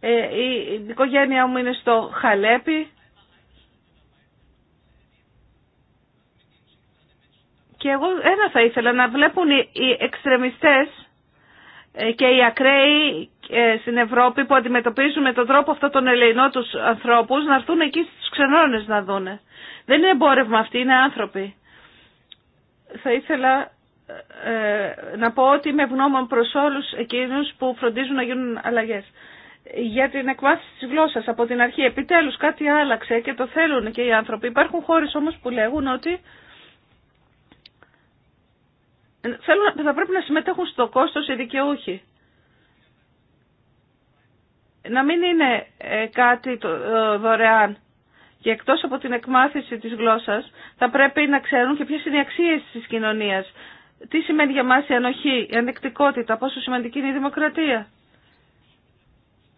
ε, η οικογένειά μου είναι στο Χαλέπι και εγώ ένα θα ήθελα να βλέπουν οι, οι εξτρεμιστές ε, και οι ακραίοι ε, στην Ευρώπη που αντιμετωπίζουν με τον τρόπο αυτό τον ελεηνό τους ανθρώπους να έρθουν εκεί στους ξενώνες να δούνε. Δεν είναι εμπόρευμα αυτοί, είναι άνθρωποι. Θα ήθελα ε, να πω ότι είμαι ευγνώμων προς όλους εκείνους που φροντίζουν να γίνουν αλλαγές. Για την εκμάθηση της γλώσσας από την αρχή επιτέλους κάτι άλλαξε και το θέλουν και οι άνθρωποι. Υπάρχουν χώρες όμως που λέγουν ότι θα πρέπει να συμμετέχουν στο κόστος οι δικαιούχοι να μην είναι ε, κάτι ε, δωρεάν. Και εκτός από την εκμάθηση της γλώσσας θα πρέπει να ξέρουν και ποιες είναι οι αξίες της κοινωνίας. Τι σημαίνει για μας η ανοχή, η ανεκτικότητα, πόσο σημαντική είναι η δημοκρατία.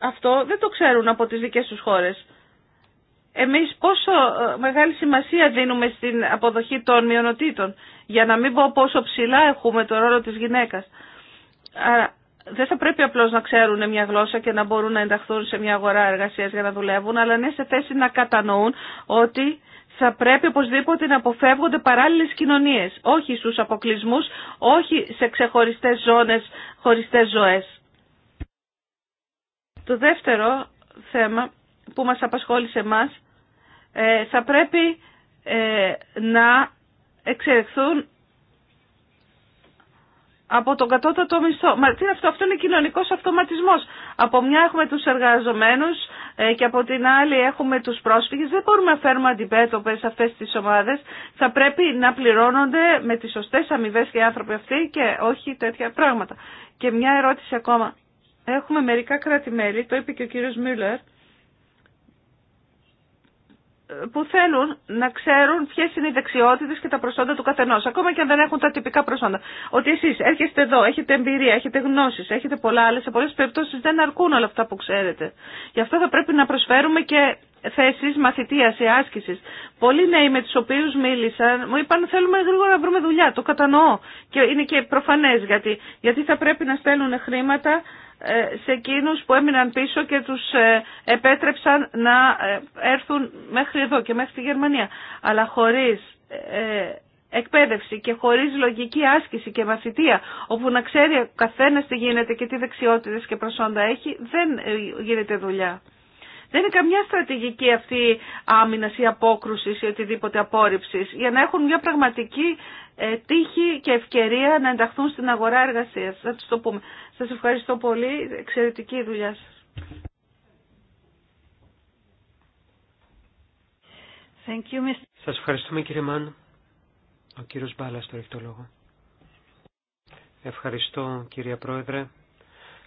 Αυτό δεν το ξέρουν από τις δικές τους χώρες. Εμείς πόσο ε, μεγάλη σημασία δίνουμε στην αποδοχή των μειονοτήτων, για να μην πω πόσο ψηλά έχουμε το ρόλο της γυναίκας. Άρα, δεν θα πρέπει απλώς να ξέρουν μια γλώσσα και να μπορούν να ενταχθούν σε μια αγορά εργασίας για να δουλεύουν, αλλά είναι σε θέση να κατανοούν ότι θα πρέπει οπωσδήποτε να αποφεύγονται παράλληλες κοινωνίες. Όχι στους αποκλεισμού, όχι σε ξεχωριστές ζώνες, χωριστές ζωές. Το δεύτερο θέμα που μας απασχόλησε μας ε, θα πρέπει ε, να εξαιρεθούν από τον κατώτατο μισθό. Μα τι είναι αυτό, αυτό είναι κοινωνικός αυτοματισμός. Από μια έχουμε τους εργαζομένους ε, και από την άλλη έχουμε τους πρόσφυγες. Δεν μπορούμε να φέρουμε αντιπέτωπες αυτέ τις ομάδες. Θα πρέπει να πληρώνονται με τις σωστέ αμοιβέ και οι άνθρωποι αυτοί και όχι τέτοια πράγματα. Και μια ερώτηση ακόμα. Έχουμε μερικά κράτη-μέλη, το είπε και ο κύριος Μιούλερ, που θέλουν να ξέρουν ποιε είναι οι δεξιότητε και τα προσόντα του καθενό, ακόμα και αν δεν έχουν τα τυπικά προσόντα. Ότι εσεί έρχεστε εδώ, έχετε εμπειρία, έχετε γνώσει, έχετε πολλά, αλλά σε πολλέ περιπτώσει δεν αρκούν όλα αυτά που ξέρετε. Γι' αυτό θα πρέπει να προσφέρουμε και θέσει μαθητεία ή άσκηση. Πολλοί νέοι με του οποίου μίλησαν μου είπαν θέλουμε γρήγορα να βρούμε δουλειά. Το κατανοώ. Και είναι και προφανέ γιατί. Γιατί θα πρέπει να στέλνουν χρήματα ε, σε εκείνους που έμειναν πίσω και τους ε, επέτρεψαν να ε, έρθουν μέχρι εδώ και μέχρι τη Γερμανία. Αλλά χωρίς εκπαίδευση και χωρίς λογική άσκηση και μαθητεία, όπου να ξέρει ο καθένας τι γίνεται και τι δεξιότητες και προσόντα έχει, δεν γίνεται δουλειά. Δεν είναι καμιά στρατηγική αυτή άμυνα ή απόκρουση ή οτιδήποτε απόρριψη για να έχουν μια πραγματική τύχη και ευκαιρία να ενταχθούν στην αγορά εργασία. Θα του το πούμε. Σας ευχαριστώ πολύ. Εξαιρετική δουλειά σας. Thank you, Mr. Σας ευχαριστούμε κύριε Μάν. Ο κύριος Μπάλα τώρα έχει το λόγο. Ευχαριστώ κύριε Πρόεδρε.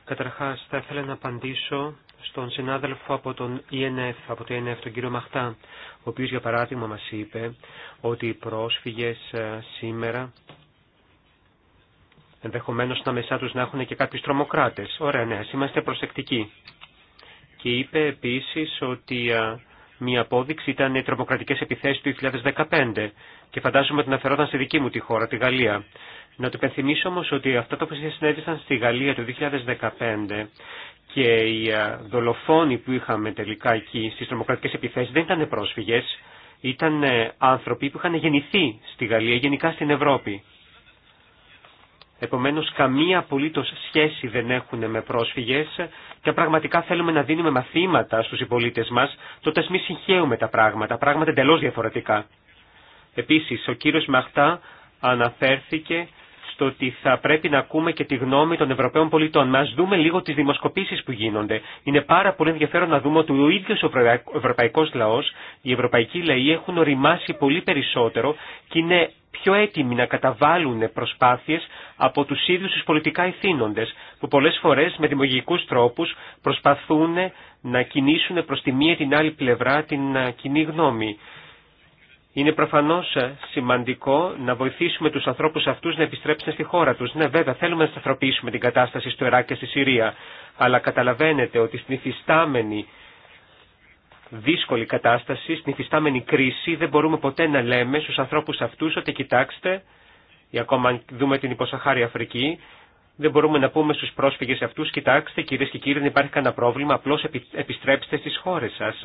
Καταρχάς θα ήθελα να απαντήσω στον συνάδελφο από τον ENF, από το ENF, τον κύριο Μαχτά, ο οποίος για παράδειγμα μας είπε ότι οι πρόσφυγες ε, σήμερα ενδεχομένω να μεσά του να έχουν και κάποιου τρομοκράτε. Ωραία, ναι, είμαστε προσεκτικοί. Και είπε επίση ότι μία απόδειξη ήταν οι τρομοκρατικέ επιθέσει του 2015 και φαντάζομαι ότι αναφερόταν στη δική μου τη χώρα, τη Γαλλία. Να του υπενθυμίσω όμω ότι αυτά τα οποία συνέβησαν στη Γαλλία το 2015 και οι δολοφόνοι που είχαμε τελικά εκεί στι τρομοκρατικέ επιθέσει δεν ήταν πρόσφυγε, ήταν ε, άνθρωποι που είχαν γεννηθεί στη Γαλλία, γενικά στην Ευρώπη. Επομένως καμία απολύτως σχέση δεν έχουν με πρόσφυγες και πραγματικά θέλουμε να δίνουμε μαθήματα στους συμπολίτε μας, τότε μη συγχαίουμε τα πράγματα, πράγματα εντελώς διαφορετικά. Επίσης, ο κύριος Μαχτά αναφέρθηκε στο ότι θα πρέπει να ακούμε και τη γνώμη των Ευρωπαίων πολιτών. Μα δούμε λίγο τι δημοσκοπήσει που γίνονται. Είναι πάρα πολύ ενδιαφέρον να δούμε ότι ο ίδιο ο ευρωπαϊκό λαό, οι ευρωπαϊκοί λαοί έχουν οριμάσει πολύ περισσότερο και είναι πιο έτοιμοι να καταβάλουν προσπάθειες από τους ίδιους τους πολιτικά ηθήνοντες, που πολλές φορές με δημογικούς τρόπους προσπαθούν να κινήσουν προς τη μία την άλλη πλευρά την ε, κοινή γνώμη. Είναι προφανώς ε, σημαντικό να βοηθήσουμε τους ανθρώπους αυτούς να επιστρέψουν στη χώρα τους. Ναι, βέβαια, θέλουμε να σταθροποιήσουμε την κατάσταση στο Ιράκ και στη Συρία, αλλά καταλαβαίνετε ότι στην υφιστάμενη δύσκολη κατάσταση, στην υφιστάμενη κρίση, δεν μπορούμε ποτέ να λέμε στους ανθρώπους αυτούς ότι κοιτάξτε, ή ακόμα αν δούμε την υποσαχάρη Αφρική, δεν μπορούμε να πούμε στους πρόσφυγες αυτούς, κοιτάξτε κυρίες και κύριοι, δεν υπάρχει κανένα πρόβλημα, απλώς επιστρέψτε στις χώρες σας.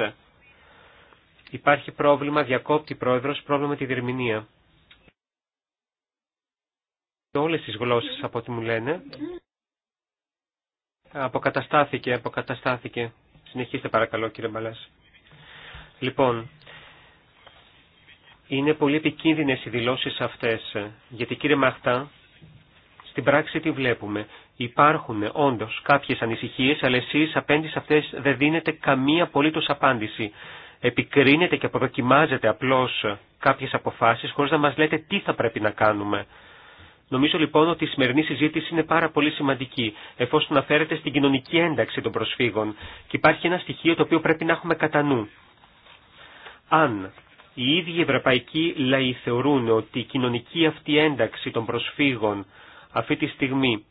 Υπάρχει πρόβλημα, διακόπτη πρόεδρος, πρόβλημα με τη διερμηνία. Όλες τις γλώσσες από ό,τι μου λένε. Αποκαταστάθηκε, αποκαταστάθηκε. Συνεχίστε παρακαλώ κύριε Μπαλάς. Λοιπόν, είναι πολύ επικίνδυνες οι δηλώσεις αυτές, γιατί κύριε Μαχτά, στην πράξη τι βλέπουμε. Υπάρχουν όντως κάποιες ανησυχίες, αλλά εσείς απέναντι αυτές δεν δίνετε καμία απολύτως απάντηση. Επικρίνεται και αποδοκιμάζεται απλώς κάποιες αποφάσεις χωρίς να μας λέτε τι θα πρέπει να κάνουμε. Νομίζω λοιπόν ότι η σημερινή συζήτηση είναι πάρα πολύ σημαντική, εφόσον αναφέρεται στην κοινωνική ένταξη των προσφύγων και υπάρχει ένα στοιχείο το οποίο πρέπει να έχουμε κατά νου. Αν οι ίδιοι ευρωπαϊκοί λαοί θεωρούν ότι η κοινωνική αυτή ένταξη των προσφύγων αυτή τη στιγμή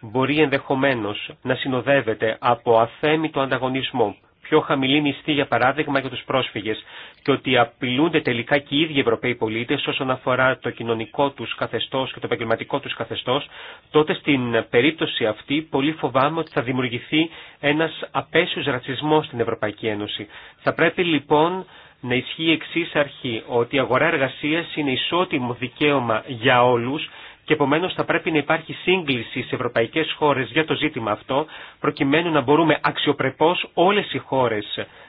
μπορεί ενδεχομένως να συνοδεύεται από αθέμητο ανταγωνισμό πιο χαμηλή μισθή για παράδειγμα για τους πρόσφυγες και ότι απειλούνται τελικά και οι ίδιοι Ευρωπαίοι πολίτες όσον αφορά το κοινωνικό τους καθεστώς και το επαγγελματικό τους καθεστώς, τότε στην περίπτωση αυτή πολύ φοβάμαι ότι θα δημιουργηθεί ένας απέσιος ρατσισμός στην Ευρωπαϊκή Ένωση. Θα πρέπει λοιπόν να ισχύει εξή αρχή, ότι η αγορά εργασίας είναι ισότιμο δικαίωμα για όλους και επομένω θα πρέπει να υπάρχει σύγκληση σε ευρωπαϊκέ χώρε για το ζήτημα αυτό, προκειμένου να μπορούμε αξιοπρεπώ όλε οι χώρε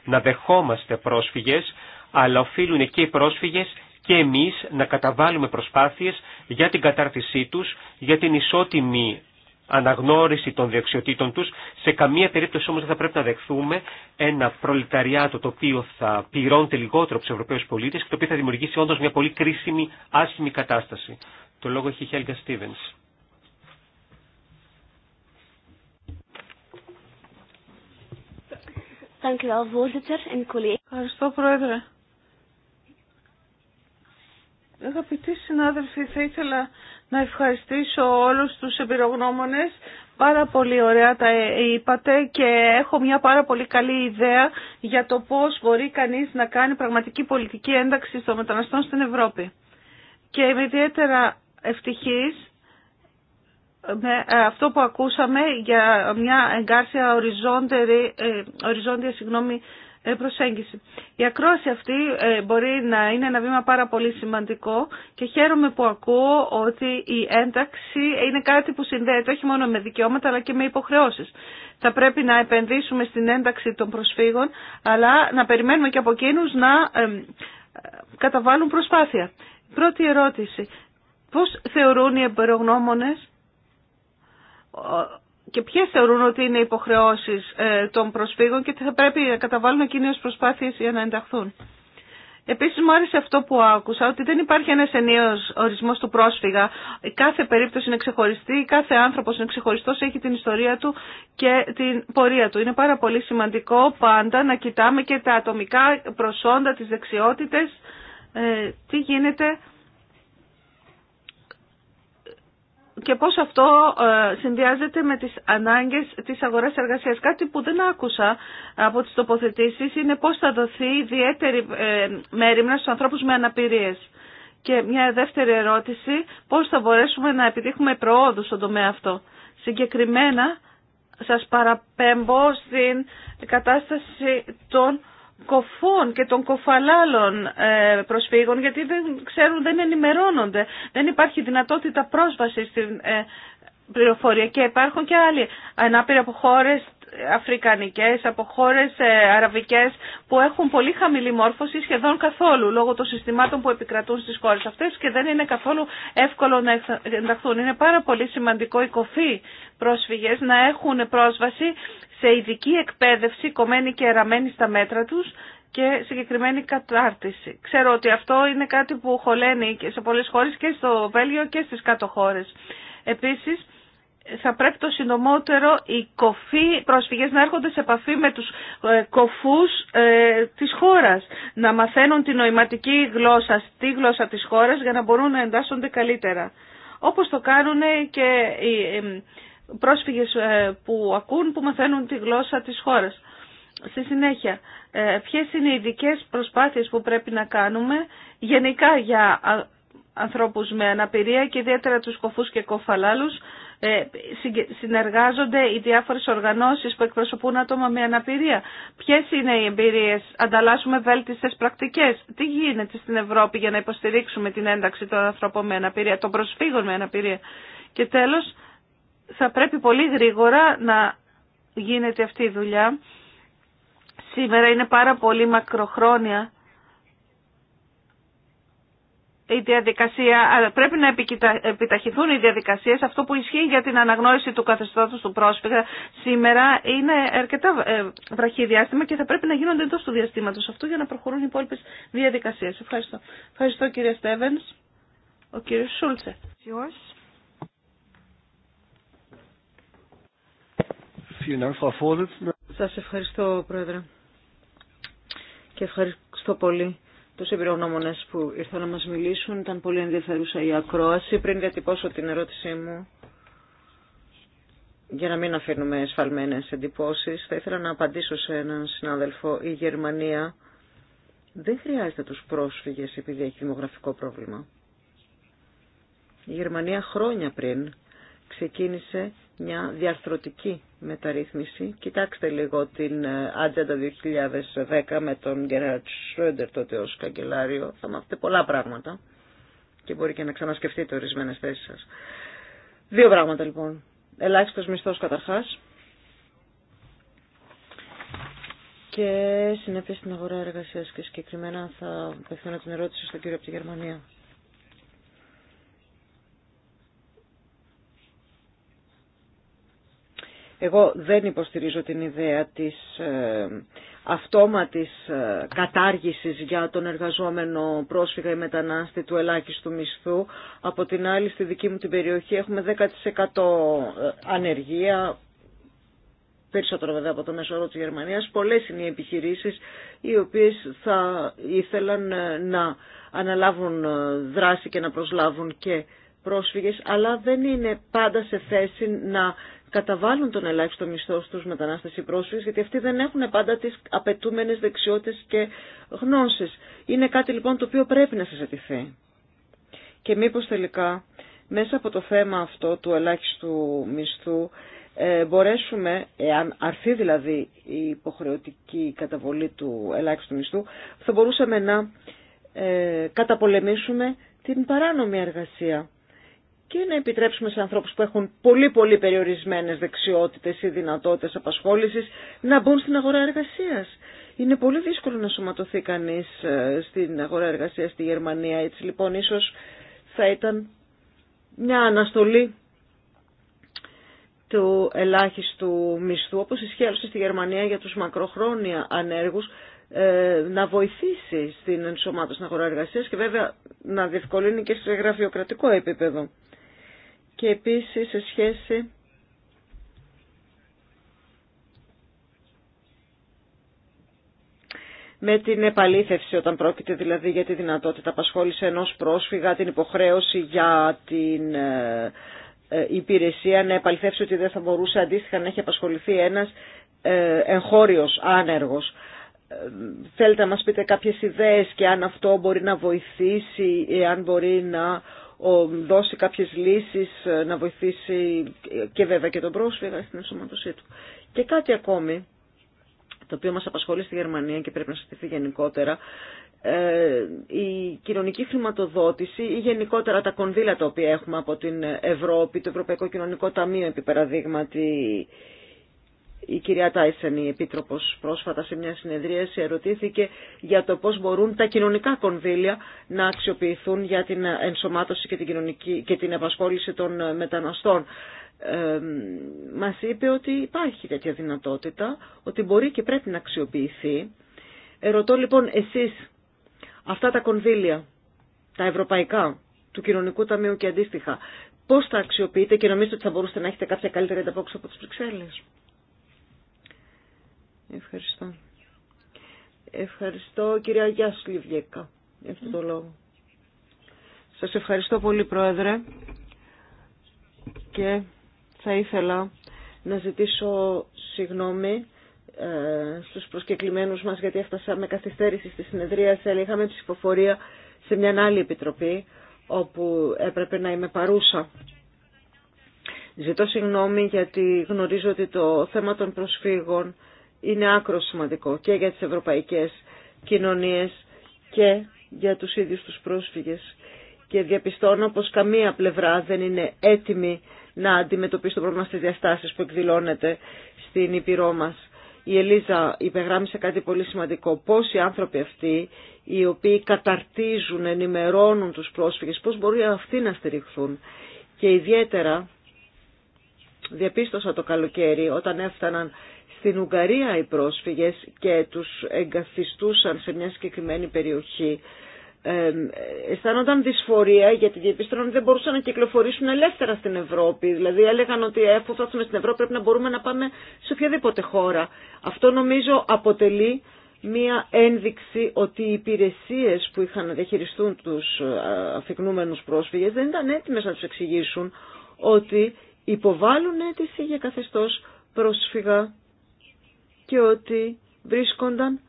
να δεχόμαστε πρόσφυγε, αλλά οφείλουν και οι πρόσφυγε και εμεί να καταβάλουμε προσπάθειε για την κατάρτισή του, για την ισότιμη αναγνώριση των δεξιοτήτων τους. Σε καμία περίπτωση όμως δεν θα πρέπει να δεχθούμε ένα προλεταριάτο το οποίο θα πληρώνεται λιγότερο από τους Ευρωπαίους πολίτες και το οποίο θα δημιουργήσει όντως μια πολύ κρίσιμη, άσχημη κατάσταση. Το λόγο έχει η Χέλγα Στίβενς. Ευχαριστώ, Πρόεδρε. Αγαπητοί συνάδελφοι, θα ήθελα να ευχαριστήσω όλους τους εμπειρογνώμονες. Πάρα πολύ ωραία τα είπατε και έχω μια πάρα πολύ καλή ιδέα για το πώς μπορεί κανείς να κάνει πραγματική πολιτική ένταξη των μεταναστών στην Ευρώπη. Και ιδιαίτερα ευτυχής με ε, αυτό που ακούσαμε για μια εγκάρσια ε, οριζόντια συγγνώμη, ε, προσέγγιση. Η ακρόαση αυτή μπορεί να είναι ένα βήμα πάρα πολύ σημαντικό και χαίρομαι που ακούω ότι η ένταξη είναι κάτι που συνδέεται όχι μόνο με δικαιώματα αλλά και με υποχρεώσεις. Θα πρέπει να επενδύσουμε στην ένταξη των προσφύγων αλλά να περιμένουμε και από εκείνους να καταβάλουν προσπάθεια. Πρώτη ερώτηση. Πώς θεωρούν οι εμπερογνώμονες και ποιε θεωρούν ότι είναι υποχρεώσει ε, των προσφύγων και τι θα πρέπει να καταβάλουν εκείνοι ως προσπάθειες για να ενταχθούν. Επίσης μου άρεσε αυτό που άκουσα, ότι δεν υπάρχει ένας ενίο ορισμός του πρόσφυγα. Κάθε περίπτωση είναι ξεχωριστή, κάθε άνθρωπος είναι ξεχωριστό, έχει την ιστορία του και την πορεία του. Είναι πάρα πολύ σημαντικό πάντα να κοιτάμε και τα ατομικά προσόντα, τι δεξιότητε, ε, τι γίνεται και πώς αυτό ε, συνδυάζεται με τις ανάγκες της αγοράς εργασίας. Κάτι που δεν άκουσα από τις τοποθετήσεις είναι πώς θα δοθεί ιδιαίτερη ε, μέρημνα στους ανθρώπους με αναπηρίες. Και μια δεύτερη ερώτηση, πώς θα μπορέσουμε να επιτύχουμε προόδου στον τομέα αυτό. Συγκεκριμένα σας παραπέμπω στην κατάσταση των κοφών και των κοφαλάλων ε, προσφύγων γιατί δεν ξέρουν, δεν ενημερώνονται. Δεν υπάρχει δυνατότητα πρόσβαση στην ε, πληροφορία και υπάρχουν και άλλοι ανάπηροι από χώρε αφρικανικές, από χώρες ε, αραβικές που έχουν πολύ χαμηλή μόρφωση σχεδόν καθόλου λόγω των συστημάτων που επικρατούν στις χώρες αυτές και δεν είναι καθόλου εύκολο να ενταχθούν. Είναι πάρα πολύ σημαντικό οι κοφοί πρόσφυγες να έχουν πρόσβαση σε ειδική εκπαίδευση κομμένη και εραμένη στα μέτρα τους και συγκεκριμένη κατάρτιση. Ξέρω ότι αυτό είναι κάτι που χωλαίνει και σε πολλές χώρες και στο Βέλγιο και στις κάτω χώρες. Επίσης, θα πρέπει το συντομότερο οι κοφοί πρόσφυγες να έρχονται σε επαφή με τους ε, κοφούς ε, της χώρας. Να μαθαίνουν τη νοηματική γλώσσα τη γλώσσα της χώρας για να μπορούν να εντάσσονται καλύτερα. Όπως το κάνουν και οι ε, πρόσφυγες ε, που ακούν, που μαθαίνουν τη γλώσσα της χώρας. Στη συνέχεια, ε, ποιες είναι οι ειδικέ προσπάθειες που πρέπει να κάνουμε γενικά για ανθρώπους με αναπηρία και ιδιαίτερα τους κοφούς και κοφαλάλους. Ε, συνεργάζονται οι διάφορες οργανώσεις που εκπροσωπούν άτομα με αναπηρία. Ποιες είναι οι εμπειρίες, ανταλλάσσουμε βέλτιστες πρακτικές. Τι γίνεται στην Ευρώπη για να υποστηρίξουμε την ένταξη των ανθρώπων με αναπηρία, των προσφύγων με αναπηρία. Και τέλος, θα πρέπει πολύ γρήγορα να γίνεται αυτή η δουλειά. Σήμερα είναι πάρα πολύ μακροχρόνια η διαδικασία, αλλά πρέπει να επιταχυθούν οι διαδικασίες. Αυτό που ισχύει για την αναγνώριση του καθεστώτος του πρόσφυγα σήμερα είναι αρκετά ε, βραχή διάστημα και θα πρέπει να γίνονται εντός του διαστήματος αυτού για να προχωρούν οι υπόλοιπες διαδικασίες. Ευχαριστώ. Ευχαριστώ κύριε Στέβενς. Ο κύριος Σούλτσε. Σας ευχαριστώ, Πρόεδρε. Και ευχαριστώ πολύ τους εμπειρογνώμονες που ήρθαν να μας μιλήσουν. Ήταν πολύ ενδιαφέρουσα η ακρόαση. Πριν διατυπώσω την ερώτησή μου, για να μην αφήνουμε εσφαλμένες εντυπώσεις, θα ήθελα να απαντήσω σε έναν συνάδελφο. Η Γερμανία δεν χρειάζεται τους πρόσφυγες επειδή έχει δημογραφικό πρόβλημα. Η Γερμανία χρόνια πριν ξεκίνησε μια διαρθρωτική μεταρρύθμιση. Κοιτάξτε λίγο την Agenda ε, 2010 με τον Gerhard Σρόντερ τότε ως καγκελάριο. Θα μάθετε πολλά πράγματα και μπορεί και να ξανασκεφτείτε ορισμένε θέσει σας. Δύο πράγματα λοιπόν. Ελάχιστος μισθός καταρχάς και συνέπεια στην αγορά εργασίας και συγκεκριμένα θα απευθύνω την ερώτηση στον κύριο από τη Γερμανία. Εγώ δεν υποστηρίζω την ιδέα της ε, αυτόματης ε, κατάργησης για τον εργαζόμενο πρόσφυγα ή μετανάστη του ελάχιστου μισθού. Από την άλλη, στη δική μου την περιοχή έχουμε 10% ε, ανεργία, περισσότερο βέβαια από το μέσο όρο της Γερμανίας. Πολλές είναι οι επιχειρήσεις οι οποίες θα ήθελαν να αναλάβουν δράση και να προσλάβουν και πρόσφυγες, αλλά δεν είναι πάντα σε θέση να καταβάλουν τον ελάχιστο μισθό στους μετανάστες ή πρόσφυγες, γιατί αυτοί δεν έχουν πάντα τις απαιτούμενες δεξιότητες και γνώσεις. Είναι κάτι λοιπόν το οποίο πρέπει να συζητηθεί. Και μήπως τελικά μέσα από το θέμα αυτό του ελάχιστου μισθού ε, μπορέσουμε, εάν αρθεί δηλαδή η προσφυγε γιατι αυτοι δεν εχουν παντα τις απαιτούμενε δεξιοτητες και γνωσεις ειναι κατι λοιπον το οποιο πρεπει να συζητηθει και μήπω τελικα μεσα απο το θεμα αυτο του ελάχιστου μισθού, θα μπορούσαμε να ε, καταπολεμήσουμε την παράνομη εργασία και να επιτρέψουμε σε ανθρώπους που έχουν πολύ πολύ περιορισμένες δεξιότητες ή δυνατότητες απασχόλησης να μπουν στην αγορά εργασίας. Είναι πολύ δύσκολο να σωματωθεί κανείς ε, στην αγορά εργασίας στη Γερμανία. Έτσι λοιπόν ίσως θα ήταν μια αναστολή του ελάχιστου μισθού, όπως ισχύει στη Γερμανία για τους μακροχρόνια ανέργους, ε, να βοηθήσει στην ενσωμάτωση στην αγορά εργασίας και βέβαια να διευκολύνει και σε γραφειοκρατικό επίπεδο και επίσης σε σχέση με την επαλήθευση όταν πρόκειται δηλαδή για τη δυνατότητα απασχόληση ενός πρόσφυγα, την υποχρέωση για την ε, ε, υπηρεσία να επαληθεύσει ότι δεν θα μπορούσε αντίστοιχα να έχει απασχοληθεί ένας ε, εγχώριος άνεργος. Θέλετε να μας πείτε κάποιες ιδέες και αν αυτό μπορεί να βοηθήσει, αν μπορεί να δώσει κάποιες λύσεις, ε, να βοηθήσει και βέβαια και τον πρόσφυγα στην ενσωματωσή του. Και κάτι ακόμη, το οποίο μας απασχολεί στη Γερμανία και πρέπει να συζητηθεί γενικότερα, ε, η κοινωνική χρηματοδότηση ή γενικότερα τα κονδύλα τα οποία έχουμε από την Ευρώπη, το Ευρωπαϊκό Κοινωνικό Ταμείο επί παραδείγματι, η κυρία Τάισεν, η Επίτροπος, πρόσφατα σε μια συνεδρίαση ερωτήθηκε για το πώς μπορούν τα κοινωνικά κονδύλια να αξιοποιηθούν για την ενσωμάτωση και την, κοινωνική, και την επασχόληση των μεταναστών. Ε, μας είπε ότι υπάρχει τέτοια δυνατότητα, ότι μπορεί και πρέπει να αξιοποιηθεί. Ερωτώ λοιπόν εσείς αυτά τα κονδύλια, τα ευρωπαϊκά, του Κοινωνικού Ταμείου και αντίστοιχα, πώς τα αξιοποιείτε και νομίζετε ότι θα μπορούσατε να έχετε κάποια καλύτερη ανταπόκριση από τις Βρυξέλλες. Ευχαριστώ. Ευχαριστώ κυρία Γιάσλιβιέκα για αυτό το λόγο. Σας ευχαριστώ πολύ Πρόεδρε και θα ήθελα να ζητήσω συγγνώμη ε, στους προσκεκλημένους μας γιατί έφτασα με καθυστέρηση στη συνεδρία αλλά είχαμε ψηφοφορία σε μια άλλη επιτροπή όπου έπρεπε να είμαι παρούσα. Ζητώ συγγνώμη γιατί γνωρίζω ότι το θέμα των προσφύγων είναι άκρο σημαντικό και για τις ευρωπαϊκές κοινωνίες και για τους ίδιους τους πρόσφυγες. Και διαπιστώνω πως καμία πλευρά δεν είναι έτοιμη να αντιμετωπίσει το πρόβλημα στις διαστάσεις που εκδηλώνεται στην Ήπειρό μας. Η Ελίζα υπεγράμμισε κάτι πολύ σημαντικό. Πώς οι άνθρωποι αυτοί, οι οποίοι καταρτίζουν, ενημερώνουν τους πρόσφυγες, πώς μπορεί αυτοί να στηριχθούν. Και ιδιαίτερα διαπίστωσα το καλοκαίρι όταν έφταναν στην Ουγγαρία οι πρόσφυγες και τους εγκαθιστούσαν σε μια συγκεκριμένη περιοχή ε, αισθάνονταν δυσφορία γιατί οι ότι δεν μπορούσαν να κυκλοφορήσουν ελεύθερα στην Ευρώπη. Δηλαδή έλεγαν ότι θα έρθουμε στην Ευρώπη πρέπει να μπορούμε να πάμε σε οποιαδήποτε χώρα. Αυτό νομίζω αποτελεί μία ένδειξη ότι οι υπηρεσίες που είχαν να διαχειριστούν τους ε, αφυγνούμενους πρόσφυγες δεν ήταν έτοιμες να τους εξηγήσουν ότι υποβάλλουν αίτηση για καθεστώς πρόσφυγα και ότι βρίσκονταν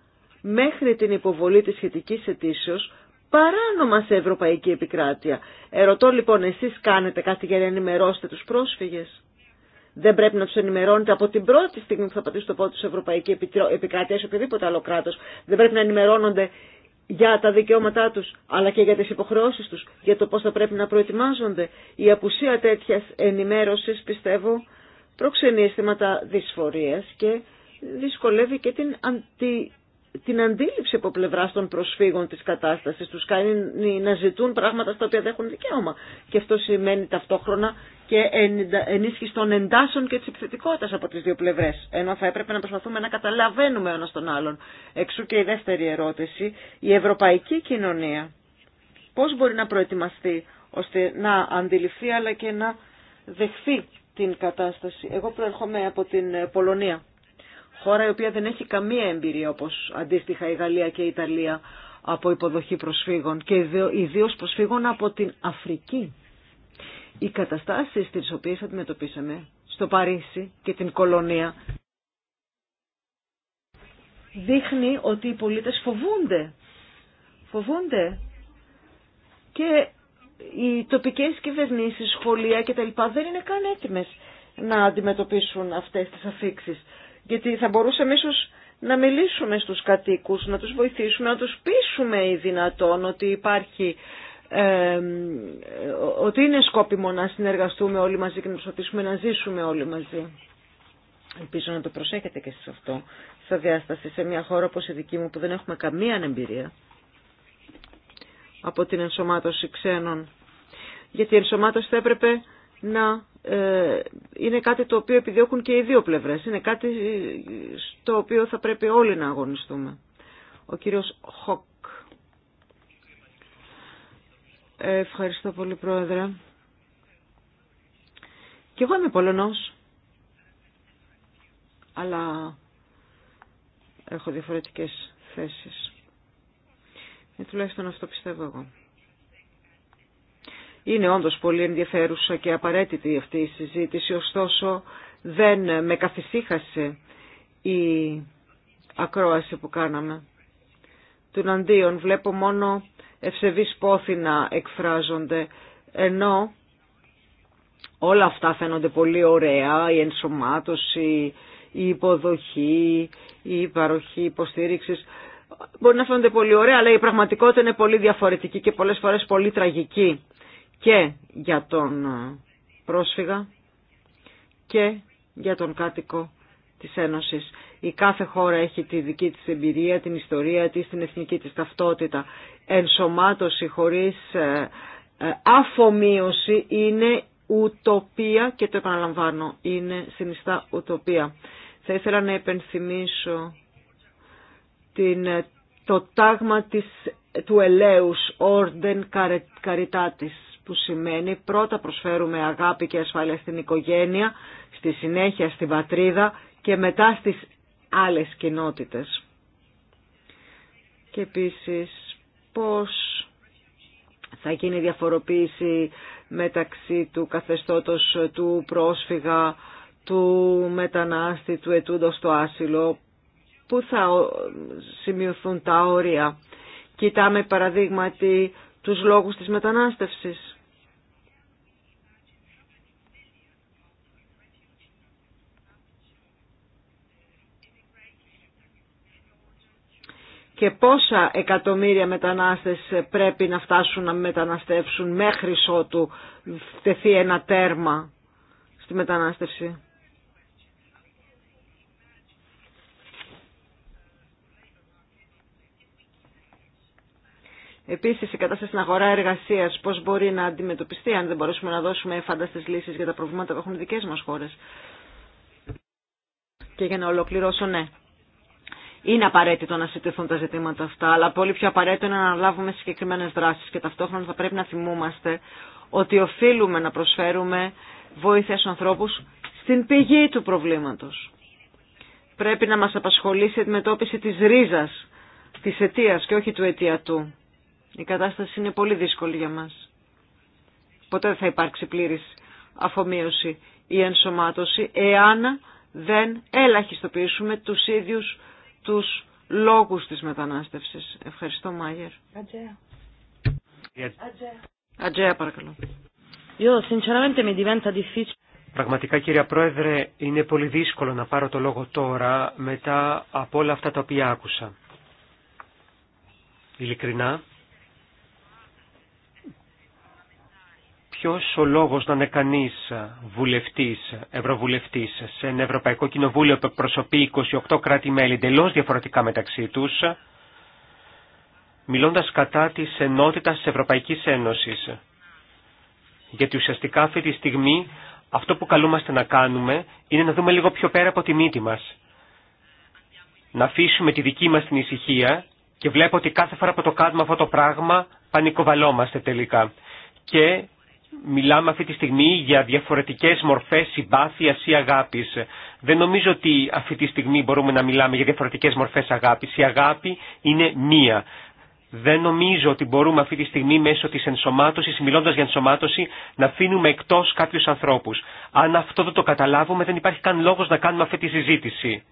μέχρι την υποβολή της σχετικής αιτήσεως παράνομα σε ευρωπαϊκή επικράτεια. Ερωτώ λοιπόν, εσείς κάνετε κάτι για να ενημερώσετε τους πρόσφυγες. Δεν πρέπει να του ενημερώνετε από την πρώτη στιγμή που θα πατήσουν το πόδι του Ευρωπαϊκή Επικράτεια ή οποιοδήποτε άλλο κράτο. Δεν πρέπει να ενημερώνονται για τα δικαιώματά του, αλλά και για τι υποχρεώσει του, για το πώ θα πρέπει να προετοιμάζονται. Η απουσία τέτοια ενημέρωση, πιστεύω, προξενεί αισθήματα δυσφορία και δυσκολεύει και την, αντι... την αντίληψη από πλευρά των προσφύγων της κατάστασης. Τους κάνει να ζητούν πράγματα στα οποία δεν έχουν δικαίωμα. Και αυτό σημαίνει ταυτόχρονα και ενίσχυση των εντάσσεων και της επιθετικότητας από τις δύο πλευρές. Ενώ θα έπρεπε να προσπαθούμε να καταλαβαίνουμε ένα τον άλλον. Εξού και η δεύτερη ερώτηση. Η ευρωπαϊκή κοινωνία πώς μπορεί να προετοιμαστεί ώστε να αντιληφθεί αλλά και να δεχθεί την κατάσταση. Εγώ προερχόμαι από την Πολωνία χώρα η οποία δεν έχει καμία εμπειρία όπως αντίστοιχα η Γαλλία και η Ιταλία από υποδοχή προσφύγων και ιδίως προσφύγων από την Αφρική. Οι καταστάσεις τις οποίες αντιμετωπίσαμε στο Παρίσι και την Κολονία δείχνει ότι οι πολίτες φοβούνται. Φοβούνται. Και οι τοπικές κυβερνήσεις, σχολεία κτλ. δεν είναι καν έτοιμες να αντιμετωπίσουν αυτές τις αφήξεις γιατί θα μπορούσαμε ίσως να μιλήσουμε στους κατοίκους, να τους βοηθήσουμε, να τους πείσουμε οι δυνατόν ότι υπάρχει ότι είναι σκόπιμο να συνεργαστούμε όλοι μαζί και να προσπαθήσουμε να ζήσουμε όλοι μαζί. Ελπίζω να το προσέχετε και σε αυτό, στα διάσταση, σε μια χώρα όπως η δική μου που δεν έχουμε καμία ανεμπειρία από την ενσωμάτωση ξένων. Γιατί η ενσωμάτωση θα έπρεπε να ε, είναι κάτι το οποίο επιδιώκουν και οι δύο πλευρές. Είναι κάτι στο οποίο θα πρέπει όλοι να αγωνιστούμε. Ο κύριος Χοκ. Ευχαριστώ πολύ Πρόεδρε. Και εγώ είμαι Πολωνός. Αλλά έχω διαφορετικές θέσεις. Ε, τουλάχιστον αυτό πιστεύω εγώ. Είναι όντως πολύ ενδιαφέρουσα και απαραίτητη αυτή η συζήτηση, ωστόσο δεν με καθησύχασε η ακρόαση που κάναμε. Του αντίον βλέπω μόνο ευσεβείς πόθη να εκφράζονται, ενώ όλα αυτά φαίνονται πολύ ωραία, η ενσωμάτωση, η υποδοχή, η παροχή υποστήριξης. Μπορεί να φαίνονται πολύ ωραία, αλλά η πραγματικότητα είναι πολύ διαφορετική και πολλές φορές πολύ τραγική και για τον ε, πρόσφυγα και για τον κάτοικο της Ένωσης. Η κάθε χώρα έχει τη δική της εμπειρία, την ιστορία της, την εθνική της ταυτότητα. Ενσωμάτωση χωρίς ε, ε, αφομοίωση είναι ουτοπία και το επαναλαμβάνω, είναι συνιστά ουτοπία. Θα ήθελα να επενθυμίσω την, το τάγμα της, του ελέους Orden Caritatis που σημαίνει πρώτα προσφέρουμε αγάπη και ασφάλεια στην οικογένεια, στη συνέχεια στη βατρίδα και μετά στις άλλες κοινότητες. Και επίσης πώς θα γίνει η διαφοροποίηση μεταξύ του καθεστώτος του πρόσφυγα, του μετανάστη, του ετούντος στο άσυλο, πού θα σημειωθούν τα όρια. Κοιτάμε παραδείγματι τους λόγους της μετανάστευσης. και πόσα εκατομμύρια μετανάστες πρέπει να φτάσουν να μεταναστεύσουν μέχρι ότου τεθεί ένα τέρμα στη μετανάστευση. Επίσης η κατάσταση στην αγορά εργασίας πώς μπορεί να αντιμετωπιστεί αν δεν μπορέσουμε να δώσουμε φανταστές λύσεις για τα προβλήματα που έχουν οι δικές μας χώρες. Και για να ολοκληρώσω, ναι, είναι απαραίτητο να συζητηθούν τα ζητήματα αυτά, αλλά πολύ πιο απαραίτητο είναι να αναλάβουμε συγκεκριμένε δράσει και ταυτόχρονα θα πρέπει να θυμούμαστε ότι οφείλουμε να προσφέρουμε βοήθεια στους ανθρώπους στην πηγή του προβλήματο. Πρέπει να μα απασχολήσει η αντιμετώπιση της ρίζας, της αιτίας και όχι του αιτιατού. Η κατάσταση είναι πολύ δύσκολη για μα. Ποτέ δεν θα υπάρξει πλήρης αφομοίωση ή ενσωμάτωση εάν δεν ελαχιστοποιήσουμε τους ίδιους τους λόγους της μετανάστευσης. Ευχαριστώ Μάγερ. Ατζέα. Ατζέα παρακαλώ. Πραγματικά κυρία Πρόεδρε είναι πολύ δύσκολο να πάρω το λόγο τώρα μετά από όλα αυτά τα οποία άκουσα. Ειλικρινά Ποιος ο λόγος να είναι κανείς βουλευτής, ευρωβουλευτής σε ένα Ευρωπαϊκό Κοινοβούλιο που εκπροσωπεί 28 κράτη-μέλη εντελώ διαφορετικά μεταξύ τους, μιλώντας κατά της ενότητας της Ευρωπαϊκής Ένωσης. Γιατί ουσιαστικά αυτή τη στιγμή αυτό που καλούμαστε να κάνουμε είναι να δούμε λίγο πιο πέρα από τη μύτη μας. Να αφήσουμε τη δική μας την ησυχία και βλέπω ότι κάθε φορά που το κάνουμε αυτό το πράγμα πανικοβαλόμαστε τελικά. Και μιλάμε αυτή τη στιγμή για διαφορετικές μορφές συμπάθειας ή αγάπης. Δεν νομίζω ότι αυτή τη στιγμή μπορούμε να μιλάμε για διαφορετικές μορφές αγάπης. Η αγάπη είναι μία. Δεν νομίζω ότι μπορούμε αυτή τη στιγμή μέσω της ενσωμάτωσης, μιλώντας για ενσωμάτωση, να αφήνουμε εκτός κάποιους ανθρώπους. Αν αυτό δεν το καταλάβουμε δεν υπάρχει καν λόγος να κάνουμε αυτή τη συζήτηση.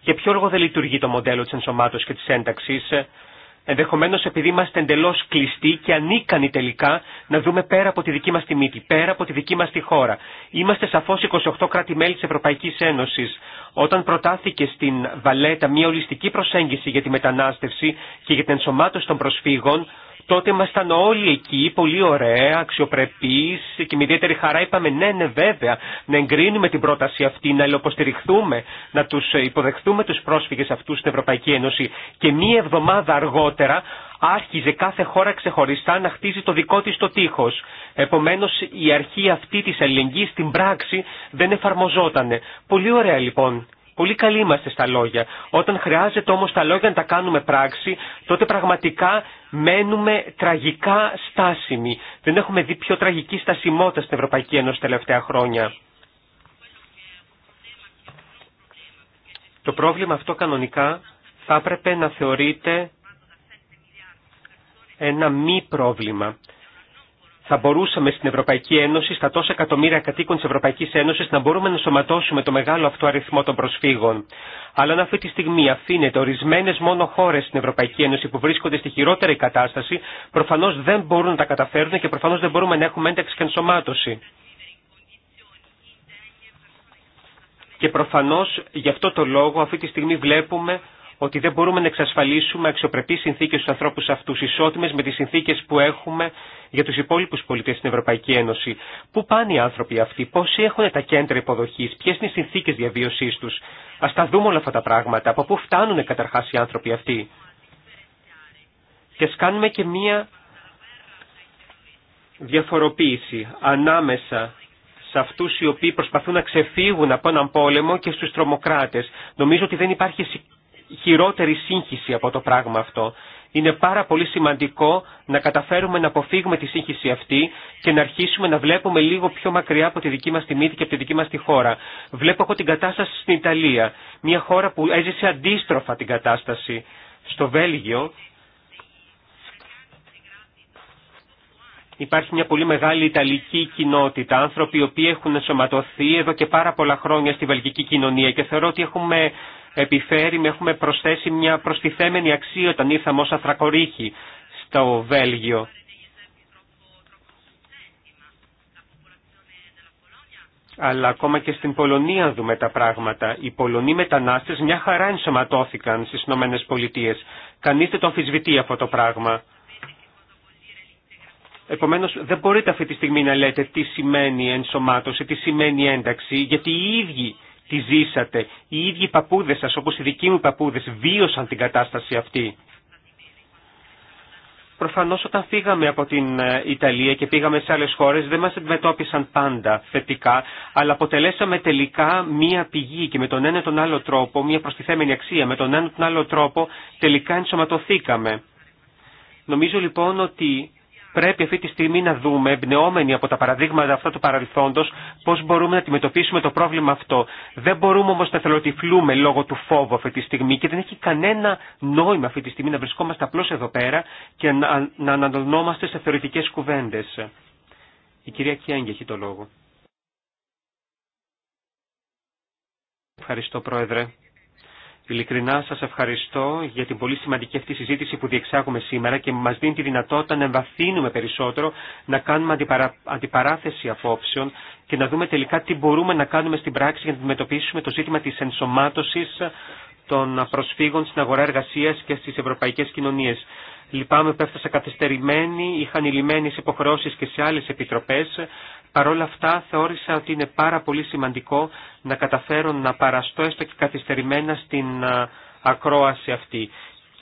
Για ποιο λόγο δεν λειτουργεί το μοντέλο της ενσωμάτωσης και της ένταξης ενδεχομένως επειδή είμαστε εντελώς κλειστοί και ανίκανοι τελικά να δούμε πέρα από τη δική μας τη μύτη, πέρα από τη δική μας τη χώρα. Είμαστε σαφώς 28 κράτη-μέλη της Ευρωπαϊκής Ένωσης. Όταν προτάθηκε στην Βαλέτα μια ολιστική προσέγγιση για τη μετανάστευση και για την ενσωμάτωση των προσφύγων, Τότε ήμασταν όλοι εκεί, πολύ ωραία, αξιοπρεπείς και με ιδιαίτερη χαρά είπαμε ναι, ναι βέβαια, να εγκρίνουμε την πρόταση αυτή, να ελοποστηριχθούμε, να τους υποδεχθούμε τους πρόσφυγες αυτούς στην Ευρωπαϊκή Ένωση. Και μία εβδομάδα αργότερα άρχιζε κάθε χώρα ξεχωριστά να χτίζει το δικό της το τείχος. Επομένως η αρχή αυτή της αλληλεγγύης στην πράξη δεν εφαρμοζόταν. Πολύ ωραία λοιπόν. Πολύ καλοί είμαστε στα λόγια. Όταν χρειάζεται όμως τα λόγια να τα κάνουμε πράξη, τότε πραγματικά μένουμε τραγικά στάσιμοι. Δεν έχουμε δει πιο τραγική στασιμότητα στην Ευρωπαϊκή Ένωση τελευταία χρόνια. Το πρόβλημα αυτό κανονικά θα έπρεπε να θεωρείται ένα μη πρόβλημα θα μπορούσαμε στην Ευρωπαϊκή Ένωση, στα τόσα εκατομμύρια κατοίκων της Ευρωπαϊκής Ένωσης, να μπορούμε να σωματώσουμε το μεγάλο αυτό αριθμό των προσφύγων. Αλλά αν αυτή τη στιγμή αφήνεται ορισμένε μόνο χώρε στην Ευρωπαϊκή Ένωση που βρίσκονται στη χειρότερη κατάσταση, προφανώ δεν μπορούν να τα καταφέρουν και προφανώ δεν μπορούμε να έχουμε ένταξη και ενσωμάτωση. Και προφανώ γι' αυτό το λόγο αυτή τη στιγμή βλέπουμε ότι δεν μπορούμε να εξασφαλίσουμε αξιοπρεπείς συνθήκες στους ανθρώπους αυτούς, ισότιμες με τις συνθήκες που έχουμε για τους υπόλοιπους πολίτες στην Ευρωπαϊκή Ένωση. Πού πάνε οι άνθρωποι αυτοί, πόσοι έχουν τα κέντρα υποδοχής, ποιες είναι οι συνθήκες διαβίωσής τους. Ας τα δούμε όλα αυτά τα πράγματα, από πού φτάνουν καταρχάς οι άνθρωποι αυτοί. Και ας κάνουμε και μία διαφοροποίηση ανάμεσα σε αυτούς οι οποίοι προσπαθούν να ξεφύγουν από έναν πόλεμο και στους τρομοκράτες. Νομίζω ότι δεν υπάρχει χειρότερη σύγχυση από το πράγμα αυτό. Είναι πάρα πολύ σημαντικό να καταφέρουμε να αποφύγουμε τη σύγχυση αυτή και να αρχίσουμε να βλέπουμε λίγο πιο μακριά από τη δική μας τη μύτη και από τη δική μας τη χώρα. Βλέπω εγώ την κατάσταση στην Ιταλία, μια χώρα που έζησε αντίστροφα την κατάσταση. Στο Βέλγιο Υπάρχει μια πολύ μεγάλη Ιταλική κοινότητα, άνθρωποι οι οποίοι έχουν ενσωματωθεί εδώ και πάρα πολλά χρόνια στη βελγική κοινωνία και θεωρώ ότι έχουμε επιφέρει, έχουμε προσθέσει μια προστιθέμενη αξία όταν ήρθαμε ως Αθρακορίχη στο Βέλγιο. Αλλά ακόμα και στην Πολωνία δούμε τα πράγματα. Οι Πολωνοί μετανάστες μια χαρά ενσωματώθηκαν στις Ηνωμένες Πολιτείες. Κανείς δεν το αμφισβητεί αυτό το πράγμα. Επομένως δεν μπορείτε αυτή τη στιγμή να λέτε τι σημαίνει ενσωμάτωση, τι σημαίνει ένταξη, γιατί οι ίδιοι τη ζήσατε. Οι ίδιοι παππούδες σας, όπως οι δικοί μου παππούδες, βίωσαν την κατάσταση αυτή. Προφανώς όταν φύγαμε από την ε, Ιταλία και πήγαμε σε άλλες χώρες δεν μας αντιμετώπισαν πάντα θετικά, αλλά αποτελέσαμε τελικά μία πηγή και με τον ένα τον άλλο τρόπο, μία προστιθέμενη αξία, με τον ένα τον άλλο τρόπο τελικά ενσωματωθήκαμε. Νομίζω λοιπόν ότι Πρέπει αυτή τη στιγμή να δούμε, εμπνεόμενοι από τα παραδείγματα αυτά του παρελθόντο, πώ μπορούμε να αντιμετωπίσουμε το πρόβλημα αυτό. Δεν μπορούμε όμω να θελοτυφλούμε λόγω του φόβου αυτή τη στιγμή και δεν έχει κανένα νόημα αυτή τη στιγμή να βρισκόμαστε απλώ εδώ πέρα και να, να σε θεωρητικέ κουβέντε. Η κυρία Κιέγγε έχει το λόγο. Ευχαριστώ, Πρόεδρε. Ειλικρινά σας ευχαριστώ για την πολύ σημαντική αυτή συζήτηση που διεξάγουμε σήμερα και μας δίνει τη δυνατότητα να εμβαθύνουμε περισσότερο, να κάνουμε αντιπαράθεση απόψεων και να δούμε τελικά τι μπορούμε να κάνουμε στην πράξη για να αντιμετωπίσουμε το ζήτημα της ενσωμάτωσης των προσφύγων στην αγορά εργασίας και στις ευρωπαϊκές κοινωνίες. Λυπάμαι που έφτασα καθυστερημένη, είχαν λυμμένε υποχρεώσει και σε άλλε επιτροπέ. Παρ' όλα αυτά θεώρησα ότι είναι πάρα πολύ σημαντικό να καταφέρω να παραστώ έστω και καθυστερημένα στην ακρόαση αυτή.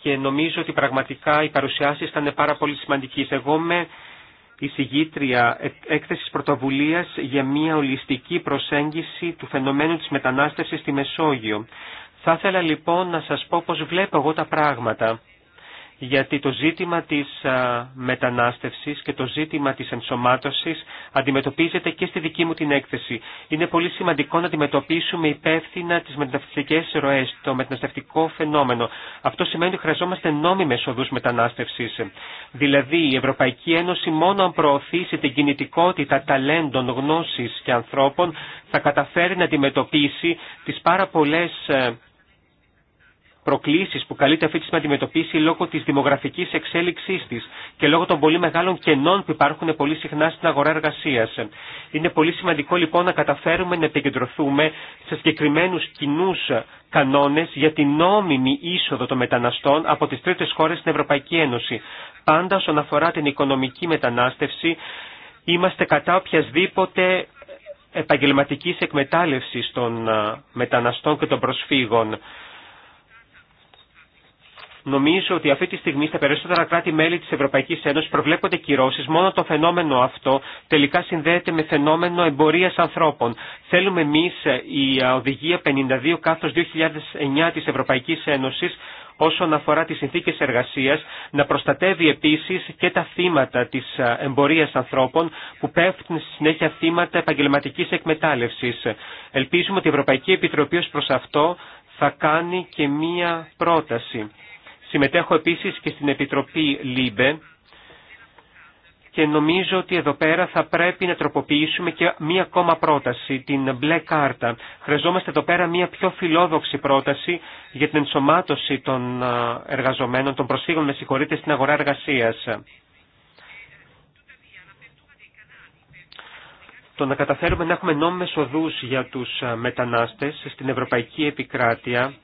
Και νομίζω ότι πραγματικά οι παρουσιάσει ήταν πάρα πολύ σημαντικές. Εγώ είμαι συγγήτρια έκθεσης πρωτοβουλίας για μια ολιστική προσέγγιση του φαινομένου της μετανάστευσης στη Μεσόγειο. Θα ήθελα λοιπόν να σας πω πώς βλέπω εγώ τα πράγματα γιατί το ζήτημα της μετανάστευσης και το ζήτημα της ενσωμάτωσης αντιμετωπίζεται και στη δική μου την έκθεση. Είναι πολύ σημαντικό να αντιμετωπίσουμε υπεύθυνα τις μεταναστευτικές ροές, το μεταναστευτικό φαινόμενο. Αυτό σημαίνει ότι χρειαζόμαστε νόμιμες οδούς μετανάστευσης. Δηλαδή η Ευρωπαϊκή Ένωση μόνο αν προωθήσει την κινητικότητα ταλέντων, γνώσης και ανθρώπων θα καταφέρει να αντιμετωπίσει τις πάρα πολλές ε, που καλείται αυτή τη στιγμή αντιμετωπίσει λόγω τη δημογραφική εξέλιξη τη και λόγω των πολύ μεγάλων κενών που υπάρχουν πολύ συχνά στην αγορά εργασία. Είναι πολύ σημαντικό λοιπόν να καταφέρουμε να επικεντρωθούμε σε συγκεκριμένου κοινού κανόνε για την νόμιμη είσοδο των μεταναστών από τι τρίτε χώρε στην Ευρωπαϊκή Ένωση. Πάντα όσον αφορά την οικονομική μετανάστευση, είμαστε κατά οποιασδήποτε επαγγελματικής εκμετάλλευσης των μεταναστών και των προσφύγων. Νομίζω ότι αυτή τη στιγμή στα περισσότερα κράτη-μέλη τη Ευρωπαϊκή Ένωση προβλέπονται κυρώσει. Μόνο το φαινόμενο αυτό τελικά συνδέεται με φαινόμενο εμπορία ανθρώπων. Θέλουμε εμεί ε, η ε, οδηγία 52 κάθος 2009 τη Ευρωπαϊκή Ένωση όσον αφορά τις συνθήκες εργασίας, να προστατεύει επίσης και τα θύματα της ε, εμπορίας ανθρώπων που πέφτουν στη συνέχεια θύματα επαγγελματικής εκμετάλλευσης. Ελπίζουμε ότι η Ευρωπαϊκή Επιτροπή ως προς αυτό θα κάνει και μία πρόταση. Συμμετέχω επίσης και στην Επιτροπή ΛΥΜΠΕ και νομίζω ότι εδώ πέρα θα πρέπει να τροποποιήσουμε και μία ακόμα πρόταση, την μπλε κάρτα. Χρειαζόμαστε εδώ πέρα μία πιο φιλόδοξη πρόταση για την ενσωμάτωση των εργαζομένων, των προσφύγων με συγχωρείτε στην αγορά εργασίας. Το να καταφέρουμε να έχουμε νόμιμες οδούς για τους μετανάστες στην ευρωπαϊκή επικράτεια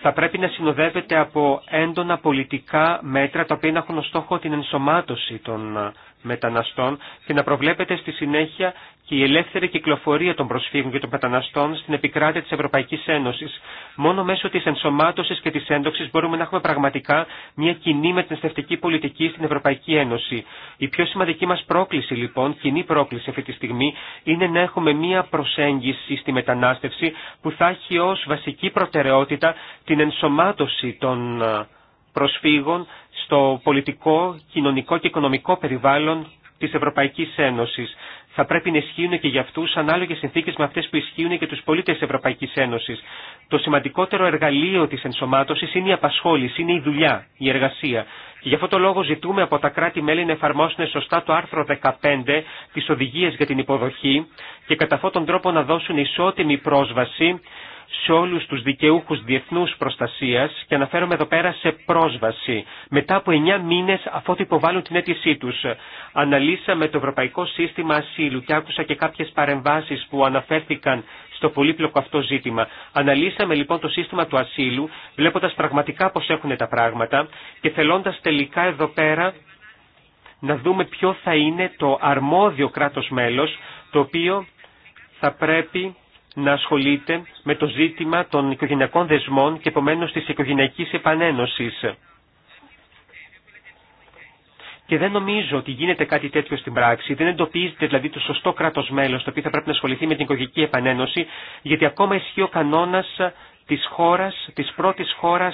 θα πρέπει να συνοδεύεται από έντονα πολιτικά μέτρα τα οποία έχουν ως στόχο την ενσωμάτωση των μεταναστών και να προβλέπεται στη συνέχεια και η ελεύθερη κυκλοφορία των προσφύγων και των μεταναστών στην επικράτεια της Ευρωπαϊκής Ένωσης. Μόνο μέσω της ενσωμάτωσης και της έντοξης μπορούμε να έχουμε πραγματικά μια κοινή μεταναστευτική πολιτική στην Ευρωπαϊκή Ένωση. Η πιο σημαντική μας πρόκληση λοιπόν, κοινή πρόκληση αυτή τη στιγμή, είναι να έχουμε μια προσέγγιση στη μετανάστευση που θα έχει ως βασική προτεραιότητα την ενσωμάτωση των προσφύγων στο πολιτικό, κοινωνικό και οικονομικό περιβάλλον της Ευρωπαϊκής Ένωσης. Θα πρέπει να ισχύουν και για αυτούς ανάλογες συνθήκες με αυτές που ισχύουν και τους πολίτες της Ευρωπαϊκής Ένωσης. Το σημαντικότερο εργαλείο της ενσωμάτωσης είναι η απασχόληση, είναι η δουλειά, η εργασία. Και γι' αυτό το λόγο ζητούμε από τα κράτη-μέλη να εφαρμόσουν σωστά το άρθρο 15 της Οδηγίας για την Υποδοχή και κατά αυτόν τον τρόπο να δώσουν ισότιμη πρόσβαση σε όλους τους δικαιούχους διεθνούς προστασίας και αναφέρομαι εδώ πέρα σε πρόσβαση. Μετά από εννιά μήνες αφότου υποβάλλουν την αίτησή τους. Αναλύσαμε το Ευρωπαϊκό Σύστημα Ασύλου και άκουσα και κάποιες παρεμβάσεις που αναφέρθηκαν στο πολύπλοκο αυτό ζήτημα. Αναλύσαμε λοιπόν το σύστημα του ασύλου, βλέποντας πραγματικά πώς έχουν τα πράγματα και θελώντας τελικά εδώ πέρα να δούμε ποιο θα είναι το αρμόδιο κράτος μέλος, το οποίο θα πρέπει να ασχολείται με το ζήτημα των οικογενειακών δεσμών και επομένω της οικογενειακής επανένωσης. Και δεν νομίζω ότι γίνεται κάτι τέτοιο στην πράξη. Δεν εντοπίζεται δηλαδή το σωστό κράτο μέλο το οποίο θα πρέπει να ασχοληθεί με την οικογενειακή επανένωση, γιατί ακόμα ισχύει ο κανόνα τη χώρα, τη πρώτη χώρα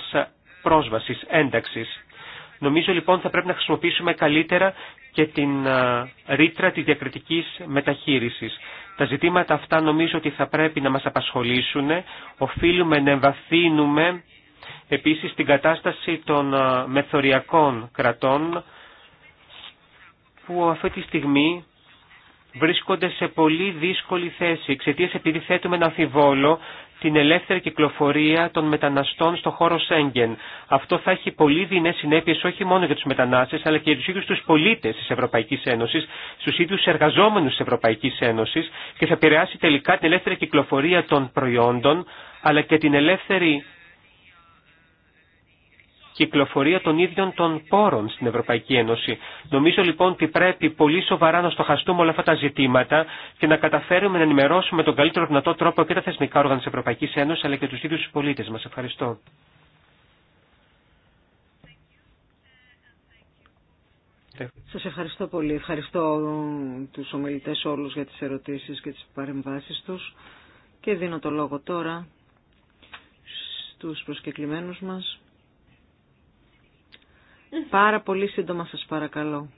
πρόσβαση, ένταξη. Νομίζω λοιπόν θα πρέπει να χρησιμοποιήσουμε καλύτερα και την ρήτρα της διακριτικής μεταχείρισης. Τα ζητήματα αυτά νομίζω ότι θα πρέπει να μας απασχολήσουν. Οφείλουμε να εμβαθύνουμε επίσης την κατάσταση των μεθοριακών κρατών που αυτή τη στιγμή βρίσκονται σε πολύ δύσκολη θέση εξαιτίας επειδή θέτουμε ένα αμφιβόλο την ελεύθερη κυκλοφορία των μεταναστών στο χώρο Σέγγεν. Αυτό θα έχει πολύ δεινέ συνέπειε όχι μόνο για του μετανάστε, αλλά και για του ίδιου του πολίτε τη Ευρωπαϊκή Ένωση, στου ίδιου εργαζόμενου τη Ευρωπαϊκή Ένωση και θα επηρεάσει τελικά την ελεύθερη κυκλοφορία των προϊόντων, αλλά και την ελεύθερη κυκλοφορία των ίδιων των πόρων στην Ευρωπαϊκή Ένωση. Νομίζω λοιπόν ότι πρέπει πολύ σοβαρά να στοχαστούμε όλα αυτά τα ζητήματα και να καταφέρουμε να ενημερώσουμε τον καλύτερο δυνατό τρόπο και τα θεσμικά όργανα της Ευρωπαϊκής Ένωσης αλλά και του ίδιου του πολίτες μας. Ευχαριστώ. Σα ευχαριστώ πολύ. Ευχαριστώ του ομιλητέ όλου για τι ερωτήσει και τι παρεμβάσει του. και δίνω το λόγο τώρα στους προσκεκλημένους μας. Πάρα πολύ σύντομα σας παρακαλώ.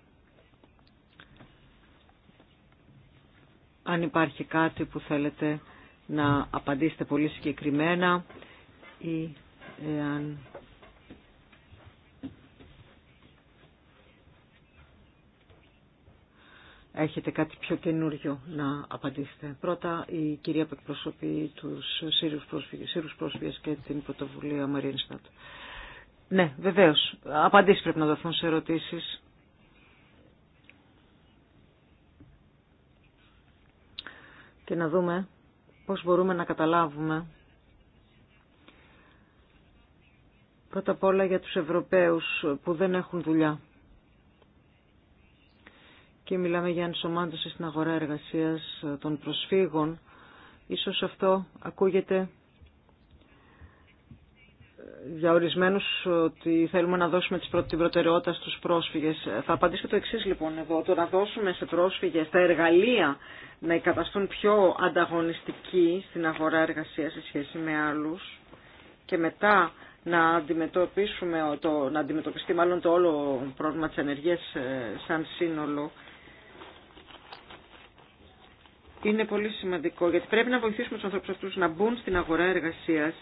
Αν υπάρχει κάτι που θέλετε να απαντήσετε πολύ συγκεκριμένα ή εάν... Έχετε κάτι πιο καινούριο να απαντήσετε. Πρώτα, η κυρία που εκπροσωπεί τους Σύρους πρόσφυγες, και την πρωτοβουλία Μαρίνστατ. Ναι, βεβαίως. Απαντήσεις πρέπει να δοθούν σε ερωτήσει. Και να δούμε πώς μπορούμε να καταλάβουμε πρώτα απ' όλα για τους Ευρωπαίους που δεν έχουν δουλειά. Και μιλάμε για ενσωμάτωση στην αγορά εργασίας των προσφύγων. Ίσως αυτό ακούγεται για ορισμένου ότι θέλουμε να δώσουμε την προτεραιότητα στου πρόσφυγε. Θα απαντήσω το εξή λοιπόν εδώ, το να δώσουμε σε πρόσφυγε τα εργαλεία να εγκαταστούν πιο ανταγωνιστικοί στην αγορά εργασία σε σχέση με άλλου. και μετά να αντιμετωπίσουμε το, να αντιμετωπιστεί μάλλον το όλο πρόβλημα της ενεργείας ε, σαν σύνολο είναι πολύ σημαντικό γιατί πρέπει να βοηθήσουμε τους ανθρώπους αυτούς να μπουν στην αγορά εργασίας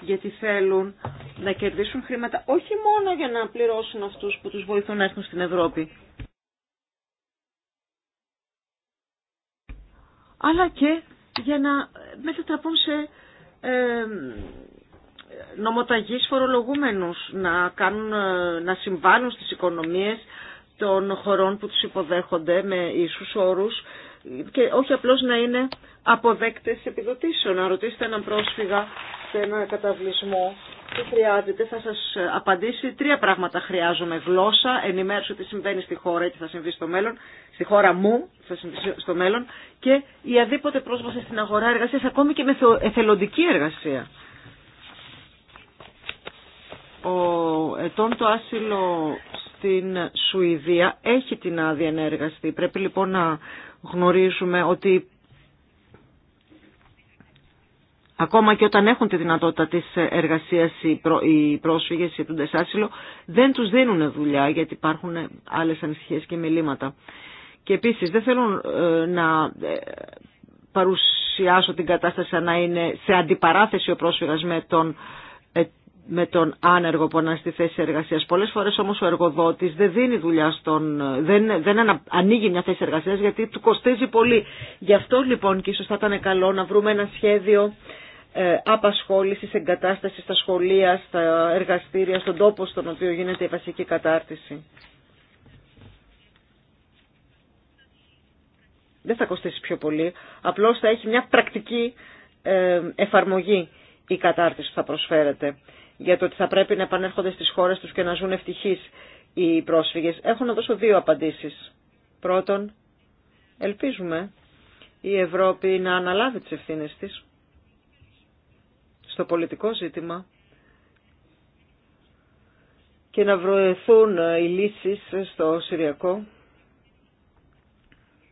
γιατί θέλουν να κερδίσουν χρήματα όχι μόνο για να πληρώσουν αυτούς που τους βοηθούν να έρθουν στην Ευρώπη, αλλά και για να μετατραπούν σε ε, νομοταγείς φορολογούμενους, να, κάνουν, ε, να συμβάλλουν στις οικονομίες των χωρών που τους υποδέχονται με ίσους όρους και όχι απλώς να είναι αποδέκτες επιδοτήσεων. Να ρωτήσετε έναν πρόσφυγα σε ένα καταβλισμό τι χρειάζεται, θα σας απαντήσει τρία πράγματα χρειάζομαι. Γλώσσα, ενημέρωση τι συμβαίνει στη χώρα ή τι θα συμβεί στο μέλλον, στη χώρα μου, θα συμβεί στο μέλλον και η αδίποτε πρόσβαση στην αγορά εργασίας, ακόμη και με εθελοντική εργασία. Ο ετών το άσυλο στην Σουηδία έχει την άδεια να εργαστεί. Πρέπει λοιπόν να γνωρίζουμε ότι ακόμα και όταν έχουν τη δυνατότητα της εργασίας οι πρόσφυγες, οι επίπτες άσυλο, δεν τους δίνουν δουλειά γιατί υπάρχουν άλλες ανησυχίες και μιλήματα. Και επίσης δεν θέλω ε, να ε, παρουσιάσω την κατάσταση να είναι σε αντιπαράθεση ο πρόσφυγας με τον με τον άνεργο που είναι στη θέση εργασία. Πολλές φορές όμως ο εργοδότης δεν δίνει δουλειά στον... δεν, δεν ανοίγει μια θέση εργασία, γιατί του κοστίζει πολύ. Γι' αυτό λοιπόν και ίσως θα ήταν καλό να βρούμε ένα σχέδιο ε, απασχόληση, εγκατάστασης στα σχολεία, στα εργαστήρια, στον τόπο στον οποίο γίνεται η βασική κατάρτιση. Δεν θα κοστίσει πιο πολύ, απλώς θα έχει μια πρακτική ε, εφαρμογή η κατάρτιση που θα προσφέρεται για το ότι θα πρέπει να επανέρχονται στις χώρες τους και να ζουν ευτυχείς οι πρόσφυγες. Έχω να δώσω δύο απαντήσεις. Πρώτον, ελπίζουμε η Ευρώπη να αναλάβει τις ευθύνες της στο πολιτικό ζήτημα και να βρεθούν οι λύσεις στο Συριακό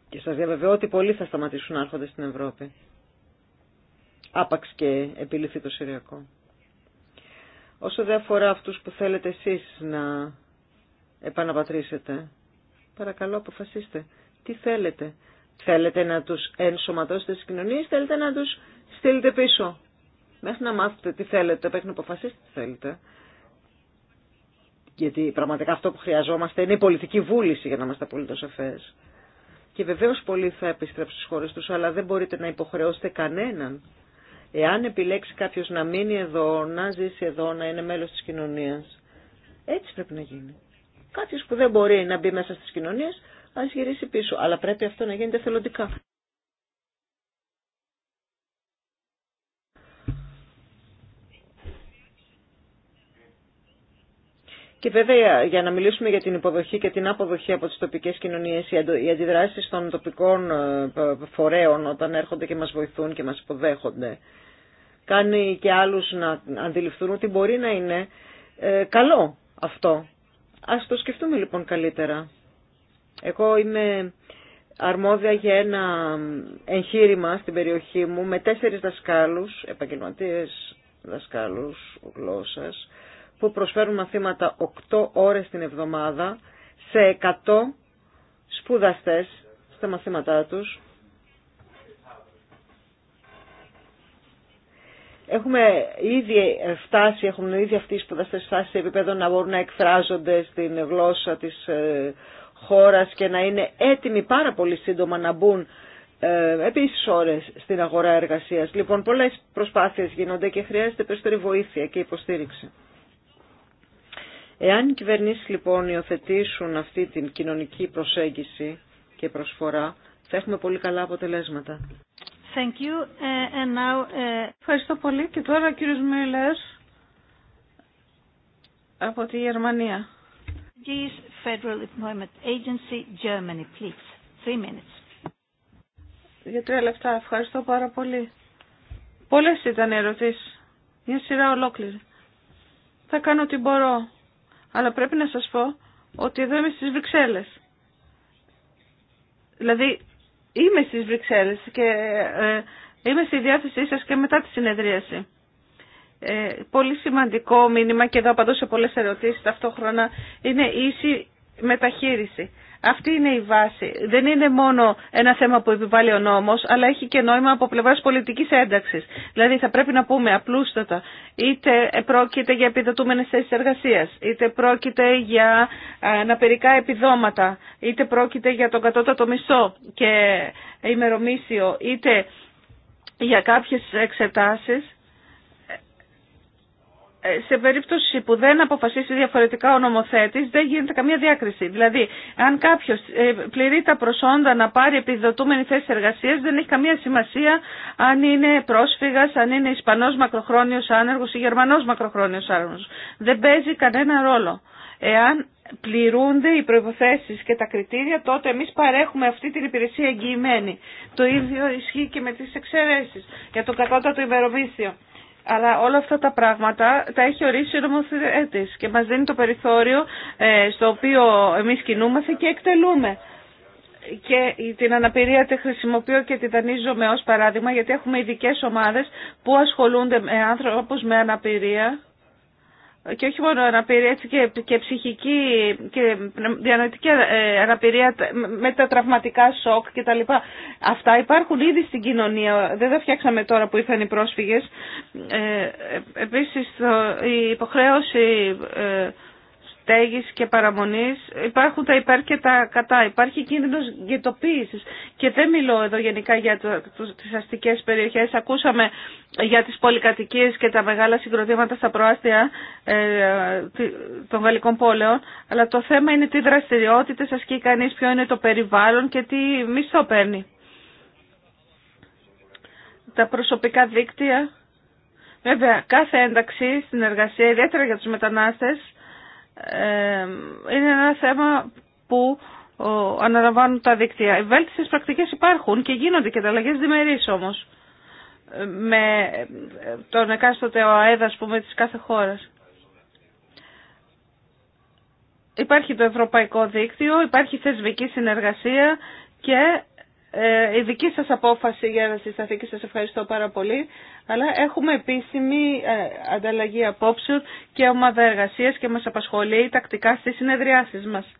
και σας διαβεβαιώ ότι πολλοί θα σταματήσουν να έρχονται στην Ευρώπη. Άπαξ και επιληθεί το Συριακό. Όσο δεν αφορά αυτούς που θέλετε εσείς να επαναπατρίσετε, παρακαλώ αποφασίστε. Τι θέλετε. Θέλετε να τους ενσωματώσετε στις κοινωνίες, θέλετε να τους στείλετε πίσω. Μέχρι να μάθετε τι θέλετε, μέχρι να αποφασίσετε τι θέλετε. Γιατί πραγματικά αυτό που χρειαζόμαστε είναι η πολιτική βούληση για να είμαστε απολύτω σαφέ. Και βεβαίως πολλοί θα επιστρέψουν στις χώρε του, αλλά δεν μπορείτε να υποχρεώσετε κανέναν Εάν επιλέξει κάποιος να μείνει εδώ, να ζήσει εδώ, να είναι μέλος της κοινωνίας, έτσι πρέπει να γίνει. Κάποιος που δεν μπορεί να μπει μέσα στις κοινωνίες, ας γυρίσει πίσω. Αλλά πρέπει αυτό να γίνεται θελοντικά. Και βέβαια για να μιλήσουμε για την υποδοχή και την αποδοχή από τις τοπικές κοινωνίες, οι αντιδράσεις των τοπικών ε, φορέων όταν έρχονται και μας βοηθούν και μας υποδέχονται, κάνει και άλλους να αντιληφθούν ότι μπορεί να είναι ε, καλό αυτό. Ας το σκεφτούμε λοιπόν καλύτερα. Εγώ είμαι αρμόδια για ένα εγχείρημα στην περιοχή μου με τέσσερις δασκάλους, επαγγελματίες δασκάλους γλώσσας, που προσφέρουν μαθήματα 8 ώρες την εβδομάδα σε 100 σπουδαστές στα μαθήματά τους. Έχουμε ήδη φτάσει, έχουν ήδη αυτοί οι σπουδαστές φτάσει σε επίπεδο να μπορούν να εκφράζονται στην γλώσσα της ε, χώρας και να είναι έτοιμοι πάρα πολύ σύντομα να μπουν ε, επίσης ώρες στην αγορά εργασίας. Λοιπόν, πολλές προσπάθειες γίνονται και χρειάζεται περισσότερη βοήθεια και υποστήριξη. Εάν οι κυβερνήσεις λοιπόν υιοθετήσουν αυτή την κοινωνική προσέγγιση και προσφορά, θα έχουμε πολύ καλά αποτελέσματα. Ε, ε, ευχαριστώ πολύ. Και τώρα ο κύριος Μίλες από τη Γερμανία. Federal Employment Agency, Germany, please. Three minutes. Για τρία λεπτά. Ευχαριστώ πάρα πολύ. Πολλές ήταν οι ερωτήσεις. Μια σειρά ολόκληρη. Θα κάνω ό,τι μπορώ αλλά πρέπει να σας πω ότι εδώ είμαι στις Βρυξέλλες. Δηλαδή είμαι στις Βρυξέλλες και ε, είμαι στη διάθεσή σας και μετά τη συνεδρίαση. Ε, πολύ σημαντικό μήνυμα και εδώ απαντώ σε πολλές ερωτήσεις ταυτόχρονα είναι η ίση μεταχείριση. Αυτή είναι η βάση. Δεν είναι μόνο ένα θέμα που επιβάλλει ο νόμος, αλλά έχει και νόημα από πλευράς πολιτικής ένταξη. Δηλαδή θα πρέπει να πούμε απλούστατα, είτε πρόκειται για επιδοτούμενε θέσεις εργασίας, είτε πρόκειται για αναπηρικά επιδόματα, είτε πρόκειται για τον κατώτατο μισθό και ημερομίσιο, είτε για κάποιε εξετάσει. Ε, σε περίπτωση που δεν αποφασίσει διαφορετικά ο νομοθέτης δεν γίνεται καμία διάκριση. Δηλαδή, αν κάποιος ε, πληρεί τα προσόντα να πάρει επιδοτούμενη θέση εργασίας δεν έχει καμία σημασία αν είναι πρόσφυγας, αν είναι Ισπανός μακροχρόνιος άνεργος ή Γερμανός μακροχρόνιος άνεργος. Δεν παίζει κανένα ρόλο. Εάν πληρούνται οι προποθέσει και τα κριτήρια, τότε εμεί παρέχουμε αυτή την υπηρεσία εγγυημένη. Το ίδιο ισχύει και με τι εξαιρέσει για το κατώτατο ημερομίσιο αλλά όλα αυτά τα πράγματα τα έχει ορίσει ο νομοθετής και μας δίνει το περιθώριο ε, στο οποίο εμείς κινούμαστε και εκτελούμε. Και την αναπηρία τη χρησιμοποιώ και τη δανείζομαι ως παράδειγμα γιατί έχουμε ειδικέ ομάδες που ασχολούνται με άνθρωπους με αναπηρία και όχι μόνο αναπηρία, έτσι και, ψυχική και διανοητική ε, αναπηρία με τα τραυματικά σοκ και τα λοιπά. Αυτά υπάρχουν ήδη στην κοινωνία, δεν τα φτιάξαμε τώρα που ήρθαν οι πρόσφυγες. Ε, ε επίσης, η υποχρέωση... Ε, στέγης και παραμονής υπάρχουν τα υπέρ και τα κατά. Υπάρχει κίνδυνος γετοποίησης και δεν μιλώ εδώ γενικά για τις αστικές περιοχές. Ακούσαμε για τις πολυκατοικίες και τα μεγάλα συγκροτήματα στα προάστια ε, των γαλλικών πόλεων αλλά το θέμα είναι τι δραστηριότητες ασκεί κανείς, ποιο είναι το περιβάλλον και τι μισθό παίρνει. Τα προσωπικά δίκτυα Βέβαια, κάθε ένταξη στην εργασία, ιδιαίτερα για τους μετανάστες, είναι ένα θέμα που αναλαμβάνουν τα δίκτυα. Οι βέλτιστες πρακτικές υπάρχουν και γίνονται και ανταλλαγές διμερείς όμως με τον εκάστοτε ΟΑΕΔ, ας πούμε, της κάθε χώρας. Υπάρχει το Ευρωπαϊκό Δίκτυο, υπάρχει θεσμική συνεργασία και ε, η δική σας απόφαση για να συσταθεί και σας ευχαριστώ πάρα πολύ. Αλλά έχουμε επίσημη ε, ανταλλαγή απόψεων και ομάδα εργασίας και μας απασχολεί τακτικά στις συνεδριάσεις μας.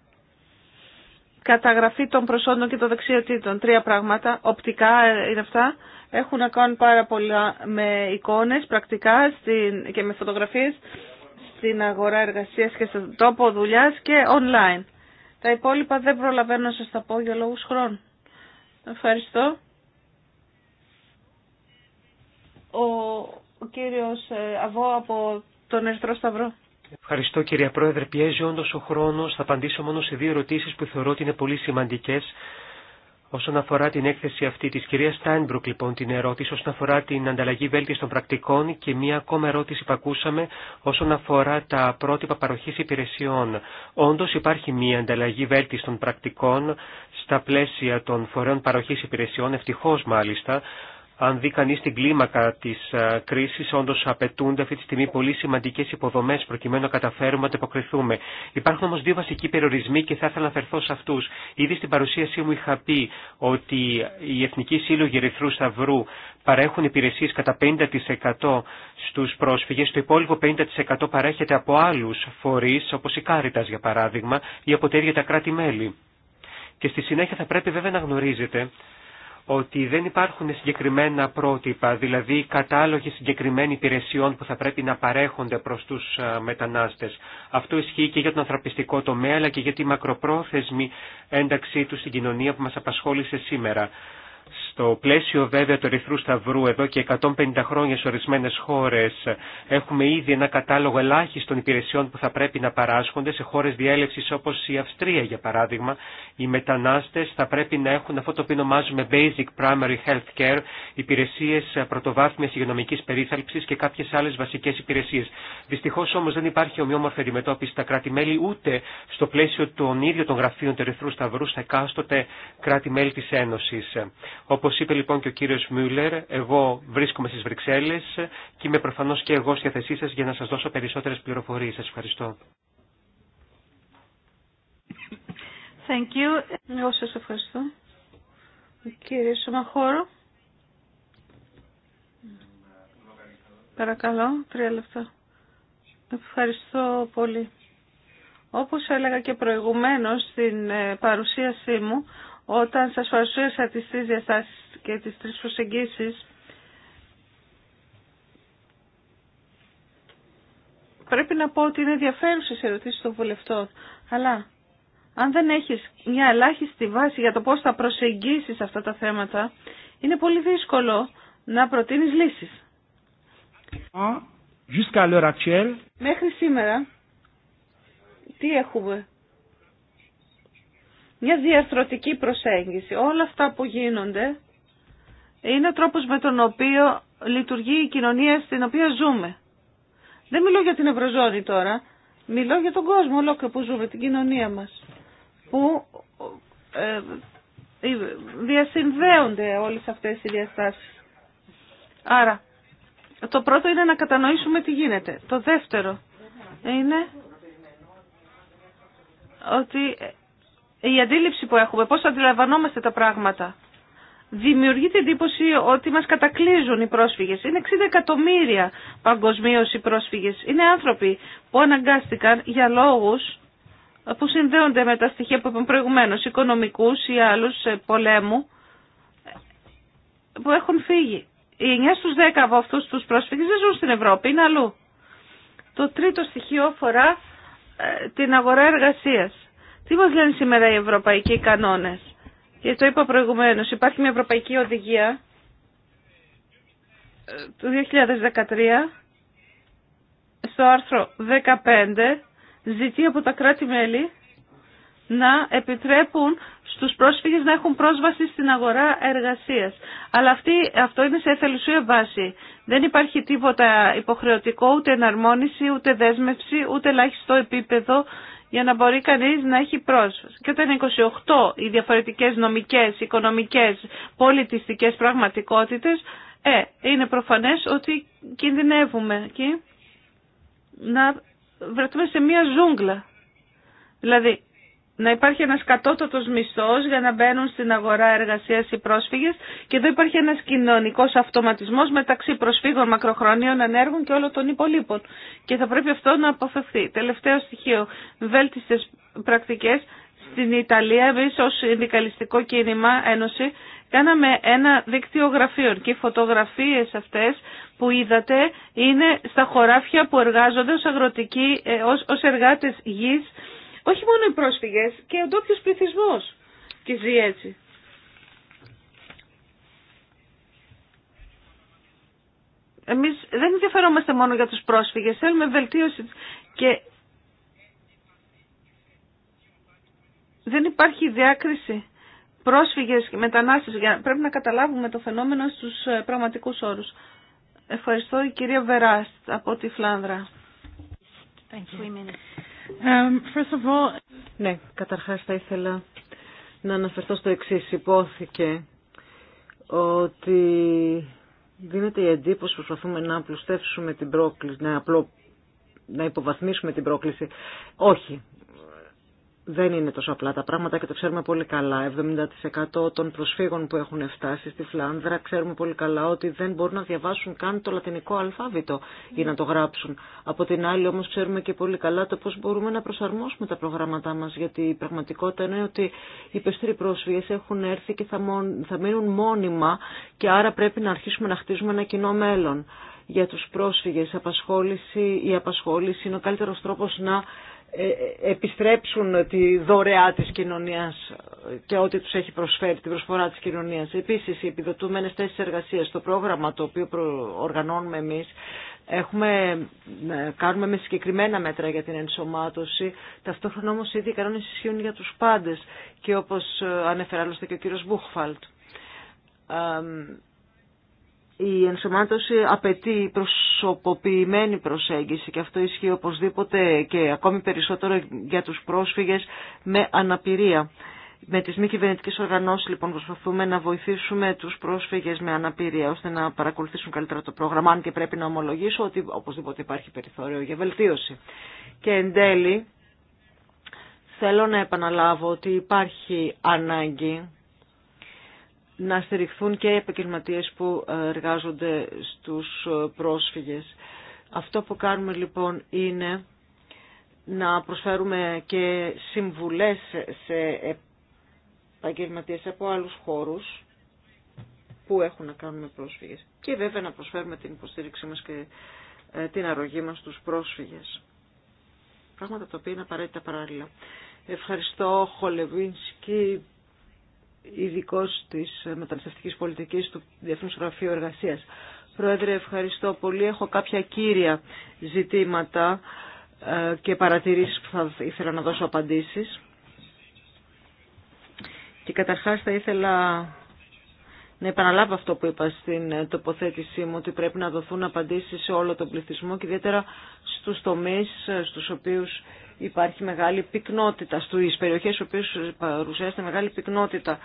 Καταγραφή των προσόντων και των δεξιοτήτων. Τρία πράγματα, οπτικά είναι αυτά. Έχουν να κάνουν πάρα πολλά με εικόνες, πρακτικά και με φωτογραφίες στην αγορά εργασίας και στον τόπο δουλειάς και online. Τα υπόλοιπα δεν προλαβαίνω να σας τα πω για λόγους χρόνου. Ευχαριστώ. Ο, ο κύριος ε, Αβώ από τον Ερυθρό Σταυρό. Ευχαριστώ κυρία Πρόεδρε. Πιέζει όντω ο χρόνο. Θα απαντήσω μόνο σε δύο ερωτήσει που θεωρώ ότι είναι πολύ σημαντικέ. Όσον αφορά την έκθεση αυτή τη κυρία Στάινμπρουκ, λοιπόν, την ερώτηση, όσον αφορά την ανταλλαγή των πρακτικών και μία ακόμα ερώτηση που ακούσαμε όσον αφορά τα πρότυπα παροχή υπηρεσιών. Όντω υπάρχει μία ανταλλαγή των πρακτικών στα πλαίσια των φορέων παροχής υπηρεσιών, ευτυχώς μάλιστα, αν δει κανεί την κλίμακα τη ε, κρίση, όντω απαιτούνται αυτή τη στιγμή πολύ σημαντικέ υποδομέ προκειμένου να καταφέρουμε να ανταποκριθούμε. Υπάρχουν όμω δύο βασικοί περιορισμοί και θα ήθελα να αφαιρθώ σε αυτού. Ήδη στην παρουσίασή μου είχα πει ότι οι Εθνικοί Σύλλογοι Ερυθρού Σταυρού παρέχουν υπηρεσίε κατά 50% στου πρόσφυγε. Το υπόλοιπο 50% παρέχεται από άλλου φορεί, όπω η Κάριτα για παράδειγμα, ή από τα ίδια τα κράτη-μέλη και στη συνέχεια θα πρέπει βέβαια να γνωρίζετε ότι δεν υπάρχουν συγκεκριμένα πρότυπα, δηλαδή κατάλογοι συγκεκριμένων υπηρεσιών που θα πρέπει να παρέχονται προς τους ε, μετανάστες. Αυτό ισχύει και για τον ανθρωπιστικό τομέα, αλλά και για τη μακροπρόθεσμη ένταξή του στην κοινωνία που μας απασχόλησε σήμερα. Στο πλαίσιο βέβαια του Ερυθρού Σταυρού εδώ και 150 χρόνια σε ορισμένες χώρες έχουμε ήδη ένα κατάλογο ελάχιστων υπηρεσιών που θα πρέπει να παράσχονται σε χώρες διέλευσης όπως η Αυστρία για παράδειγμα. Οι μετανάστες θα πρέπει να έχουν αυτό το οποίο ονομάζουμε Basic Primary Health Care, υπηρεσίες πρωτοβάθμιας υγειονομικής περίθαλψης και κάποιες άλλες βασικές υπηρεσίες. Δυστυχώς όμως δεν υπάρχει ομοιόμορφη αντιμετώπιση στα κράτη-μέλη ούτε στο πλαίσιο των ίδιων των γραφείων του Ερυθρού Σταυρού στα εκάστοτε κράτη-μέλη της Ένωσης. Όπω είπε λοιπόν και ο κύριος Μιούλερ, εγώ βρίσκομαι στις Βρυξέλλες και είμαι προφανώς και εγώ στη θέση σας για να σας δώσω περισσότερες πληροφορίες. Σας ευχαριστώ. Thank Εγώ σας ευχαριστώ. Κύριε Σομαχώρο. Παρακαλώ, τρία λεπτά. Ευχαριστώ πολύ. Όπως έλεγα και προηγουμένως στην ε, παρουσίασή μου, όταν σας παρουσίασα τις τρεις διαστάσεις και τις τρεις προσεγγίσεις, πρέπει να πω ότι είναι ενδιαφέρουσες ερωτήσεις των βουλευτών. Αλλά αν δεν έχεις μια ελάχιστη βάση για το πώς θα προσεγγίσεις αυτά τα θέματα, είναι πολύ δύσκολο να προτείνεις λύσεις. Μέχρι σήμερα, τι έχουμε μια διαστροτική προσέγγιση. Όλα αυτά που γίνονται είναι ο τρόπος με τον οποίο λειτουργεί η κοινωνία στην οποία ζούμε. Δεν μιλώ για την Ευρωζώνη τώρα, μιλώ για τον κόσμο ολόκληρο που ζούμε, την κοινωνία μας. Που ε, ε διασυνδέονται όλες αυτές οι διαστάσεις. Άρα, το πρώτο είναι να κατανοήσουμε τι γίνεται. Το δεύτερο είναι ότι η αντίληψη που έχουμε, πώς αντιλαμβανόμαστε τα πράγματα. δημιουργεί την εντύπωση ότι μας κατακλείζουν οι πρόσφυγες. Είναι 60 εκατομμύρια παγκοσμίω οι πρόσφυγες. Είναι άνθρωποι που αναγκάστηκαν για λόγους που συνδέονται με τα στοιχεία που είπαμε προηγουμένως, οικονομικούς ή άλλους πολέμου, που έχουν φύγει. Οι 9 στους 10 από αυτούς τους πρόσφυγες δεν ζουν στην Ευρώπη, είναι αλλού. Το τρίτο στοιχείο αφορά ε, την αγορά εργασίας. Τι μας λένε σήμερα οι ευρωπαϊκοί κανόνες. Και το είπα προηγουμένως, υπάρχει μια ευρωπαϊκή οδηγία ε, του 2013 στο άρθρο 15 ζητεί από τα κράτη-μέλη να επιτρέπουν στους πρόσφυγες να έχουν πρόσβαση στην αγορά εργασίας. Αλλά αυτή, αυτό είναι σε εθελουσία βάση. Δεν υπάρχει τίποτα υποχρεωτικό, ούτε εναρμόνιση, ούτε δέσμευση, ούτε ελάχιστο επίπεδο για να μπορεί κανείς να έχει πρόσβαση. Και όταν 28 οι διαφορετικές νομικές, οικονομικές, πολιτιστικές πραγματικότητες, ε, είναι προφανές ότι κινδυνεύουμε εκεί να βρεθούμε σε μία ζούγκλα. Δηλαδή, να υπάρχει ένας κατώτατος μισθός για να μπαίνουν στην αγορά εργασίας οι πρόσφυγες και εδώ υπάρχει ένας κοινωνικός αυτοματισμός μεταξύ προσφύγων μακροχρονίων ανέργων και όλων των υπολείπων. Και θα πρέπει αυτό να αποφευθεί. Τελευταίο στοιχείο, βέλτιστες πρακτικές. Στην Ιταλία, εμείς ως συνδικαλιστικό κίνημα, Ένωση, κάναμε ένα δίκτυο γραφείων και οι φωτογραφίες αυτές που είδατε είναι στα χωράφια που εργάζονται ως, αγροτικοί, ε, ως, εργάτες γης όχι μόνο οι πρόσφυγες και ο ντόπιο πληθυσμό και ζει έτσι. Εμείς δεν ενδιαφερόμαστε μόνο για τους πρόσφυγες, θέλουμε βελτίωση και δεν υπάρχει διάκριση πρόσφυγες και μετανάστες. πρέπει να καταλάβουμε το φαινόμενο στους ε, πραγματικού όρου. Ευχαριστώ η κυρία Βεράστ από τη Φλάνδρα. Um, first of all... Ναι, καταρχάς θα ήθελα να αναφερθώ στο εξή. Υπόθηκε ότι δίνεται η εντύπωση που προσπαθούμε να απλουστεύσουμε την πρόκληση, να, απλο... να υποβαθμίσουμε την πρόκληση. Όχι, δεν είναι τόσο απλά τα πράγματα και το ξέρουμε πολύ καλά. 70% των προσφύγων που έχουν φτάσει στη Φλάνδρα ξέρουμε πολύ καλά ότι δεν μπορούν να διαβάσουν καν το λατινικό αλφάβητο ή να το γράψουν. Από την άλλη όμως ξέρουμε και πολύ καλά το πώς μπορούμε να προσαρμόσουμε τα προγράμματά μας γιατί η πραγματικότητα είναι ότι οι πεστροί πρόσφυγες έχουν έρθει και θα, μον... θα μείνουν μόνιμα και άρα πρέπει να αρχίσουμε να χτίζουμε ένα κοινό μέλλον για τους πρόσφυγες. Απασχόληση, η απασχόληση είναι ο καλύτερος τρόπος να ε, ε, επιστρέψουν τη δωρεά της κοινωνίας και ό,τι τους έχει προσφέρει την προσφορά της κοινωνίας. Επίσης, οι επιδοτούμενες θέσεις εργασίας στο πρόγραμμα το οποίο οργανώνουμε εμείς Έχουμε, ε, κάνουμε με συγκεκριμένα μέτρα για την ενσωμάτωση, ταυτόχρονα όμως ήδη οι κανόνες ισχύουν για τους πάντες και όπως ανέφερε άλλωστε και ο κύριος Μπούχφαλτ η ενσωμάτωση απαιτεί προσωποποιημένη προσέγγιση και αυτό ισχύει οπωσδήποτε και ακόμη περισσότερο για τους πρόσφυγες με αναπηρία. Με τις μη κυβερνητικέ οργανώσεις λοιπόν προσπαθούμε να βοηθήσουμε τους πρόσφυγες με αναπηρία ώστε να παρακολουθήσουν καλύτερα το πρόγραμμα αν και πρέπει να ομολογήσω ότι οπωσδήποτε υπάρχει περιθώριο για βελτίωση. Και εν τέλει θέλω να επαναλάβω ότι υπάρχει ανάγκη να στηριχθούν και οι επαγγελματίες που εργάζονται στους πρόσφυγες. Αυτό που κάνουμε λοιπόν είναι να προσφέρουμε και συμβουλές σε επαγγελματίες από άλλους χώρους που έχουν να κάνουν με πρόσφυγες. Και βέβαια να προσφέρουμε την υποστήριξή μας και ε, την αρρωγή μας στους πρόσφυγες. Πράγματα τα οποία είναι απαραίτητα παράλληλα. Ευχαριστώ Χολεβίνσκι, ειδικό τη μεταναστευτική πολιτική του Διεθνού Γραφείου Εργασία. Πρόεδρε, ευχαριστώ πολύ. Έχω κάποια κύρια ζητήματα ε, και παρατηρήσεις που θα ήθελα να δώσω απαντήσεις. Και καταρχά θα ήθελα να επαναλάβω αυτό που είπα στην τοποθέτησή μου, ότι πρέπει να δοθούν απαντήσεις σε όλο τον πληθυσμό και ιδιαίτερα στους τομείς ε, στους οποίους υπάρχει μεγάλη πυκνότητα στις περιοχές στις οποίες παρουσιάζεται μεγάλη πυκνότητα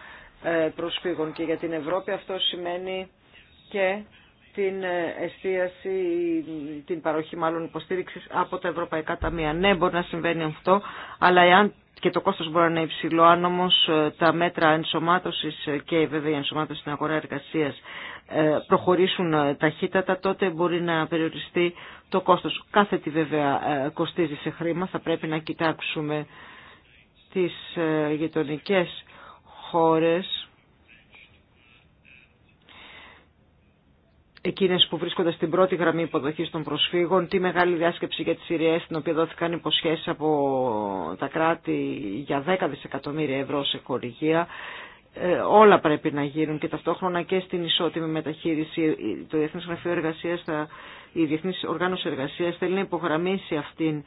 ε, προσφύγων και για την Ευρώπη αυτό σημαίνει και την ε, εστίαση, την παροχή μάλλον υποστήριξη από τα Ευρωπαϊκά Ταμεία. Ναι, μπορεί να συμβαίνει αυτό, αλλά εάν και το κόστος μπορεί να είναι υψηλό, αν όμως ε, τα μέτρα ενσωμάτωσης και βέβαια η ενσωμάτωση στην αγορά εργασίας ε, προχωρήσουν ε, ταχύτατα, τότε μπορεί να περιοριστεί το κόστος. Κάθε τι βέβαια ε, κοστίζει σε χρήμα, θα πρέπει να κοιτάξουμε τις γειτονικέ χώρες, εκείνες που βρίσκονται στην πρώτη γραμμή υποδοχής των προσφύγων, τη μεγάλη διάσκεψη για τις Συριές, την οποία δόθηκαν υποσχέσεις από τα κράτη για 10 δισεκατομμύρια ευρώ σε χορηγία, ε, όλα πρέπει να γίνουν και ταυτόχρονα και στην ισότιμη μεταχείριση. Το Διεθνέ Γραφείο Εργασία, η διεθνή Οργάνωση εργασία θέλει να υπογραμμίσει αυτήν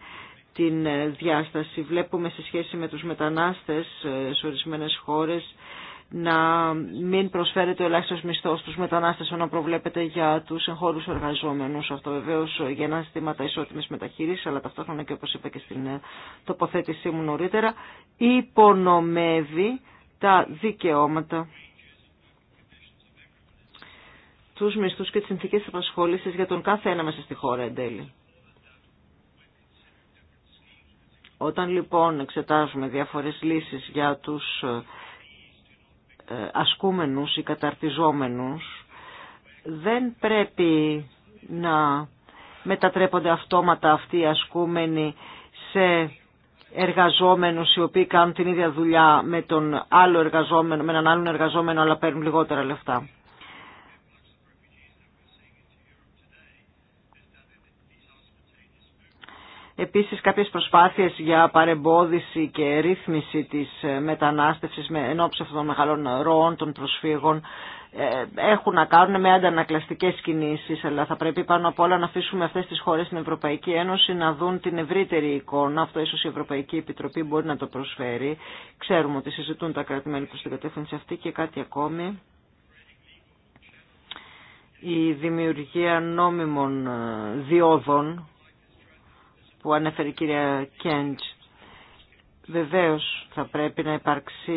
την ε, διάσταση. Βλέπουμε σε σχέση με τους μετανάστες ε, σε ορισμένες χώρες να μην προσφέρεται ο ελάχιστος μισθός στους μετανάστες όταν προβλέπεται για τους εγχώρους εργαζόμενους. Αυτό βεβαίως ένα τα ισότιμης μεταχείρισης, αλλά ταυτόχρονα και όπως είπα και στην τοποθέτησή μου νωρίτερα, υπονομεύει τα δικαιώματα, τους μισθούς και τις συνθήκες απασχόλησης για τον κάθε ένα μέσα στη χώρα εν τέλει. Όταν λοιπόν εξετάζουμε διάφορες λύσεις για τους ε, ασκούμενους ή καταρτιζόμενους, δεν πρέπει να μετατρέπονται αυτόματα αυτοί οι ασκούμενοι σε εργαζόμενους οι οποίοι κάνουν την ίδια δουλειά με, τον άλλο εργαζόμενο, με έναν άλλον εργαζόμενο αλλά παίρνουν λιγότερα λεφτά. Επίσης κάποιες προσπάθειες για παρεμπόδιση και ρύθμιση της ε, μετανάστευσης με αυτών των μεγαλών ροών των προσφύγων ε, έχουν να κάνουν με αντανακλαστικές κινήσεις, αλλά θα πρέπει πάνω απ' όλα να αφήσουμε αυτές τις χώρες στην Ευρωπαϊκή Ένωση να δουν την ευρύτερη εικόνα. Αυτό ίσως η Ευρωπαϊκή Επιτροπή μπορεί να το προσφέρει. Ξέρουμε ότι συζητούν τα κρατημένη προς την κατεύθυνση αυτή και κάτι ακόμη. Η δημιουργία νόμιμων ε, διόδων που ανέφερε η κυρία Κέντζ. Βεβαίως θα πρέπει να υπάρξει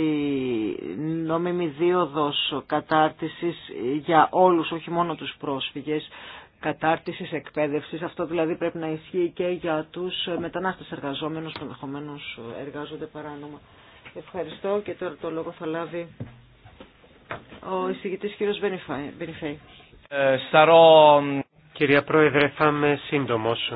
νόμιμη δίωδος κατάρτισης για όλους, όχι μόνο τους πρόσφυγες, κατάρτισης, εκπαίδευσης. Αυτό δηλαδή πρέπει να ισχύει και για τους μετανάστες εργαζόμενους που ενδεχομένω εργάζονται παράνομα. Ευχαριστώ και τώρα το λόγο θα λάβει ο εισηγητής κύριος Μπενιφέη. Ε, κυρία Πρόεδρε, θα είμαι σύντομος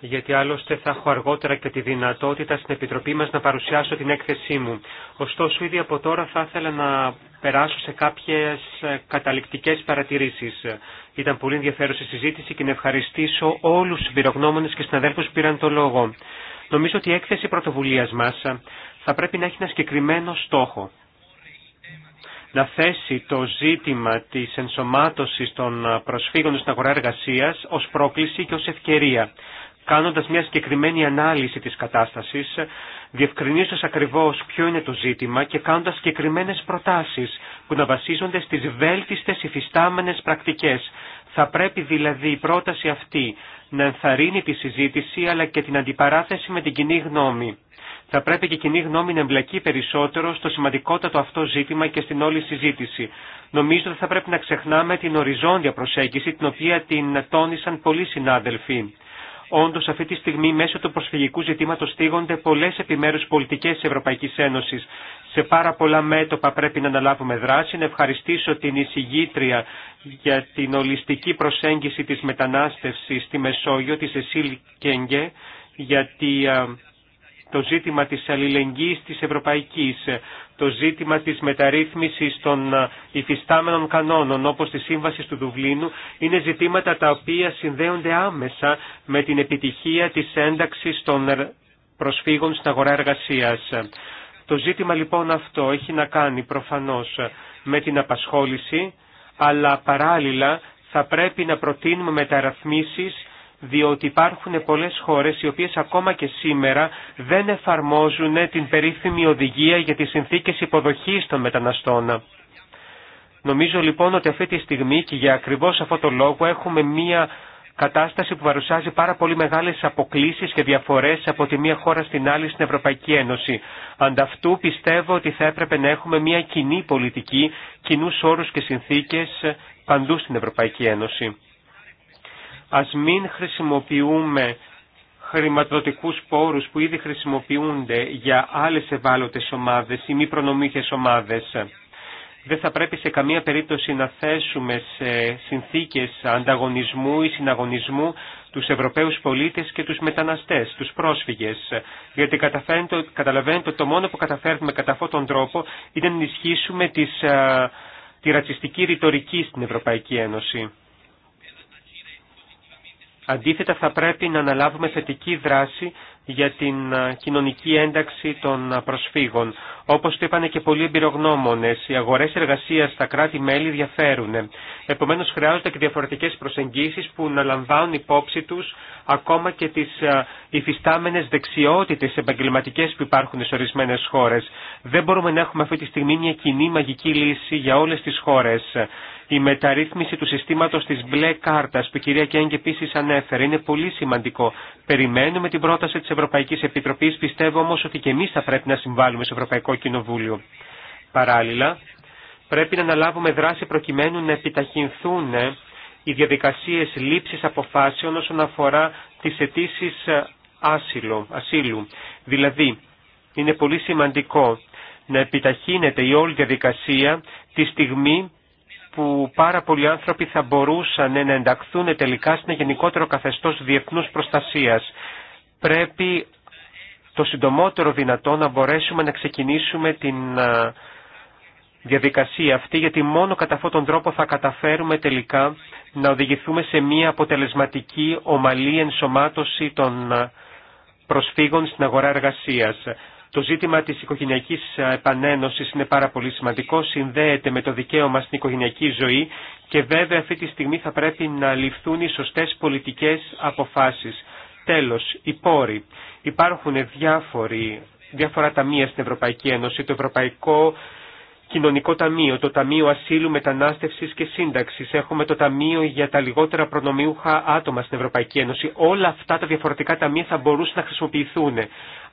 γιατί άλλωστε θα έχω αργότερα και τη δυνατότητα στην Επιτροπή μας να παρουσιάσω την έκθεσή μου. Ωστόσο, ήδη από τώρα θα ήθελα να περάσω σε κάποιες ε, καταληκτικές παρατηρήσεις. Ήταν πολύ ενδιαφέρουσα η συζήτηση και να ευχαριστήσω όλους τους πυρογνώμονες και συναδέλφους που πήραν το λόγο. Νομίζω ότι η έκθεση πρωτοβουλίας μας θα πρέπει να έχει ένα συγκεκριμένο στόχο να θέσει το ζήτημα της ενσωμάτωσης των προσφύγων στην αγορά εργασίας ως πρόκληση και ως ευκαιρία κάνοντας μια συγκεκριμένη ανάλυση της κατάστασης, διευκρινίζοντας ακριβώς ποιο είναι το ζήτημα και κάνοντας συγκεκριμένε προτάσεις που να βασίζονται στις βέλτιστες υφιστάμενες πρακτικές. Θα πρέπει δηλαδή η πρόταση αυτή να ενθαρρύνει τη συζήτηση αλλά και την αντιπαράθεση με την κοινή γνώμη. Θα πρέπει και η κοινή γνώμη να εμπλακεί περισσότερο στο σημαντικότατο αυτό ζήτημα και στην όλη συζήτηση. Νομίζω ότι θα πρέπει να ξεχνάμε την οριζόντια προσέγγιση την οποία την τόνισαν πολλοί συνάδελφοι. Όντω αυτή τη στιγμή μέσω του προσφυγικού ζητήματο στίγονται πολλές επιμέρους πολιτικές τη Ευρωπαϊκής Ένωσης. Σε πάρα πολλά μέτωπα πρέπει να αναλάβουμε δράση. Να ευχαριστήσω την εισηγήτρια για την ολιστική προσέγγιση της μετανάστευση στη Μεσόγειο, τη Εσίλ Κέγκε, γιατί το ζήτημα της αλληλεγγύης της Ευρωπαϊκής, το ζήτημα της μεταρρύθμισης των ε, υφιστάμενων κανόνων όπως τη σύμβαση του Δουβλίνου είναι ζητήματα τα οποία συνδέονται άμεσα με την επιτυχία της ένταξης των ε, προσφύγων στην αγορά εργασίας. Το ζήτημα λοιπόν αυτό έχει να κάνει προφανώς με την απασχόληση αλλά παράλληλα θα πρέπει να προτείνουμε μεταρρυθμίσεις διότι υπάρχουν πολλές χώρες οι οποίες ακόμα και σήμερα δεν εφαρμόζουν την περίφημη οδηγία για τις συνθήκες υποδοχής των μεταναστών. Νομίζω λοιπόν ότι αυτή τη στιγμή και για ακριβώς αυτό το λόγο έχουμε μία κατάσταση που παρουσιάζει πάρα πολύ μεγάλες αποκλήσεις και διαφορές από τη μία χώρα στην άλλη στην Ευρωπαϊκή Ένωση. Ανταυτού πιστεύω ότι θα έπρεπε να έχουμε μία κοινή πολιτική, κοινού όρους και συνθήκες παντού στην Ευρωπαϊκή Ένωση. Ας μην χρησιμοποιούμε χρηματοδοτικούς πόρους που ήδη χρησιμοποιούνται για άλλες ευάλωτες ομάδες ή μη προνομίχες ομάδες. Δεν θα πρέπει σε καμία περίπτωση να θέσουμε σε συνθήκες ανταγωνισμού ή συναγωνισμού τους Ευρωπαίους πολίτες και τους μεταναστές, τους πρόσφυγες. Γιατί καταλαβαίνετε ότι το μόνο που καταφέρνουμε κατά αυτόν τον τρόπο είναι να ενισχύσουμε τη ρατσιστική ρητορική στην Ευρωπαϊκή Ένωση. Αντίθετα θα πρέπει να αναλάβουμε θετική δράση για την κοινωνική ένταξη των προσφύγων. Όπως το είπανε και πολλοί εμπειρογνώμονες, οι αγορές εργασίας στα κράτη-μέλη διαφέρουν. Επομένως χρειάζονται και διαφορετικές προσεγγίσεις που να λαμβάνουν υπόψη τους ακόμα και τις υφιστάμενες δεξιότητες επαγγελματικές που υπάρχουν σε ορισμένες χώρες. Δεν μπορούμε να έχουμε αυτή τη στιγμή μια κοινή μαγική λύση για όλες τις χώρες η μεταρρύθμιση του συστήματος της μπλε κάρτας που η κυρία Κέγκ επίση ανέφερε είναι πολύ σημαντικό. Περιμένουμε την πρόταση της Ευρωπαϊκής Επιτροπής, πιστεύω όμως ότι και εμείς θα πρέπει να συμβάλλουμε στο Ευρωπαϊκό Κοινοβούλιο. Παράλληλα, πρέπει να αναλάβουμε δράση προκειμένου να επιταχυνθούν οι διαδικασίες λήψης αποφάσεων όσον αφορά τις αιτήσει ασύλου. Δηλαδή, είναι πολύ σημαντικό να επιταχύνεται η όλη διαδικασία τη στιγμή που πάρα πολλοί άνθρωποι θα μπορούσαν να ενταχθούν τελικά σε ένα γενικότερο καθεστώς διεθνούς προστασίας. Πρέπει το συντομότερο δυνατό να μπορέσουμε να ξεκινήσουμε την διαδικασία αυτή, γιατί μόνο κατά αυτόν τον τρόπο θα καταφέρουμε τελικά να οδηγηθούμε σε μια αποτελεσματική ομαλή ενσωμάτωση των προσφύγων στην αγορά εργασίας. Το ζήτημα της οικογενειακής ε, επανένωσης είναι πάρα πολύ σημαντικό, συνδέεται με το δικαίωμα στην οικογενειακή ζωή και βέβαια αυτή τη στιγμή θα πρέπει να ληφθούν οι σωστές πολιτικές αποφάσεις. Τέλος, οι πόροι. Υπάρχουν διάφοροι, διάφορα ταμεία στην Ευρωπαϊκή Ένωση, το Ευρωπαϊκό κοινωνικό ταμείο, το Ταμείο Ασύλου Μετανάστευσης και Σύνταξης, έχουμε το Ταμείο για τα λιγότερα προνομιούχα άτομα στην Ευρωπαϊκή Ένωση. Όλα αυτά τα διαφορετικά ταμεία θα μπορούσαν να χρησιμοποιηθούν.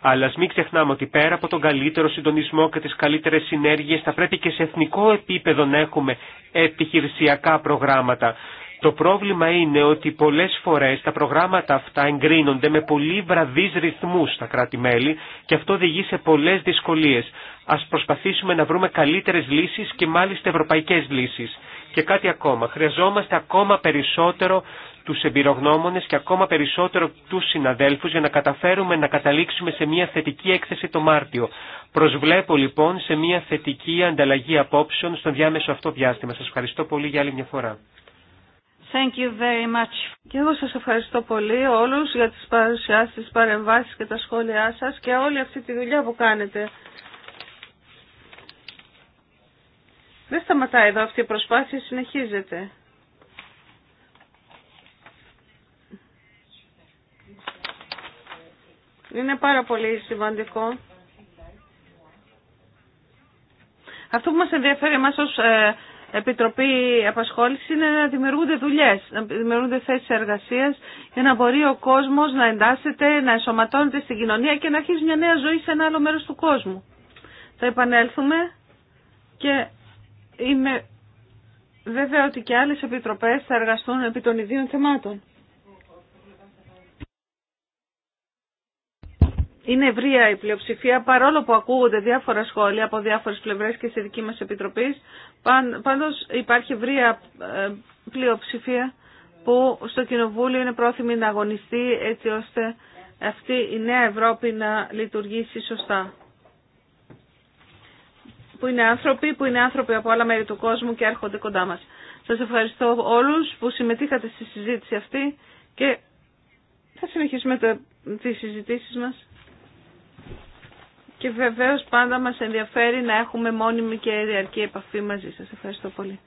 Αλλά μην ξεχνάμε ότι πέρα από τον καλύτερο συντονισμό και τις καλύτερες συνέργειες θα πρέπει και σε εθνικό επίπεδο να έχουμε επιχειρησιακά προγράμματα. Το πρόβλημα είναι ότι πολλές φορές τα προγράμματα αυτά εγκρίνονται με πολύ βραδείς ρυθμούς στα κράτη-μέλη και αυτό οδηγεί σε πολλές δυσκολίες. Ας προσπαθήσουμε να βρούμε καλύτερες λύσεις και μάλιστα ευρωπαϊκές λύσεις. Και κάτι ακόμα, χρειαζόμαστε ακόμα περισσότερο τους εμπειρογνώμονες και ακόμα περισσότερο τους συναδέλφους για να καταφέρουμε να καταλήξουμε σε μια θετική έκθεση το Μάρτιο. Προσβλέπω λοιπόν σε μια θετική ανταλλαγή απόψεων στον διάμεσο αυτό διάστημα. Σας ευχαριστώ πολύ για άλλη μια φορά. Thank you very much. Και εγώ σας ευχαριστώ πολύ όλους για τις παρουσιάσεις, τις παρεμβάσεις και τα σχόλιά σας και όλη αυτή τη δουλειά που κάνετε. Δεν σταματάει εδώ αυτή η προσπάθεια, συνεχίζεται. Είναι πάρα πολύ σημαντικό. Αυτό που μας ενδιαφέρει εμάς ως ε, Επιτροπή Απασχόληση είναι να δημιουργούνται δουλειέ, να δημιουργούνται θέσει εργασία για να μπορεί ο κόσμο να εντάσσεται, να ενσωματώνεται στην κοινωνία και να αρχίζει μια νέα ζωή σε ένα άλλο μέρο του κόσμου. Θα επανέλθουμε και είμαι βέβαια ότι και άλλε επιτροπές θα εργαστούν επί των ιδίων θεμάτων. είναι ευρεία η πλειοψηφία, παρόλο που ακούγονται διάφορα σχόλια από διάφορες πλευρές και στη δική μας επιτροπή, πάντως υπάρχει ευρεία ε, πλειοψηφία που στο Κοινοβούλιο είναι πρόθυμη να αγωνιστεί έτσι ώστε αυτή η νέα Ευρώπη να λειτουργήσει σωστά. Που είναι άνθρωποι, που είναι άνθρωποι από άλλα μέρη του κόσμου και έρχονται κοντά μας. Σας ευχαριστώ όλους που συμμετείχατε στη συζήτηση αυτή και θα συνεχίσουμε τις συζητήσεις μας και βεβαίως πάντα μας ενδιαφέρει να έχουμε μόνιμη και διαρκή επαφή μαζί σας. Ευχαριστώ πολύ.